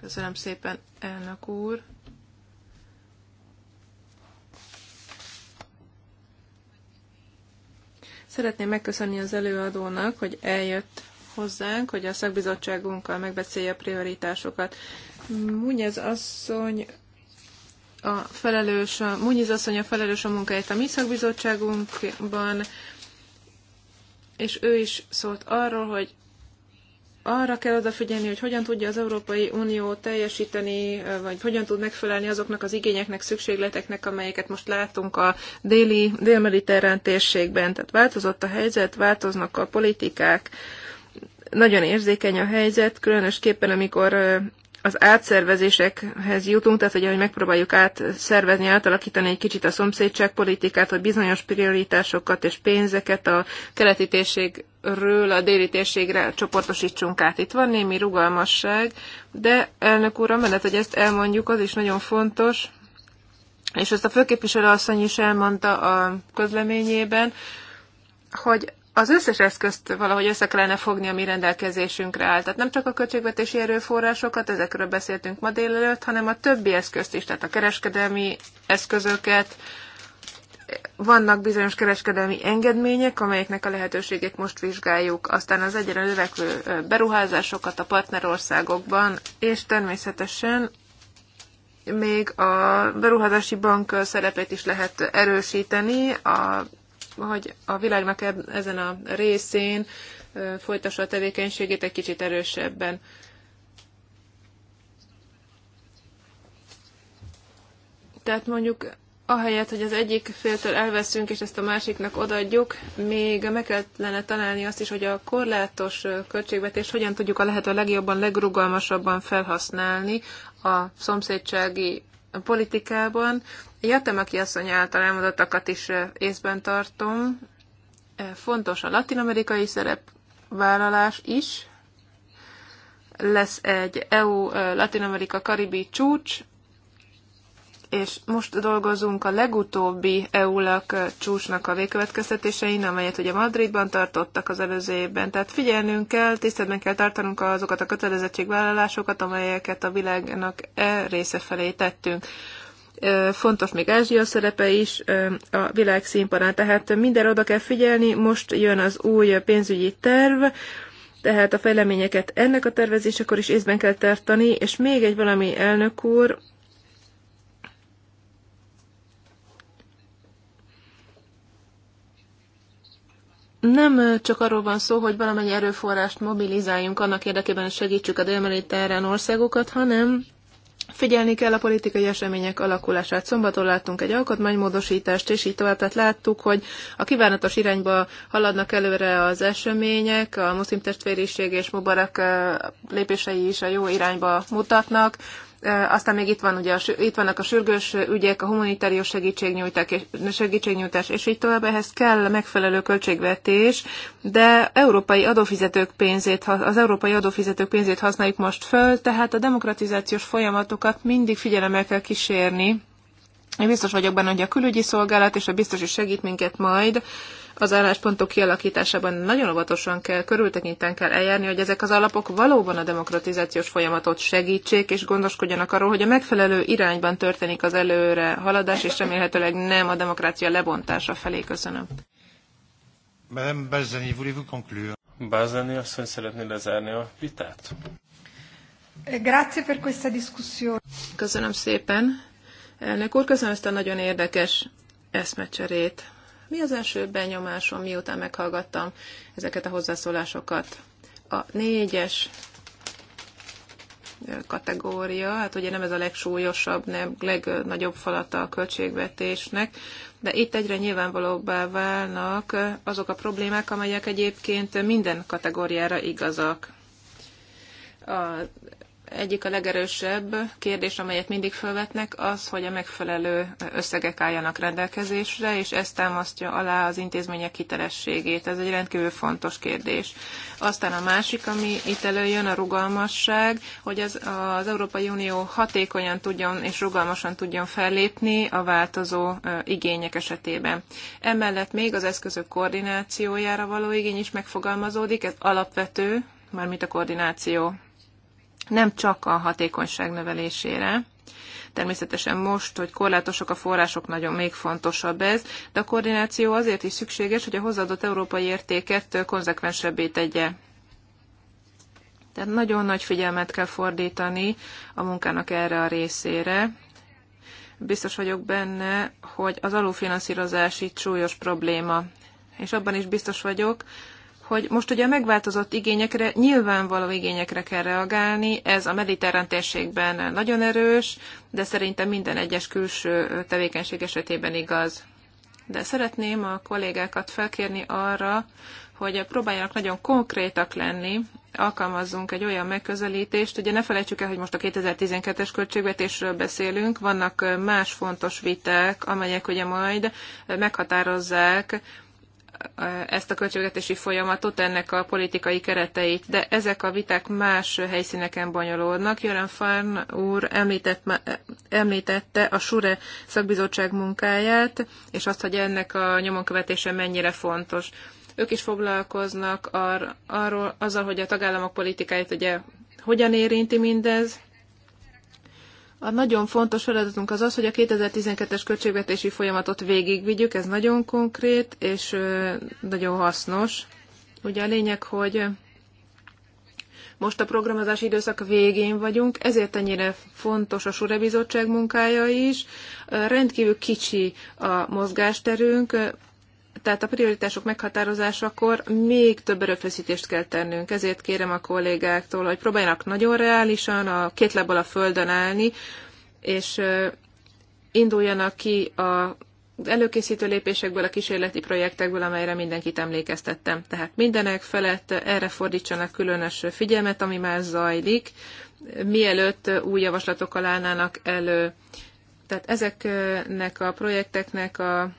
Köszönöm szépen, elnök úr. Szeretném megköszönni az előadónak, hogy eljött hozzánk, hogy a szakbizottságunkkal megbeszélje a prioritásokat. Múgy ez asszony a felelős, a Munyiz asszony a felelős a munkáért a mi szakbizottságunkban, és ő is szólt arról, hogy arra kell odafigyelni, hogy hogyan tudja az Európai Unió teljesíteni, vagy hogyan tud megfelelni azoknak az igényeknek, szükségleteknek, amelyeket most látunk a déli, dél-mediterrán térségben. Tehát változott a helyzet, változnak a politikák, nagyon érzékeny a helyzet, különösképpen amikor az átszervezésekhez jutunk, tehát hogy megpróbáljuk átszervezni, átalakítani egy kicsit a szomszédságpolitikát, hogy bizonyos prioritásokat és pénzeket a keleti térségről a déli térségre csoportosítsunk át. Itt van némi rugalmasság, de elnök úr, amellett, hogy ezt elmondjuk, az is nagyon fontos, és ezt a főképviselő asszony is elmondta a közleményében, hogy az összes eszközt valahogy össze kellene fogni, ami rendelkezésünkre áll. Tehát nem csak a költségvetési erőforrásokat, ezekről beszéltünk ma délelőtt, hanem a többi eszközt is, tehát a kereskedelmi eszközöket, vannak bizonyos kereskedelmi engedmények, amelyeknek a lehetőségét most vizsgáljuk, aztán az egyre növekvő beruházásokat a partnerországokban, és természetesen még a beruházási bank szerepét is lehet erősíteni a hogy a világnak ezen a részén folytassa a tevékenységét egy kicsit erősebben. Tehát mondjuk ahelyett, hogy az egyik féltől elveszünk, és ezt a másiknak odaadjuk, még meg kellene találni azt is, hogy a korlátos költségvetést hogyan tudjuk a lehető legjobban, legrugalmasabban felhasználni a szomszédsági politikában, Jöttem, aki asszony által elmondottakat is észben tartom. Fontos a latinamerikai szerepvállalás is. Lesz egy eu latinamerika karibi csúcs, és most dolgozunk a legutóbbi EU-lak csúcsnak a végkövetkeztetésein, amelyet ugye Madridban tartottak az előző évben. Tehát figyelnünk kell, tiszteletben kell tartanunk azokat a kötelezettségvállalásokat, amelyeket a világnak e része felé tettünk fontos még Ázsia szerepe is a világ színpadán, tehát minden oda kell figyelni, most jön az új pénzügyi terv, tehát a fejleményeket ennek a tervezésekor is észben kell tartani, és még egy valami elnök úr, nem csak arról van szó, hogy valamennyi erőforrást mobilizáljunk annak érdekében, hogy segítsük a délmediterrán országokat, hanem Figyelni kell a politikai események alakulását. Szombaton láttunk egy alkotmánymódosítást, és így tovább. Tehát láttuk, hogy a kívánatos irányba haladnak előre az események, a muszlim testvériség és Mubarak eh, lépései is a jó irányba mutatnak aztán még itt, van ugye a, itt vannak a sürgős ügyek, a humanitárius segítségnyújtás, segítségnyújtás, és így tovább. Ehhez kell megfelelő költségvetés, de európai adófizetők pénzét, az európai adófizetők pénzét használjuk most föl, tehát a demokratizációs folyamatokat mindig figyelemmel kell kísérni. Én biztos vagyok benne, hogy a külügyi szolgálat és a biztos is segít minket majd, az álláspontok kialakításában nagyon óvatosan kell, körültekinten kell eljárni, hogy ezek az alapok valóban a demokratizációs folyamatot segítsék, és gondoskodjanak arról, hogy a megfelelő irányban történik az előre haladás, és remélhetőleg nem a demokrácia lebontása felé. Köszönöm. Madame Balzani, voulez-vous conclure? Balzani asszony szeretné lezárni a vitát. Eh, grazie per questa discussione. Köszönöm szépen. Elnök úr, köszönöm ezt a nagyon érdekes eszmecserét. Mi az első benyomásom, miután meghallgattam ezeket a hozzászólásokat? A négyes kategória, hát ugye nem ez a legsúlyosabb, nem legnagyobb falata a költségvetésnek, de itt egyre nyilvánvalóbbá válnak azok a problémák, amelyek egyébként minden kategóriára igazak. A egyik a legerősebb kérdés, amelyet mindig felvetnek, az, hogy a megfelelő összegek álljanak rendelkezésre, és ez támasztja alá az intézmények hitelességét. Ez egy rendkívül fontos kérdés. Aztán a másik, ami itt előjön, a rugalmasság, hogy az, az Európai Unió hatékonyan tudjon és rugalmasan tudjon fellépni a változó igények esetében. Emellett még az eszközök koordinációjára való igény is megfogalmazódik, ez alapvető, mármint a koordináció nem csak a hatékonyság növelésére, Természetesen most, hogy korlátosak a források, nagyon még fontosabb ez, de a koordináció azért is szükséges, hogy a hozzáadott európai értéket konzekvensebbé tegye. Tehát nagyon nagy figyelmet kell fordítani a munkának erre a részére. Biztos vagyok benne, hogy az alulfinanszírozás itt súlyos probléma. És abban is biztos vagyok, hogy most ugye a megváltozott igényekre, nyilvánvaló igényekre kell reagálni, ez a mediterrán térségben nagyon erős, de szerintem minden egyes külső tevékenység esetében igaz. De szeretném a kollégákat felkérni arra, hogy próbáljanak nagyon konkrétak lenni, alkalmazzunk egy olyan megközelítést, ugye ne felejtsük el, hogy most a 2012-es költségvetésről beszélünk, vannak más fontos viták, amelyek ugye majd meghatározzák ezt a költségvetési folyamatot, ennek a politikai kereteit, de ezek a viták más helyszíneken bonyolódnak. Jelen Farn úr említett, említette a SURE szakbizottság munkáját, és azt, hogy ennek a nyomonkövetése mennyire fontos. Ők is foglalkoznak ar, arról, azzal, hogy a tagállamok politikáit ugye hogyan érinti mindez, a nagyon fontos feladatunk az az, hogy a 2012-es költségvetési folyamatot végigvigyük, ez nagyon konkrét és nagyon hasznos. Ugye a lényeg, hogy most a programozási időszak végén vagyunk, ezért ennyire fontos a Sure Bizottság munkája is. Rendkívül kicsi a mozgásterünk, tehát a prioritások meghatározásakor még több erőfeszítést kell tennünk. Ezért kérem a kollégáktól, hogy próbáljanak nagyon reálisan a két lábbal a földön állni, és induljanak ki a előkészítő lépésekből, a kísérleti projektekből, amelyre mindenkit emlékeztettem. Tehát mindenek felett erre fordítsanak különös figyelmet, ami már zajlik, mielőtt új javaslatokkal állnának elő. Tehát ezeknek a projekteknek a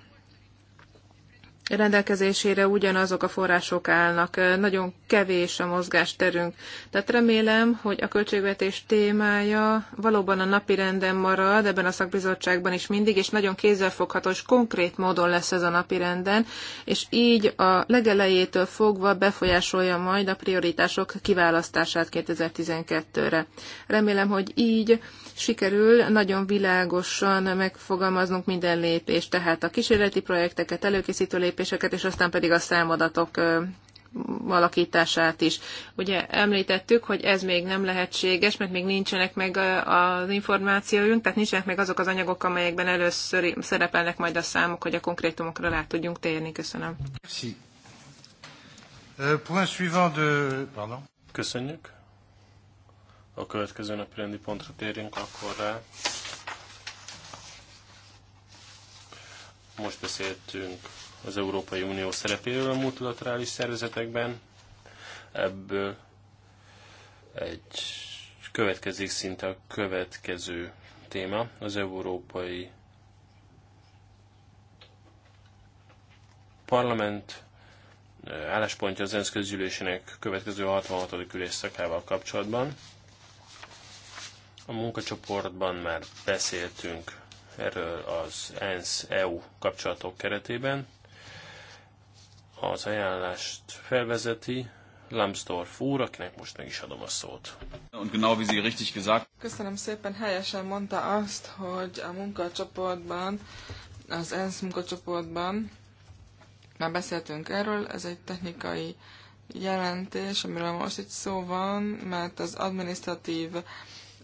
rendelkezésére ugyanazok a források állnak, nagyon kevés a mozgásterünk. Tehát remélem, hogy a költségvetés témája valóban a napi renden marad, ebben a szakbizottságban is mindig, és nagyon kézzelfogható és konkrét módon lesz ez a napi renden, és így a legelejétől fogva befolyásolja majd a prioritások kiválasztását 2012-re. Remélem, hogy így sikerül nagyon világosan megfogalmaznunk minden lépést, tehát a kísérleti projekteket, előkészítő lépéseket, lépéseket, és aztán pedig a számadatok alakítását is. Ugye említettük, hogy ez még nem lehetséges, mert még nincsenek meg az információjunk, tehát nincsenek meg azok az anyagok, amelyekben először szerepelnek majd a számok, hogy a konkrétumokra rá tudjunk térni. Köszönöm. Euh, Köszönjük. A következő napi rendi pontra térjünk akkor rá. Most beszéltünk az Európai Unió szerepéről a multilaterális szervezetekben. Ebből egy következik szinte a következő téma, az Európai Parlament álláspontja az ENSZ közgyűlésének következő 66. szakával kapcsolatban. A munkacsoportban már beszéltünk erről az ENSZ-EU kapcsolatok keretében az ajánlást felvezeti Lambsdorff úr, akinek most meg is adom a szót. Köszönöm szépen, helyesen mondta azt, hogy a munkacsoportban, az ENSZ munkacsoportban már beszéltünk erről, ez egy technikai jelentés, amiről most itt szó van, mert az administratív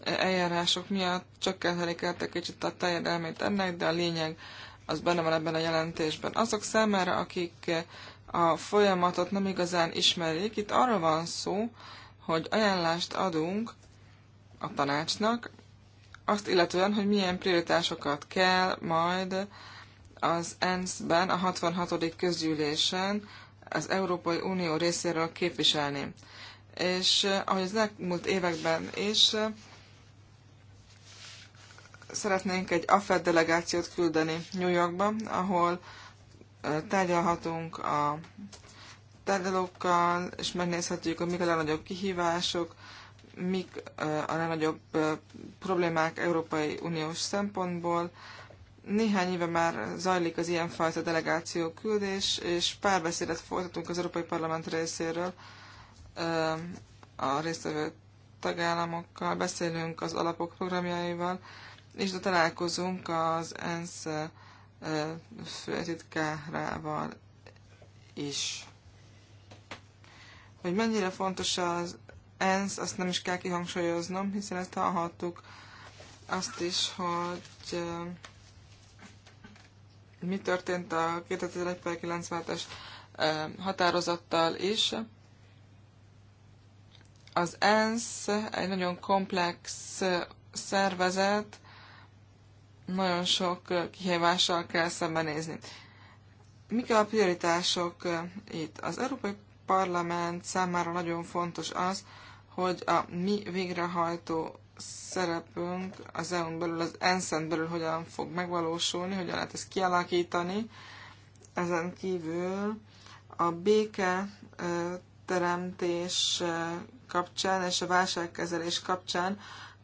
eljárások miatt csökkenthetik el egy kicsit a terjedelmét ennek, de a lényeg az benne van ebben a jelentésben. Azok számára, akik a folyamatot nem igazán ismerik. Itt arról van szó, hogy ajánlást adunk a tanácsnak, azt illetően, hogy milyen prioritásokat kell majd az ENSZ-ben, a 66. közgyűlésen az Európai Unió részéről képviselni. És eh, ahogy az elmúlt években is, eh, szeretnénk egy AFED delegációt küldeni New Yorkba, ahol tárgyalhatunk a tárgyalókkal, és megnézhetjük, hogy mik a legnagyobb kihívások, mik a legnagyobb problémák Európai Uniós szempontból. Néhány éve már zajlik az ilyenfajta delegáció küldés, és párbeszédet folytatunk az Európai Parlament részéről a résztvevő tagállamokkal, beszélünk az alapok programjaival, és de találkozunk az ENSZ főtitkárával is. Hogy mennyire fontos az ENSZ, azt nem is kell kihangsúlyoznom, hiszen ezt hallhattuk azt is, hogy mi történt a 2001 96 as határozattal is. Az ENSZ egy nagyon komplex szervezet, nagyon sok kihívással kell szembenézni. Mik a prioritások itt? Az Európai Parlament számára nagyon fontos az, hogy a mi végrehajtó szerepünk az EU-n belül, az ensz belül hogyan fog megvalósulni, hogyan lehet ezt kialakítani. Ezen kívül a béke teremtés kapcsán és a válságkezelés kapcsán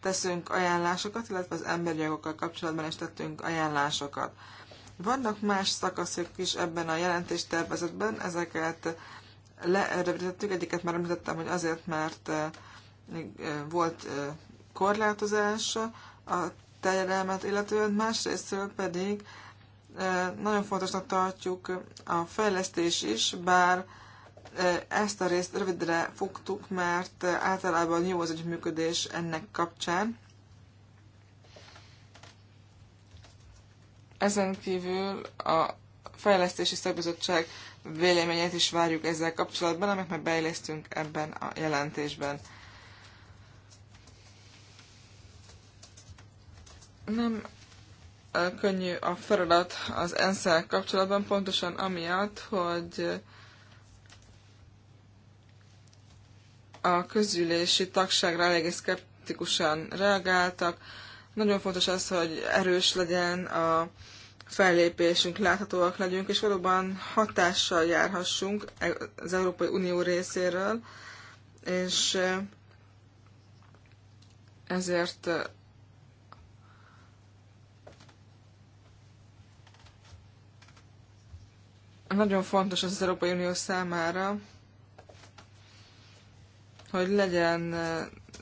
teszünk ajánlásokat, illetve az emberi jogokkal kapcsolatban is tettünk ajánlásokat. Vannak más szakaszok is ebben a jelentéstervezetben, ezeket lerövidítettük, egyiket már említettem, hogy azért, mert eh, volt eh, korlátozás a terjedelmet illetően, másrésztről pedig eh, nagyon fontosnak tartjuk a fejlesztés is, bár ezt a részt rövidre fogtuk, mert általában jó az együttműködés ennek kapcsán. Ezen kívül a fejlesztési szakbizottság véleményét is várjuk ezzel kapcsolatban, amit már beillesztünk ebben a jelentésben. Nem könnyű a feladat az ensz kapcsolatban, pontosan amiatt, hogy a közülési tagságra elég szkeptikusan reagáltak. Nagyon fontos az, hogy erős legyen a fellépésünk, láthatóak legyünk, és valóban hatással járhassunk az Európai Unió részéről, és ezért nagyon fontos az, az Európai Unió számára, hogy legyen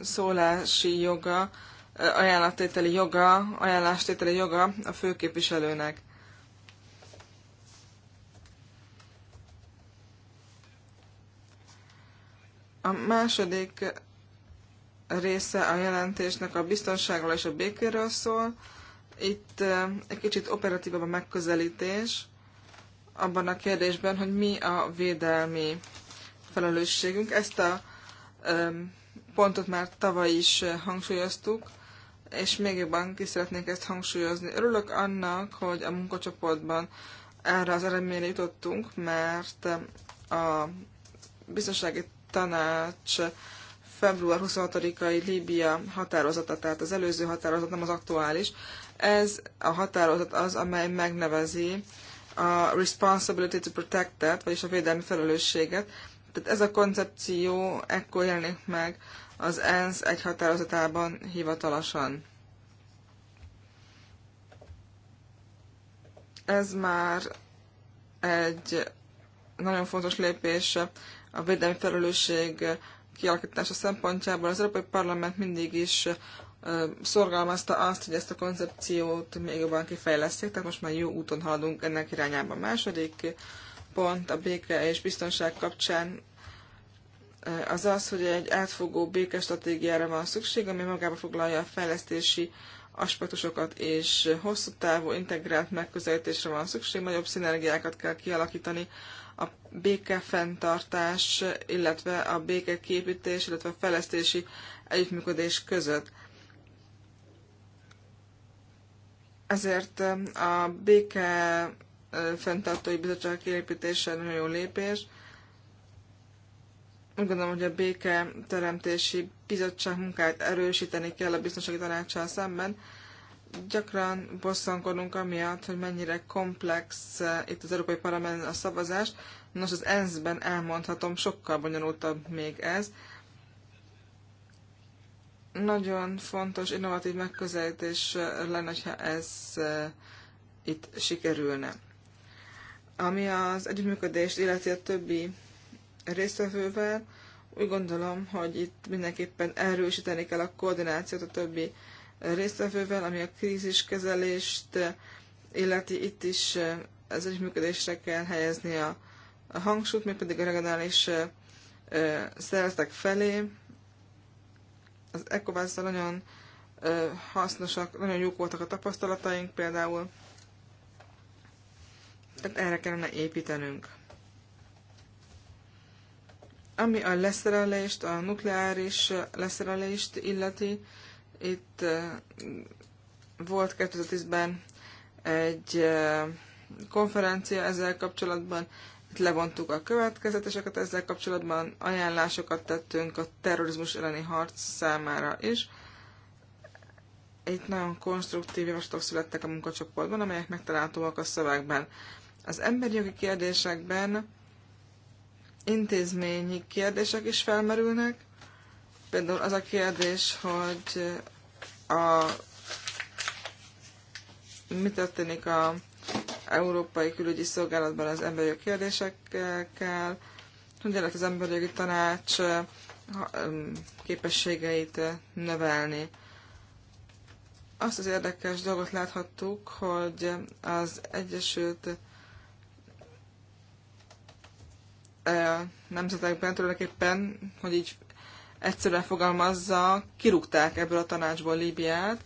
szólási joga, ajánlattételi joga, ajánlástételi joga a főképviselőnek. A második része a jelentésnek a biztonságról és a békéről szól. Itt egy kicsit operatívabb a megközelítés abban a kérdésben, hogy mi a védelmi felelősségünk. Ezt a pontot már tavaly is hangsúlyoztuk, és még jobban ki szeretnék ezt hangsúlyozni. Örülök annak, hogy a munkacsoportban erre az eredményre jutottunk, mert a biztonsági tanács február 26-ai Líbia határozata, tehát az előző határozat nem az aktuális. Ez a határozat az, amely megnevezi a responsibility to protect-et, vagyis a védelmi felelősséget, tehát ez a koncepció ekkor jelenik meg az ENSZ egy határozatában hivatalosan. Ez már egy nagyon fontos lépés a védelmi felelősség kialakítása szempontjából. Az Európai Parlament mindig is szorgalmazta azt, hogy ezt a koncepciót még jobban kifejleszték, tehát most már jó úton haladunk ennek irányába. Második pont a béke és biztonság kapcsán eh, az az, hogy egy átfogó békestratégiára van szükség, ami magába foglalja a fejlesztési aspektusokat, és hosszú távú integrált megközelítésre van szükség, nagyobb szinergiákat kell kialakítani a fenntartás illetve a képítés illetve a fejlesztési együttműködés között. Ezért eh, a béke fenntartói bizottság kiépítése nagyon jó lépés. Úgy gondolom, hogy a béke teremtési bizottság munkáját erősíteni kell a biztonsági tanácsal szemben. Gyakran bosszankodunk amiatt, hogy mennyire komplex itt az Európai Parlament a szavazás. Nos, az ENSZ-ben elmondhatom, sokkal bonyolultabb még ez nagyon fontos, innovatív megközelítés lenne, ha ez itt sikerülne. Ami az együttműködést illeti a többi résztvevővel, úgy gondolom, hogy itt mindenképpen erősíteni kell a koordinációt a többi résztvevővel, ami a kríziskezelést illeti, itt is az együttműködésre kell helyezni a, hangsúlyt, még pedig a regionális szervezetek felé. Az ecowas nagyon hasznosak, nagyon jók voltak a tapasztalataink, például tehát erre kellene építenünk. Ami a leszerelést, a nukleáris leszerelést illeti, itt volt 2010-ben egy konferencia ezzel kapcsolatban, itt levontuk a következeteseket ezzel kapcsolatban, ajánlásokat tettünk a terrorizmus elleni harc számára is. Itt nagyon konstruktív javaslatok születtek a munkacsoportban, amelyek megtalálhatóak a szövegben. Az emberi jogi kérdésekben intézményi kérdések is felmerülnek, például az a kérdés, hogy a, mi történik a Európai Külügyi Szolgálatban az emberi jogi kérdésekkel, hogy lehet az emberi jogi tanács képességeit növelni. Azt az érdekes dolgot láthattuk, hogy az Egyesült E, nemzetekben tulajdonképpen, hogy így egyszerűen fogalmazza, kirúgták ebből a tanácsból Líbiát,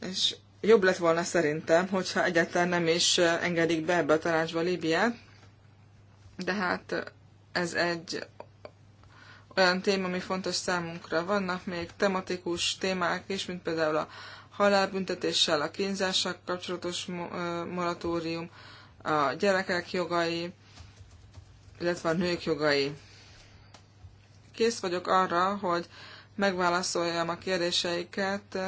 és jobb lett volna szerintem, hogyha egyáltalán nem is engedik be ebbe a tanácsba Líbiát, de hát ez egy olyan téma, ami fontos számunkra. Vannak még tematikus témák is, mint például a halálbüntetéssel, a kínzással kapcsolatos e, moratórium, a gyerekek jogai, illetve a nők jogai. Kész vagyok arra, hogy megválaszoljam a kérdéseiket.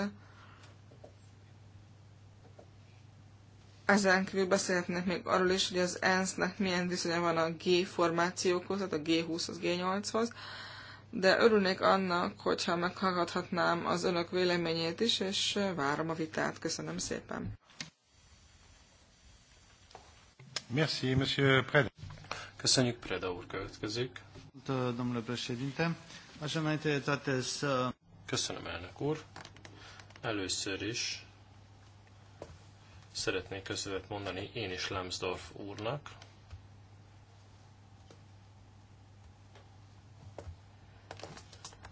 Ezen kívül beszélhetnék még arról is, hogy az ENSZ-nek milyen viszonya van a G formációkhoz, tehát a G20-hoz, G8-hoz, de örülnék annak, hogyha meghallgathatnám az önök véleményét is, és várom a vitát. Köszönöm szépen. Merci, Monsieur Preda. Köszönjük, Preda úr következik. Domnule președinte, aș înainte toate să... Köszönöm, elnök úr. Először is szeretnék közövet mondani én is Lemsdorf úrnak.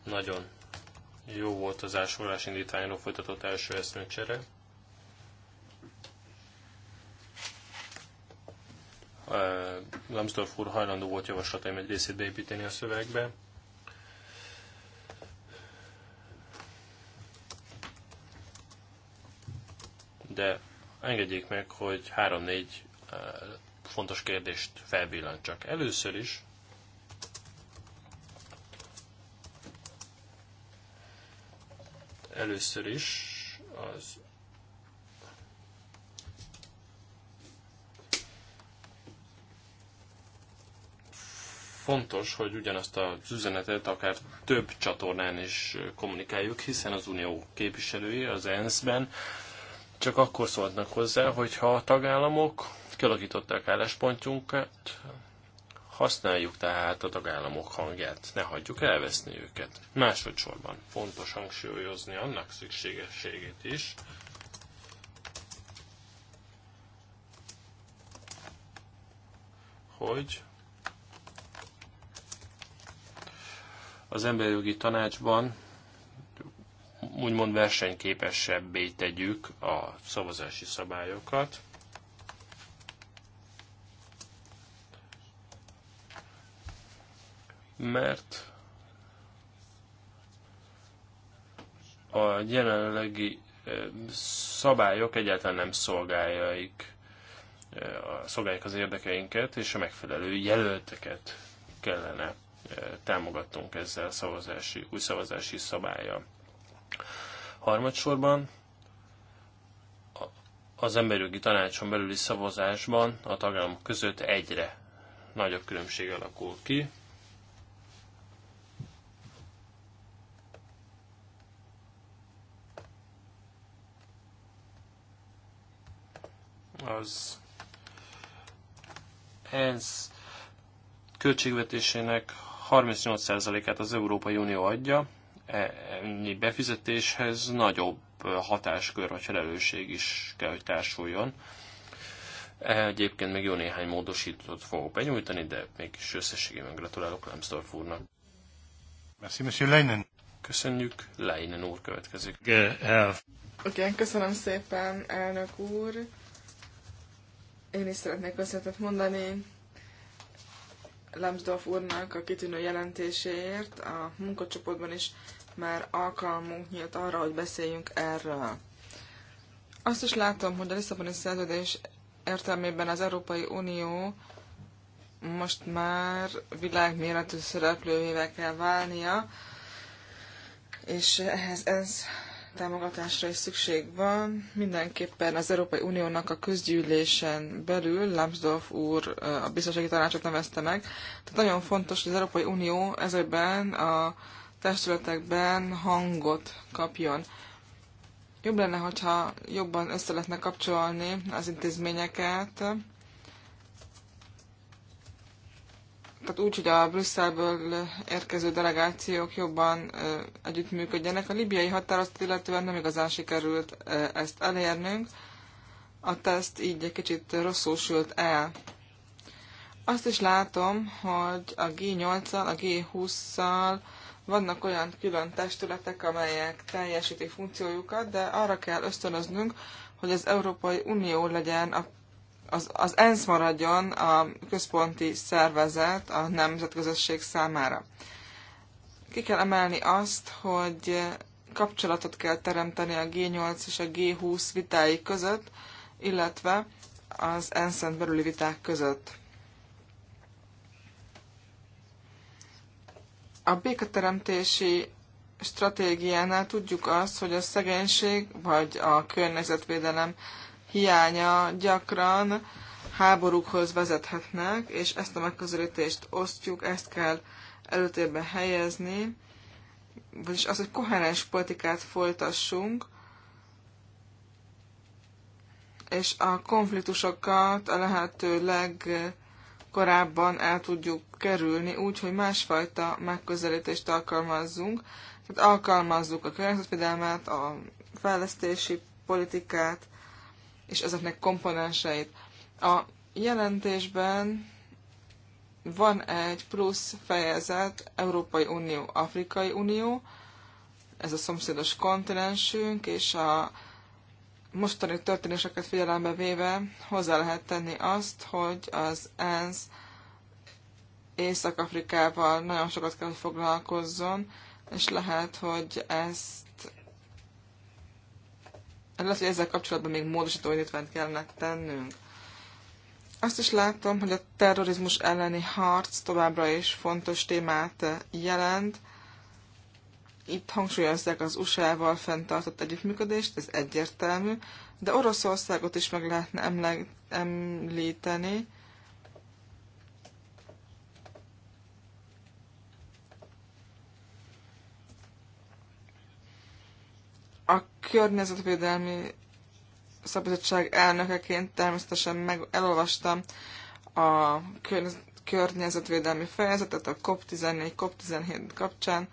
Nagyon jó volt az ásolás indítványról folytatott első eszmecsere. Lambsdorff úr hajlandó volt javaslataim egy részét beépíteni a szövegbe. De engedjék meg, hogy három-négy fontos kérdést felvillantsak. Először is először is az fontos, hogy ugyanazt az üzenetet akár több csatornán is kommunikáljuk, hiszen az Unió képviselői az ENSZ-ben csak akkor szóltnak hozzá, hogyha a tagállamok kialakították álláspontjunkat, használjuk tehát a tagállamok hangját, ne hagyjuk elveszni őket. Másodszorban fontos hangsúlyozni annak szükségességét is, hogy az emberjogi tanácsban úgymond versenyképesebbé tegyük a szavazási szabályokat. Mert a jelenlegi eh, szabályok egyáltalán nem szolgáljaik, eh, szolgálják az érdekeinket, és a megfelelő jelölteket kellene támogattunk ezzel szavazási, új szavazási szabálya. Harmadsorban az emberjogi tanácson belüli szavazásban a tagállamok között egyre nagyobb különbség alakul ki. Az ENSZ költségvetésének 38%-át az Európai Unió adja, e, ennyi befizetéshez nagyobb hatáskör vagy felelősség is kell, hogy társuljon. E, egyébként még jó néhány módosítót fogok benyújtani, de mégis összességében gratulálok Lambsdorff úrnak. Merci, Monsieur Leinen. Köszönjük, Leinen úr következik. Oké, okay, köszönöm szépen, elnök úr. Én is szeretnék köszönetet mondani Lambsdorff úrnak a kitűnő jelentéséért. A munkacsoportban is már alkalmunk nyílt arra, hogy beszéljünk erről. Azt is látom, hogy a Lisszaboni szerződés értelmében az Európai Unió most már világméretű szereplővé kell válnia, és ehhez ez támogatásra is szükség van. Mindenképpen az Európai Uniónak a közgyűlésen belül Lambsdorff úr a biztonsági tanácsot nevezte meg. Tehát nagyon fontos, hogy az Európai Unió ezekben a testületekben hangot kapjon. Jobb lenne, hogyha jobban össze lehetne kapcsolni az intézményeket, tehát úgy, hogy a Brüsszelből érkező delegációk jobban együttműködjenek. A libiai határozat illetően nem igazán sikerült ezt elérnünk. A teszt így egy kicsit rosszul sült el. Azt is látom, hogy a g 8 a G20-szal vannak olyan külön testületek, amelyek teljesítik funkciójukat, de arra kell ösztönöznünk, hogy az Európai Unió legyen a az, az ENSZ maradjon a központi szervezet a nemzetközösség számára. Ki kell emelni azt, hogy kapcsolatot kell teremteni a G8 és a G20 vitái között, illetve az ensz belüli viták között. A békateremtési stratégiánál tudjuk azt, hogy a szegénység vagy a környezetvédelem hiánya gyakran háborúkhoz vezethetnek, és ezt a megközelítést osztjuk, ezt kell előtérbe helyezni, vagyis az, hogy koherens politikát folytassunk, és a konfliktusokat a lehető legkorábban el tudjuk kerülni, úgy, hogy másfajta megközelítést alkalmazzunk. Tehát alkalmazzuk a környezetvédelmet, a fejlesztési politikát, és ezeknek komponenseit. A jelentésben van egy plusz fejezet Európai Unió, Afrikai Unió, ez a szomszédos kontinensünk, és a mostani történéseket figyelembe véve hozzá lehet tenni azt, hogy az ENSZ Észak-Afrikával nagyon sokat kell, hogy foglalkozzon, és lehet, hogy ezt Hát lehet, hogy ezzel kapcsolatban még módosító indítványt kellene tennünk. Azt is látom, hogy a terrorizmus elleni harc továbbra is fontos témát jelent. Itt hangsúlyozzák az USA-val fenntartott együttműködést, ez egyértelmű, de Oroszországot is meg lehetne említeni. A környezetvédelmi szabadság elnökeként természetesen meg elolvastam a környezetvédelmi fejezetet a COP14, COP17 kapcsán.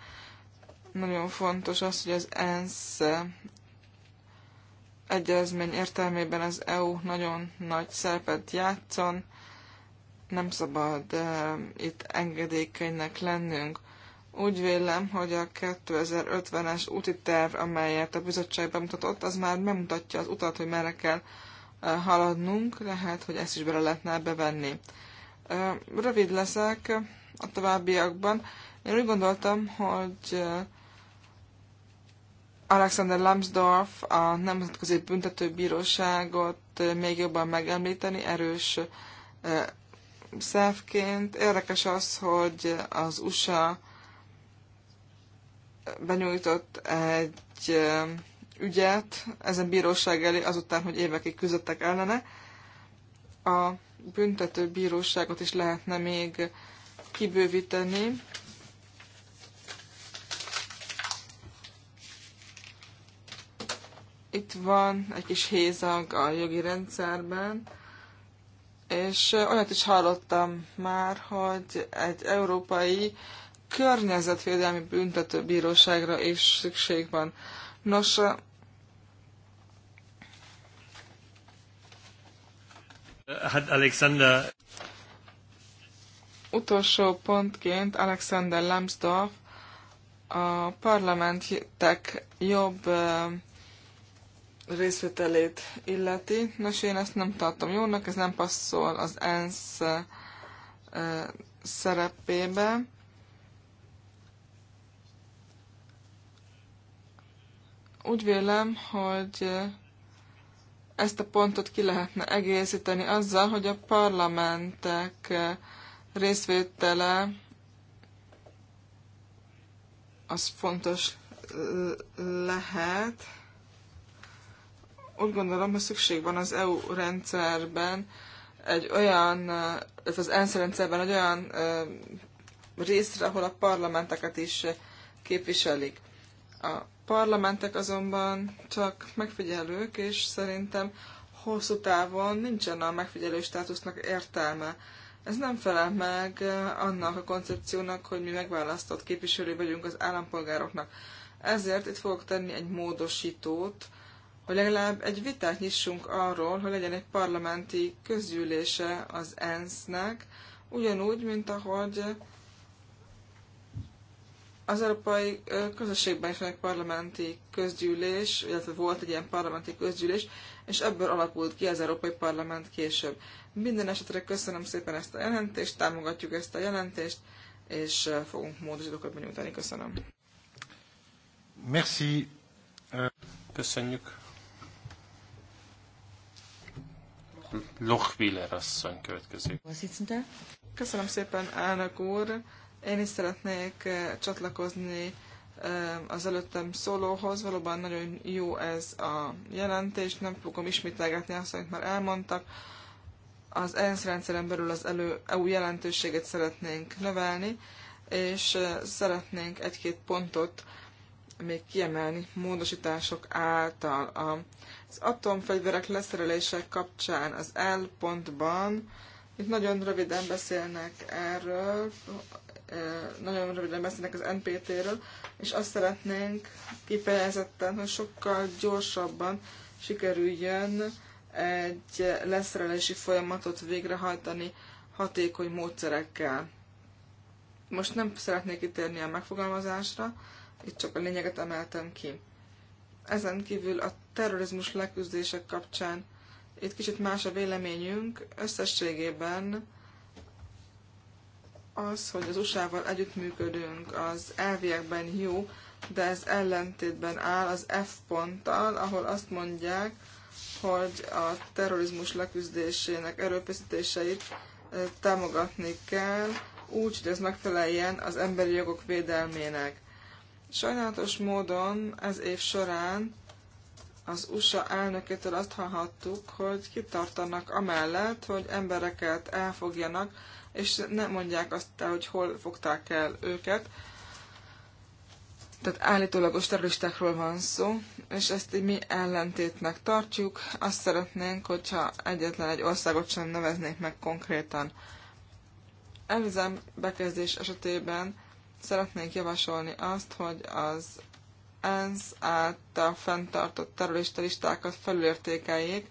Nagyon fontos az, hogy az ENSZ egyezmény értelmében az EU nagyon nagy szerepet játszon, nem szabad uh, itt engedékenynek lennünk. Úgy vélem, hogy a 2050-es úti terv, amelyet a bizottság bemutatott, az már bemutatja az utat, hogy merre kell haladnunk, lehet, hogy ezt is bele lehetne bevenni. Rövid leszek a továbbiakban. Én úgy gondoltam, hogy Alexander Lambsdorff a Nemzetközi Büntetőbíróságot még jobban megemlíteni, erős szervként. Érdekes az, hogy az USA benyújtott egy um, ügyet ezen bíróság elé, azután, hogy évekig küzdöttek ellene. A büntető bíróságot is lehetne még kibővíteni. Itt van egy kis hézag a jogi rendszerben, és olyat is hallottam már, hogy egy európai környezetvédelmi büntetőbíróságra is szükség van. Nos, Hát Alexander... Utolsó pontként Alexander Lambsdorff a parlamentek jobb részvételét illeti. Nos, én ezt nem tartom jónak, ez nem passzol az ENSZ szerepébe. Úgy vélem, hogy eh, ezt a pontot ki lehetne egészíteni azzal, hogy a parlamentek eh, részvétele az fontos eh, lehet. Úgy gondolom, hogy szükség van az EU rendszerben egy olyan, ez az ENSZ e rendszerben egy olyan részre, ahol a parlamenteket is képviselik. A parlamentek azonban csak megfigyelők, és szerintem hosszú távon nincsen a megfigyelő státusznak értelme. Ez nem felel meg eh, annak a koncepciónak, hogy mi megválasztott képviselő vagyunk az állampolgároknak. Ezért itt fogok tenni egy módosítót, hogy legalább egy vitát nyissunk arról, hogy legyen egy parlamenti közgyűlése az ENSZ-nek, ugyanúgy, mint ahogy az Európai Közösségben is van egy parlamenti közgyűlés, illetve volt egy ilyen parlamenti közgyűlés, és ebből alakult ki az Európai Parlament később. Minden esetre köszönöm szépen ezt a jelentést, támogatjuk ezt a jelentést, és fogunk módosítókat benyújtani. Köszönöm. Merci. Köszönjük. Lochwiller asszony következik. Köszönöm szépen, elnök úr. Én is szeretnék csatlakozni az előttem szólóhoz. Valóban nagyon jó ez a jelentés, nem fogom ismételgetni azt, amit már elmondtak. Az ENSZ rendszeren belül az elő, EU jelentőséget szeretnénk növelni, és szeretnénk egy-két pontot még kiemelni módosítások által. Az atomfegyverek leszerelése kapcsán az L pontban itt nagyon röviden beszélnek erről, nagyon röviden beszélnek az NPT-ről, és azt szeretnénk kifejezetten, hogy sokkal gyorsabban sikerüljön egy leszerelési folyamatot végrehajtani hatékony módszerekkel. Most nem szeretnék kitérni a megfogalmazásra, itt csak a lényeget emeltem ki. Ezen kívül a terrorizmus leküzdések kapcsán itt kicsit más a véleményünk, összességében az, hogy az USA-val együttműködünk, az elviekben jó, de ez ellentétben áll az F ponttal, ahol azt mondják, hogy a terrorizmus leküzdésének erőfeszítéseit támogatni kell, úgy, hogy ez megfeleljen az emberi jogok védelmének. Sajnálatos módon ez év során az USA elnökétől azt hallhattuk, hogy kitartanak amellett, hogy embereket elfogjanak, és nem mondják azt el, hogy hol fogták el őket. Tehát állítólagos terroristákról van szó, és ezt így mi ellentétnek tartjuk. Azt szeretnénk, hogyha egyetlen egy országot sem neveznék meg konkrétan. Elvizem bekezdés esetében szeretnénk javasolni azt, hogy az ENSZ által fenntartott terrorista listákat felülértékeljék,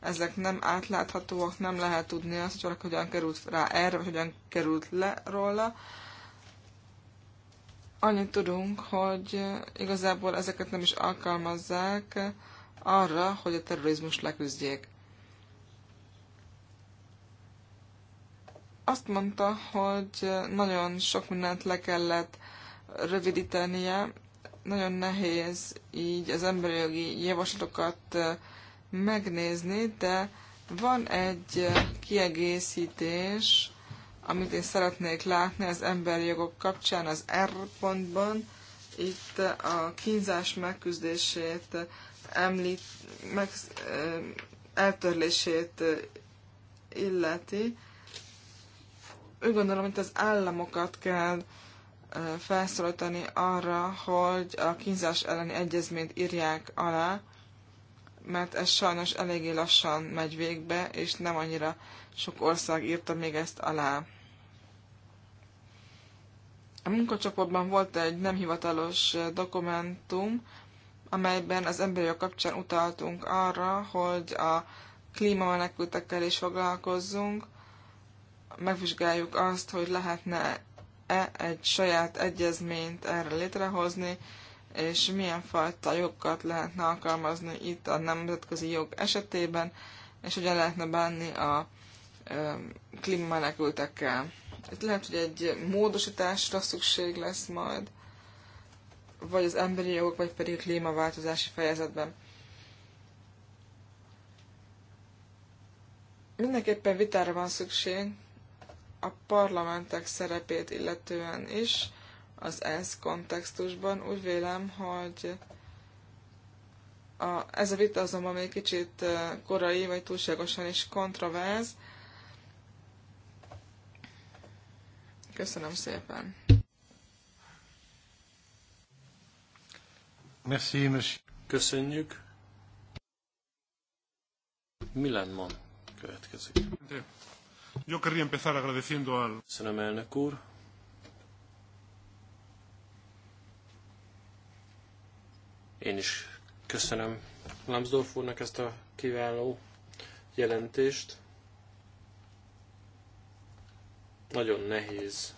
ezek nem átláthatóak, nem lehet tudni azt, hogy valaki hogyan került rá erre, vagy hogyan került le róla. Annyit tudunk, hogy igazából ezeket nem is alkalmazzák arra, hogy a terrorizmus leküzdjék. Azt mondta, hogy nagyon sok mindent le kellett rövidítenie, nagyon nehéz így az emberi jogi javaslatokat megnézni, de van egy kiegészítés, amit én szeretnék látni az emberi jogok kapcsán az R pontban. Itt a kínzás megküzdését, említ, meg, eltörlését illeti. Úgy gondolom, hogy az államokat kell felszólítani arra, hogy a kínzás elleni egyezményt írják alá, mert ez sajnos eléggé lassan megy végbe, és nem annyira sok ország írta még ezt alá. A munkacsoportban volt egy nem hivatalos dokumentum, amelyben az emberi kapcsán utaltunk arra, hogy a klímamenekültekkel is foglalkozzunk, megvizsgáljuk azt, hogy lehetne-e egy saját egyezményt erre létrehozni, és milyen fajta jogokat lehetne alkalmazni itt a nemzetközi jog esetében, és hogyan lehetne bánni a klímamenekültekkel. Itt lehet, hogy egy módosításra szükség lesz majd, vagy az emberi jogok, vagy pedig klímaváltozási fejezetben. Mindenképpen vitára van szükség a parlamentek szerepét illetően is, az ESZ kontextusban. Úgy vélem, hogy a, ez a vita azonban még kicsit korai, vagy túlságosan is kontroverz. Köszönöm szépen. Merci, monsieur. Köszönjük. Milan Mon következik. Yo querría empezar agradeciendo al... Köszönöm, elnök úr. Én is köszönöm Lambsdorff úrnak ezt a kiváló jelentést. Nagyon nehéz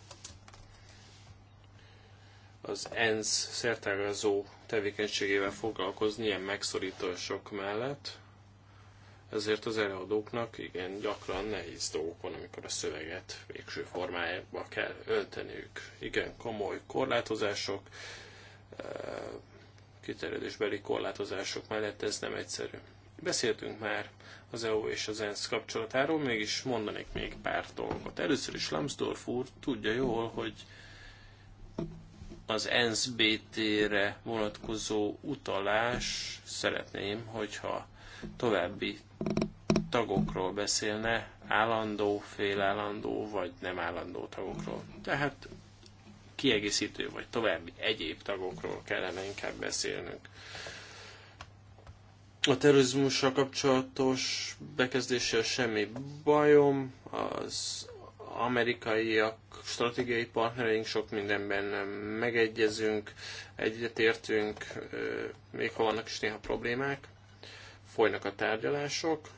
az ENSZ szertágazó tevékenységével foglalkozni ilyen megszorítások mellett, ezért az előadóknak igen gyakran nehéz dolgok van, amikor a szöveget végső formájába kell ölteniük. Igen, komoly korlátozások, eh, kiterjedésbeli korlátozások mellett ez nem egyszerű. Beszéltünk már az EU és az ENSZ kapcsolatáról, mégis mondanék még pár dolgot. Először is Lambsdorff úr tudja jól, hogy az ENSZ-BT-re vonatkozó utalás szeretném, hogyha további tagokról beszélne, állandó, félállandó vagy nem állandó tagokról. Tehát kiegészítő vagy további egyéb tagokról kellene inkább beszélnünk. A terrorizmussal kapcsolatos bekezdéssel semmi bajom, az amerikaiak, stratégiai partnereink sok mindenben megegyezünk, egyetértünk, még ha vannak is néha problémák, folynak a tárgyalások,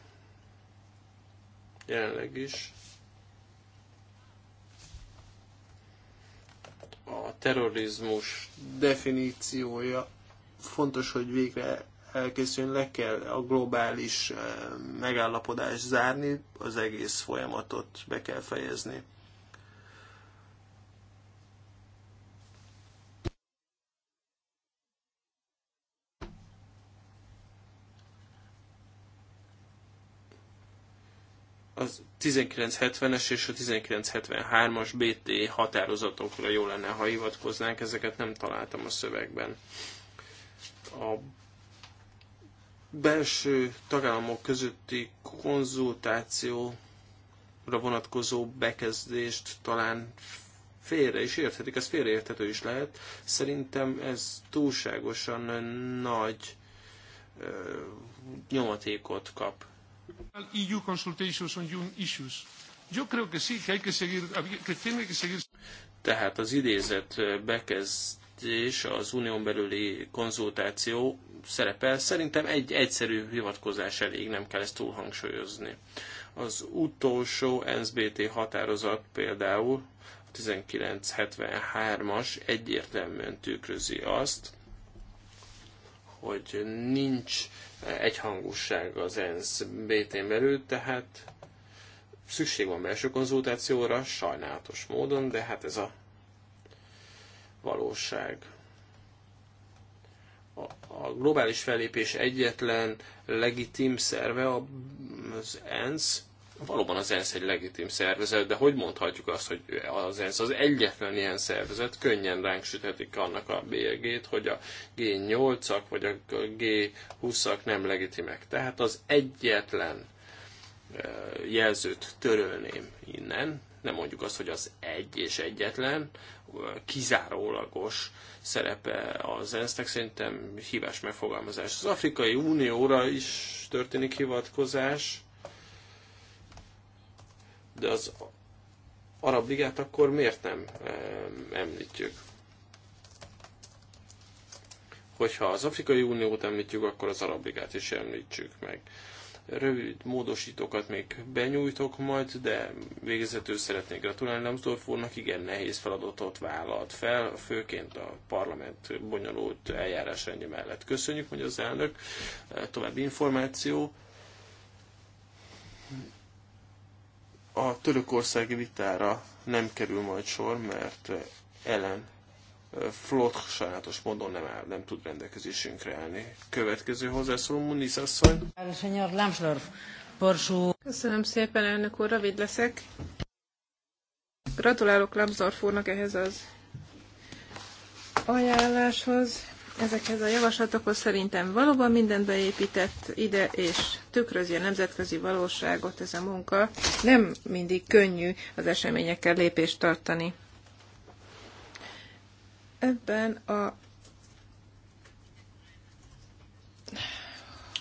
jelenleg is. a terrorizmus definíciója fontos, hogy végre elkészüljön, le kell a globális eh, megállapodást zárni, az egész folyamatot be kell fejezni. Az 1970-es és a 1973-as BT határozatokra jó lenne, ha hivatkoznánk, ezeket nem találtam a szövegben. A belső tagállamok közötti konzultációra vonatkozó bekezdést talán félre is érthetik, ez félreérthető is lehet. Szerintem ez túlságosan nagy ö, nyomatékot kap E Tehát az idézett bekezdés, az unión belüli konzultáció szerepel. Szerintem egy egyszerű hivatkozás elég, nem kell ezt túl hangsúlyozni. Az utolsó NSBT határozat például, a 1973-as egyértelműen tükrözi azt, hogy nincs egyhangúság az ENSZ BT-n belül, tehát szükség van belső konzultációra, sajnálatos módon, de hát ez a valóság. A, a globális fellépés egyetlen legitim szerve az ENSZ, Valóban az ENSZ egy legitim szervezet, de hogy mondhatjuk azt, hogy az ENSZ az egyetlen ilyen szervezet, könnyen ránk süthetik annak a bélyegét, hogy a G8-ak vagy a G20-ak nem legitimek. Tehát az egyetlen jelzőt törölném innen, nem mondjuk azt, hogy az egy és egyetlen, kizárólagos szerepe az ENSZ-nek, szerintem hibás megfogalmazás. Az Afrikai Unióra is történik hivatkozás, de az Arab Ligát akkor miért nem említjük? Hogyha az Afrikai Uniót említjük, akkor az Arab Ligát is említsük meg. Rövid módosítókat még benyújtok majd, de végezetül szeretnék gratulálni Lambsdorff úrnak, igen nehéz feladatot vállalt fel, főként a parlament bonyolult eljárásrendje mellett. Köszönjük, hogy az elnök. További információ A törökországi vitára nem kerül majd sor, mert eh, ellen eh, Flott sajátos módon nem, áll, nem tud rendelkezésünkre állni. Következő hozzászóló Muniz asszony. Köszönöm szépen, elnök úr, rövid leszek. Gratulálok Lamsdorff úrnak ehhez az ajánláshoz ezekhez a javaslatokhoz szerintem valóban minden beépített ide, és tükrözi a nemzetközi valóságot ez a munka. Nem mindig könnyű az eseményekkel lépést tartani. Ebben a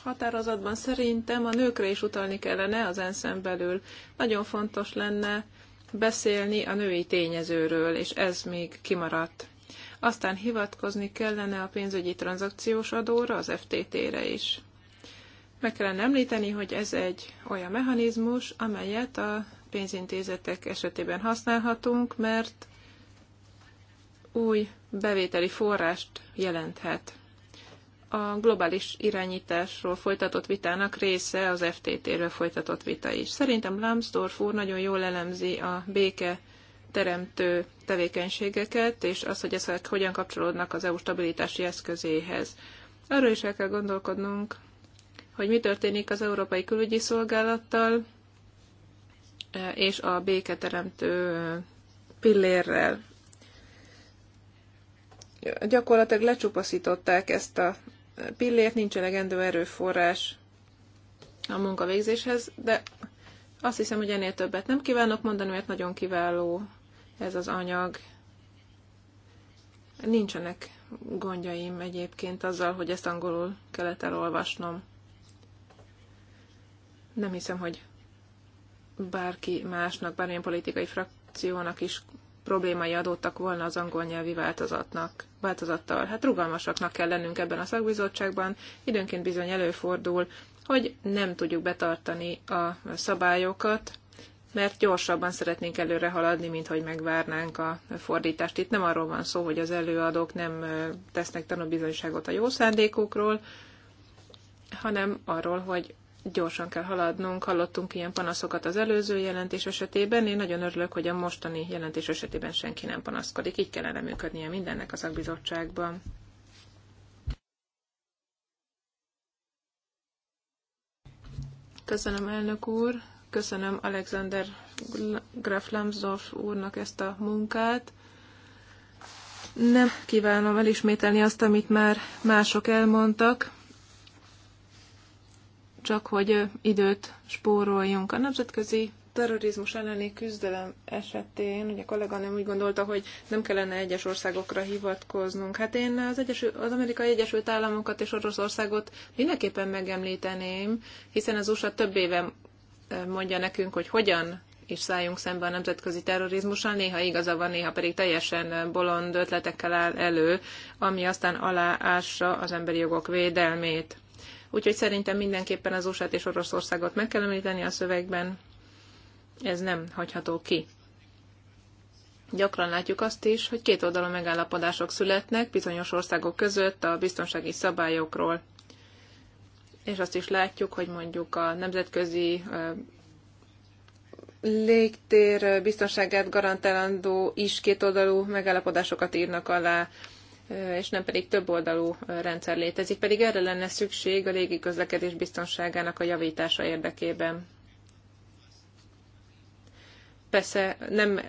határozatban szerintem a nőkre is utalni kellene az ensz belül. Nagyon fontos lenne beszélni a női tényezőről, és ez még kimaradt aztán hivatkozni kellene a pénzügyi tranzakciós adóra, az FTT-re is. Meg kellene említeni, hogy ez egy olyan mechanizmus, amelyet a pénzintézetek esetében használhatunk, mert új bevételi forrást jelenthet. A globális irányításról folytatott vitának része az FTT-ről folytatott vita is. Szerintem Lambsdorff úr nagyon jól elemzi a béke teremtő tevékenységeket, és az, hogy ezek hogyan kapcsolódnak az EU stabilitási eszközéhez. Arról is el kell gondolkodnunk, hogy mi történik az Európai Külügyi Szolgálattal e, és a béketeremtő pillérrel. Gyakorlatilag lecsupaszították ezt a pillért, nincs elegendő erőforrás a munkavégzéshez, de azt hiszem, hogy ennél többet nem kívánok mondani, mert nagyon kiváló ez az anyag. Nincsenek gondjaim egyébként azzal, hogy ezt angolul kellett elolvasnom. Nem hiszem, hogy bárki másnak, bármilyen politikai frakciónak is problémai adottak volna az angol nyelvi változatnak, változattal. Hát rugalmasaknak kell lennünk ebben a szakbizottságban. Időnként bizony előfordul, hogy nem tudjuk betartani a szabályokat, mert gyorsabban szeretnénk előre haladni, mint hogy megvárnánk a fordítást. Itt nem arról van szó, hogy az előadók nem tesznek tanúbizonyságot a jó szándékukról, hanem arról, hogy gyorsan kell haladnunk. Hallottunk ilyen panaszokat az előző jelentés esetében. Én nagyon örülök, hogy a mostani jelentés esetében senki nem panaszkodik. Így kellene működnie mindennek a szakbizottságban. Köszönöm, elnök úr. Köszönöm Alexander Graf Lambsdorff úrnak ezt a munkát. Nem kívánom elismételni azt, amit már mások elmondtak, csak hogy időt spóroljunk. A nemzetközi terrorizmus elleni küzdelem esetén, ugye a nem úgy gondolta, hogy nem kellene egyes országokra hivatkoznunk. Hát én az, egyes az amerikai Egyesült Államokat és Oroszországot mindenképpen megemlíteném, hiszen az USA több éve mondja nekünk, hogy hogyan és szálljunk szembe a nemzetközi terrorizmussal, néha igaza van, néha pedig teljesen bolond ötletekkel áll elő, ami aztán aláássa az emberi jogok védelmét. Úgyhogy szerintem mindenképpen az usa és Oroszországot meg kell említeni a szövegben, ez nem hagyható ki. Gyakran látjuk azt is, hogy két oldalú megállapodások születnek bizonyos országok között a biztonsági szabályokról és azt is látjuk, hogy mondjuk a nemzetközi légtér biztonságát garantálandó is kétoldalú megállapodásokat írnak alá, és nem pedig több oldalú rendszer létezik, pedig erre lenne szükség a légi közlekedés biztonságának a javítása érdekében. Persze nem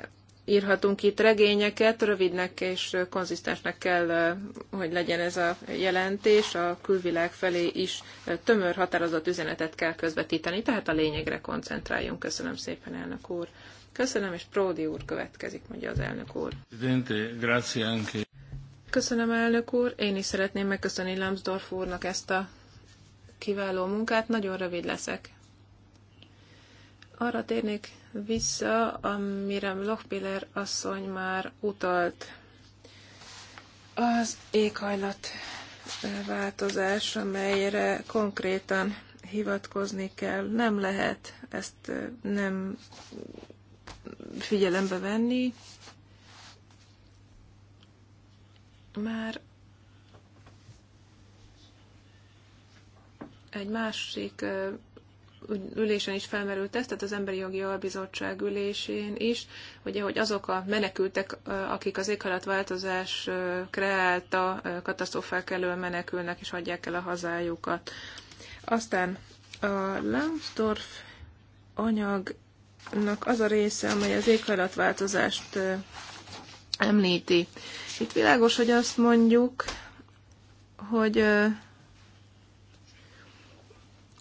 írhatunk itt regényeket, rövidnek és konzisztensnek kell, hogy legyen ez a jelentés, a külvilág felé is tömör határozott üzenetet kell közvetíteni, tehát a lényegre koncentráljunk. Köszönöm szépen, elnök úr. Köszönöm, és Pródi úr következik, mondja az elnök úr. Köszönöm, elnök úr. Én is szeretném megköszönni Lambsdorff úrnak ezt a kiváló munkát. Nagyon rövid leszek. Arra térnék vissza, amire Lochbiller asszony már utalt. Az éghajlat változás, amelyre konkrétan hivatkozni kell. Nem lehet ezt nem figyelembe venni. Már egy másik ülésen is felmerült ez, tehát az Emberi Jogi Albizottság ülésén is, ugye, hogy azok a menekültek, akik az éghajlatváltozás kreálta katasztrófák elől menekülnek és hagyják el a hazájukat. Aztán a Lambsdorff anyagnak az a része, amely az éghajlatváltozást említi. Itt világos, hogy azt mondjuk, hogy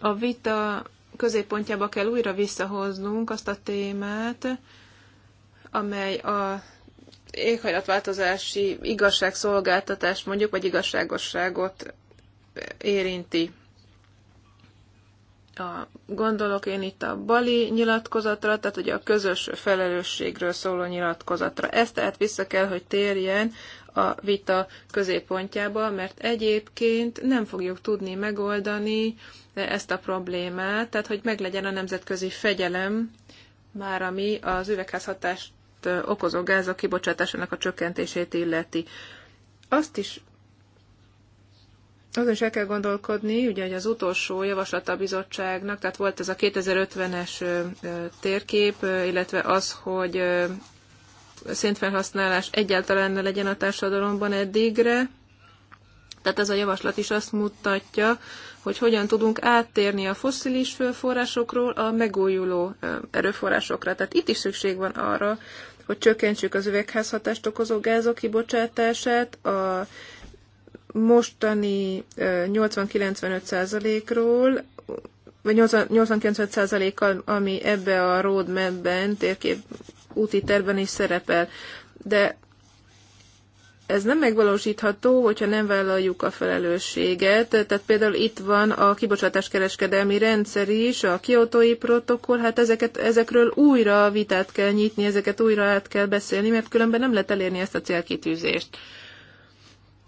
a vita középpontjába kell újra visszahoznunk azt a témát, amely a éghajlatváltozási igazságszolgáltatást mondjuk, vagy igazságosságot érinti. A, gondolok én itt a bali nyilatkozatra, tehát ugye a közös felelősségről szóló nyilatkozatra. ezt tehát vissza kell, hogy térjen a vita középpontjába, mert egyébként nem fogjuk tudni megoldani ezt a problémát, tehát hogy meglegyen a nemzetközi fegyelem, már ami az üvegházhatást okozó gázok kibocsátásának a csökkentését illeti. Azt is azon is el kell gondolkodni, ugye, hogy az utolsó javaslat a bizottságnak, tehát volt ez a 2050-es térkép, illetve az, hogy szintfelhasználás egyáltalán ne legyen a társadalomban eddigre. Tehát ez a javaslat is azt mutatja, hogy hogyan tudunk áttérni a fosszilis forrásokról a megújuló erőforrásokra. Tehát itt is szükség van arra, hogy csökkentsük az üvegházhatást okozó gázok kibocsátását a mostani 80-95%-ról, vagy 80-95%-kal, ami ebbe a roadmap-ben, térkép úti terben is szerepel. De ez nem megvalósítható, hogyha nem vállaljuk a felelősséget. Tehát például itt van a kibocsátáskereskedelmi rendszer is, a kiotói protokoll, hát ezeket, ezekről újra vitát kell nyitni, ezeket újra át kell beszélni, mert különben nem lehet elérni ezt a célkitűzést.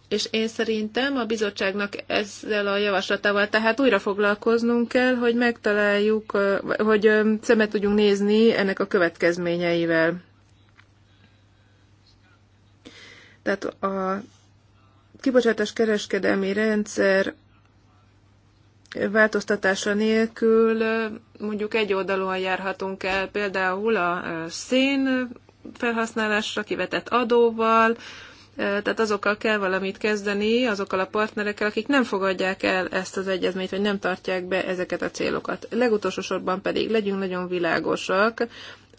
És én szerintem a bizottságnak ezzel a javaslatával, tehát újra foglalkoznunk kell, hogy megtaláljuk, hogy szemet tudjunk nézni ennek a következményeivel Tehát a kibocsátás kereskedelmi rendszer változtatása nélkül mondjuk egy oldalon járhatunk el, például a szén felhasználásra kivetett adóval, tehát azokkal kell valamit kezdeni, azokkal a partnerekkel, akik nem fogadják el ezt az egyezményt, vagy nem tartják be ezeket a célokat. Legutolsó sorban pedig legyünk nagyon világosak,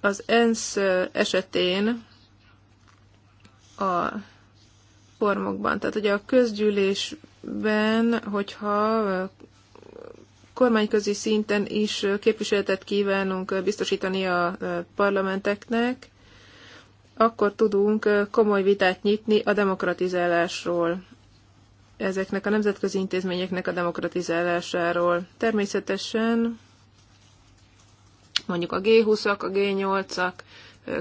az ENSZ esetén a platformokban. Tehát ugye a közgyűlésben, hogyha kormányközi szinten is képviseletet kívánunk biztosítani a parlamenteknek, akkor tudunk komoly vitát nyitni a demokratizálásról, ezeknek a nemzetközi intézményeknek a demokratizálásáról. Természetesen mondjuk a G20-ak, a G8-ak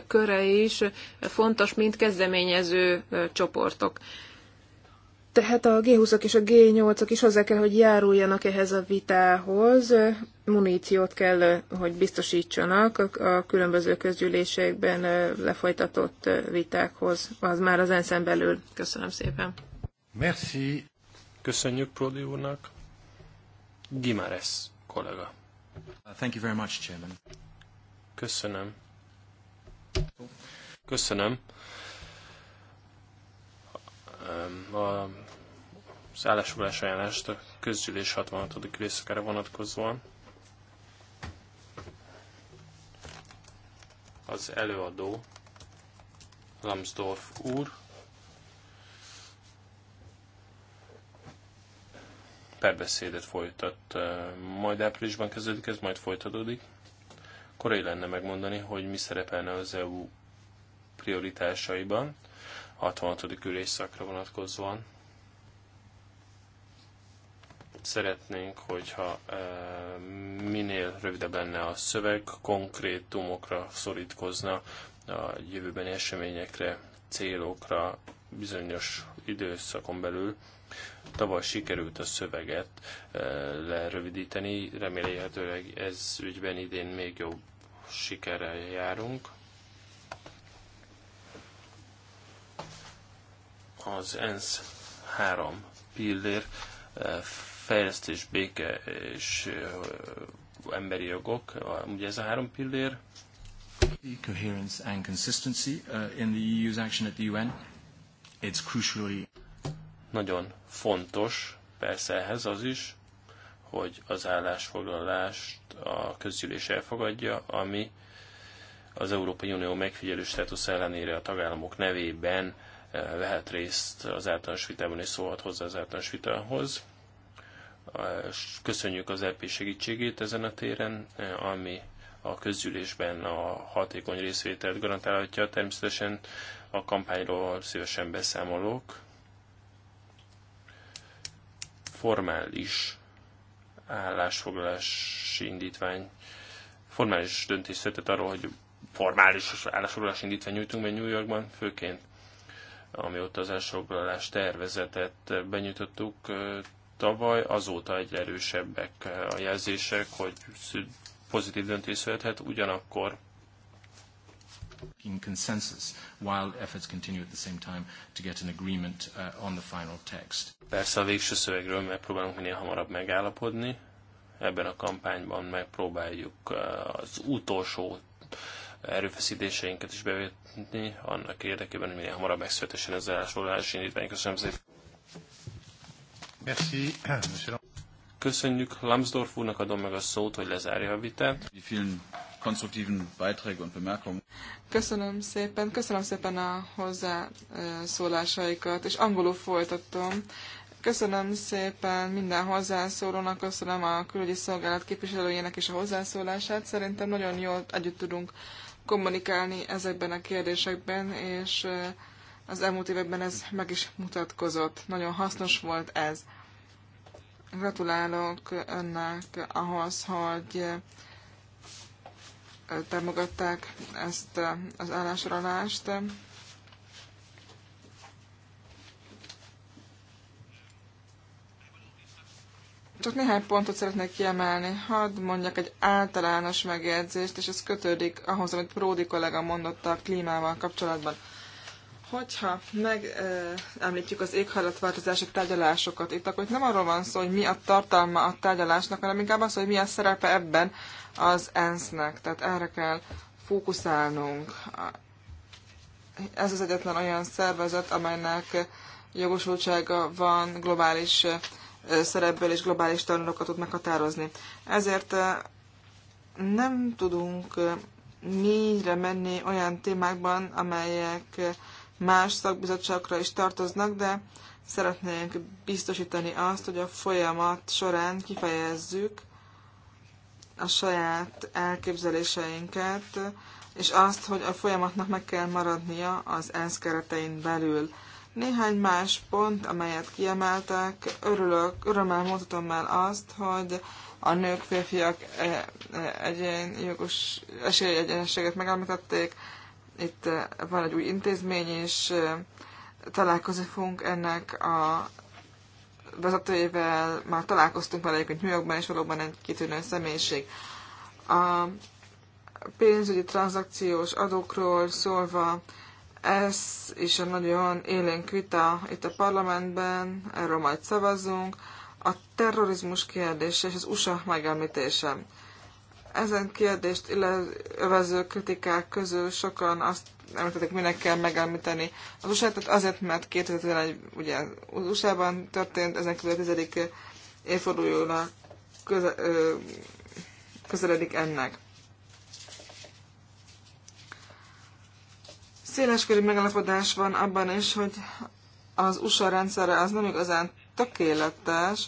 köre is fontos, mint kezdeményező csoportok. Tehát a G20-ak és a G8-ak is hozzá kell, hogy járuljanak ehhez a vitához, muníciót kell, hogy biztosítsanak a különböző közgyűlésekben lefolytatott vitákhoz, az már az ensz belül. Köszönöm szépen. Merci. Köszönjük Prodi úrnak. Gimares kollega. Thank you very much, Chairman. Köszönöm, Köszönöm. A az ajánlást a közgyűlés 66. részekre vonatkozóan. Az előadó Lambsdorff úr perbeszédet folytat. Majd áprilisban kezdődik, ez majd folytatódik korai lenne megmondani, hogy mi szerepelne az EU prioritásaiban, 66. ülésszakra vonatkozóan. Szeretnénk, hogyha e, minél rövidebb lenne a szöveg, konkrétumokra szorítkozna a jövőbeni eseményekre, célokra bizonyos időszakon belül. Tavaly sikerült a szöveget e, lerövidíteni, remélhetőleg ez ügyben idén még jobb sikerrel járunk. Az ENSZ három pillér eh, fejlesztés, béke és eh, emberi jogok, ugye ez a három pillér. coherence and consistency eh, in the EU's action at the UN, it's crucially... Nagyon fontos persze ehhez az is, hogy az állásfoglalást a közgyűlés elfogadja, ami az Európai Unió megfigyelő státusz ellenére a tagállamok nevében eh, vehet részt az általános vitában és szólhat hozzá az általános vitához. Eh, köszönjük az EP segítségét ezen a téren, eh, ami a közgyűlésben a hatékony részvételt garantálhatja. Természetesen a kampányról szívesen beszámolok. Formális állásfoglalási indítvány, formális döntés született arról, hogy formális állásfoglalási indítvány nyújtunk be New Yorkban, főként amióta az állásfoglalás tervezetet benyújtottuk tavaly, azóta egy erősebbek a jelzések, hogy pozitív döntés születhet, ugyanakkor in consensus while efforts continue at the same time to get an agreement uh, on the final text. Persze a végső szövegről megpróbálunk minél hamarabb megállapodni. Ebben a kampányban megpróbáljuk uh, az utolsó erőfeszítéseinket is bevetni, annak érdekében, hogy minél hamarabb megszületesen ezzel a állásfoglalási indítvány. Köszönöm szépen. Merci. Köszönjük Lambsdorff úrnak, adom meg a szót, hogy lezárja a vitát konstruktiven Beiträge und Bemerkungen. Köszönöm szépen, köszönöm szépen a hozzászólásaikat, és angolul folytatom. Köszönöm szépen minden hozzászólónak, köszönöm a külügyi szolgálat képviselőjének is a hozzászólását. Szerintem nagyon jól együtt tudunk kommunikálni ezekben a kérdésekben, és az elmúlt években ez meg is mutatkozott. Nagyon hasznos volt ez. Gratulálok önnek ahhoz, hogy támogatták ezt eh, az állásralást. Csak néhány pontot szeretnék kiemelni. Hadd mondjak egy általános megjegyzést, és ez kötődik ahhoz, amit Pródi kollega mondott a klímával kapcsolatban. Hogyha megemlítjük az éghajlatváltozási tárgyalásokat itt, akkor itt nem arról van szó, hogy mi a tartalma a tárgyalásnak, hanem inkább az, hogy mi a szerepe ebben az ENSZ-nek. Tehát erre kell fókuszálnunk. Ez az egyetlen olyan szervezet, amelynek jogosultsága van globális szerepből és globális tanulókat tud meghatározni. Ezért nem tudunk mélyre menni olyan témákban, amelyek más szakbizottságokra is tartoznak, de szeretnénk biztosítani azt, hogy a folyamat során kifejezzük a saját elképzeléseinket, és azt, hogy a folyamatnak meg kell maradnia az ENSZ keretein belül. Néhány más pont, amelyet kiemeltek, örülök, örömmel mutatom el azt, hogy a nők, férfiak e, e, egyén jogos esélyegyenességet megemlítették, itt eh, van egy új intézmény, és eh, találkozni fogunk ennek a vezetőjével, már találkoztunk vele egyébként New Yorkban, és valóban egy kitűnő személyiség. A pénzügyi tranzakciós adókról szólva, ez is a nagyon élénk vita itt a parlamentben, erről majd szavazunk. A terrorizmus kérdése és az USA megemlítése. Ezen kérdést illetve kritikák közül sokan azt tudok, minek kell megemlíteni az usa tehát azért, mert 2011 ugye az USA-ban történt, ezen kívül a tizedik évfordulóra köze, közeledik ennek. Széleskörű megalapodás van abban is, hogy az USA rendszere az nem igazán tökéletes,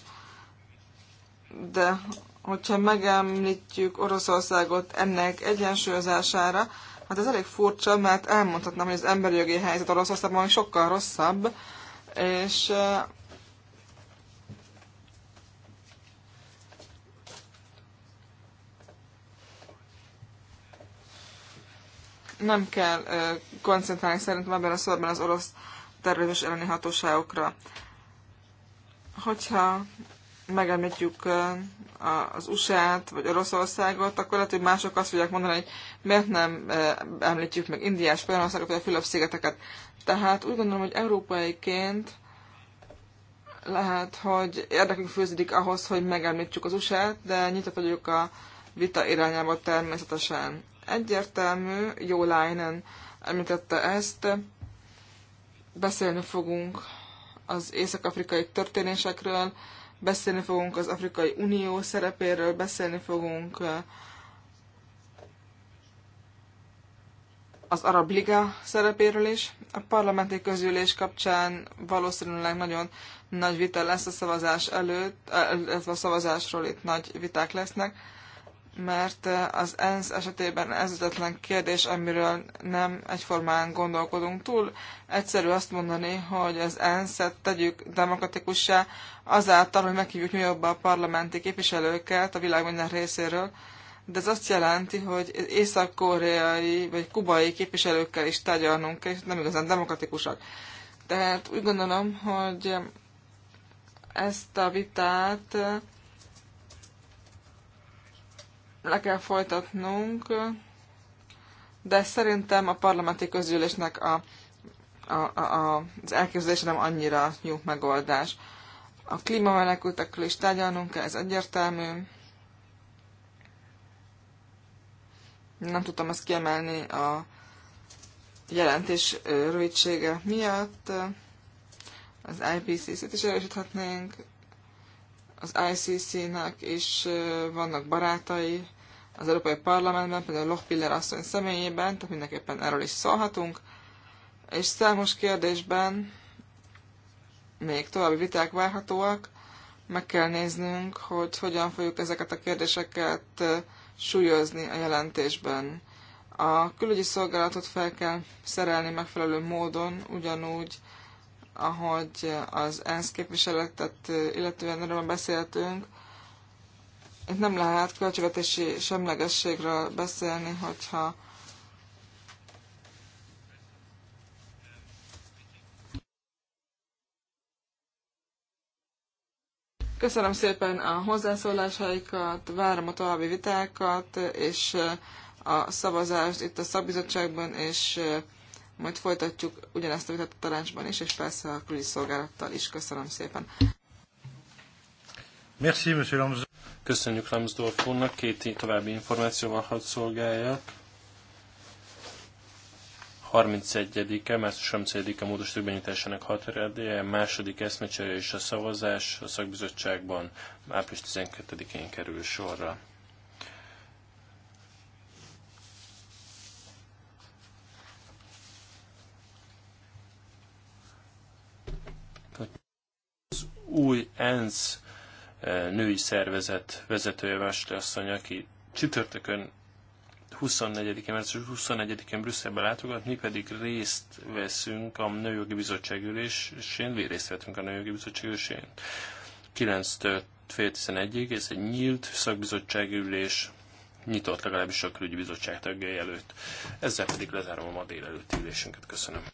de hogyha megemlítjük Oroszországot ennek egyensúlyozására, hát ez elég furcsa, mert elmondhatnám, hogy az emberi jogi helyzet Oroszországban sokkal rosszabb, és nem kell koncentrálni szerintem ebben a szorban az orosz tervezés elleni hatóságokra. Hogyha megemlítjük az USA-t, vagy Oroszországot, akkor lehet, hogy mások azt fogják mondani, hogy miért nem említjük meg Indiás, Spanyolországot, vagy a Fülöp-szigeteket. Tehát úgy gondolom, hogy európaiként lehet, hogy érdekünk főződik ahhoz, hogy megemlítsük az USA-t, de nyitott vagyok a vita irányába természetesen. Egyértelmű, jó Leinen említette ezt, beszélni fogunk az észak-afrikai történésekről, beszélni fogunk az Afrikai Unió szerepéről, beszélni fogunk az Arab Liga szerepéről is. A parlamenti közülés kapcsán valószínűleg nagyon nagy vita lesz a szavazás előtt, ez a szavazásról itt nagy viták lesznek mert eh, az ENSZ esetében ez ötletlen kérdés, amiről nem egyformán gondolkodunk túl. Egyszerű azt mondani, hogy az ENSZ-et tegyük demokratikussá azáltal, hogy meghívjuk New Yorkba a parlamenti képviselőket a világ minden részéről, de ez azt jelenti, hogy észak-koreai vagy kubai képviselőkkel is tárgyalnunk kell, és nem igazán demokratikusak. Tehát úgy gondolom, hogy ezt a vitát eh, le kell folytatnunk, de szerintem a parlamenti közgyűlésnek a, a, a, az elképzelése nem annyira jó megoldás. A klímamenekültekről is tárgyalnunk kell, ez egyértelmű. Nem tudtam ezt kiemelni a jelentés rövidsége miatt. Az IPCC-t is erősíthetnénk, az ICC-nek is vannak barátai, az Európai Parlamentben, például Lochpiller asszony személyében, tehát mindenképpen erről is szólhatunk, és számos kérdésben még további viták várhatóak, meg kell néznünk, hogy hogyan fogjuk ezeket a kérdéseket súlyozni a jelentésben. A külügyi szolgálatot fel kell szerelni megfelelő módon, ugyanúgy, ahogy az ENSZ képviseletet illetően erről beszéltünk, itt nem lehet költségvetési semlegességről beszélni, hogyha Köszönöm szépen a hozzászólásaikat, várom a további vitákat, és uh, a szavazást itt a szakbizottságban, és uh, majd folytatjuk ugyanezt a vitát a tanácsban is, és persze a külügyi szolgálattal is. Köszönöm szépen. Merci, monsieur Köszönjük Lambsdorff úrnak, két további információval hadd szolgáljak. 31-e, március 31-e módosítók benyújtásának határideje, második eszmecsere és a szavazás a szakbizottságban április 12-én kerül sorra. Az új ENSZ női szervezet vezetője Vásli asszony, aki csütörtökön 24-én, március 24-én Brüsszelbe látogat, mi pedig részt veszünk a Nőjogi Bizottság ülésén, mi részt vettünk a Nőjogi Bizottság ülésén 9-től fél 11-ig, ez egy nyílt szakbizottsági ülés, nyitott legalábbis a külügyi bizottság tagjai előtt. Ezzel pedig lezárom a ma délelőtti ülésünket. Köszönöm.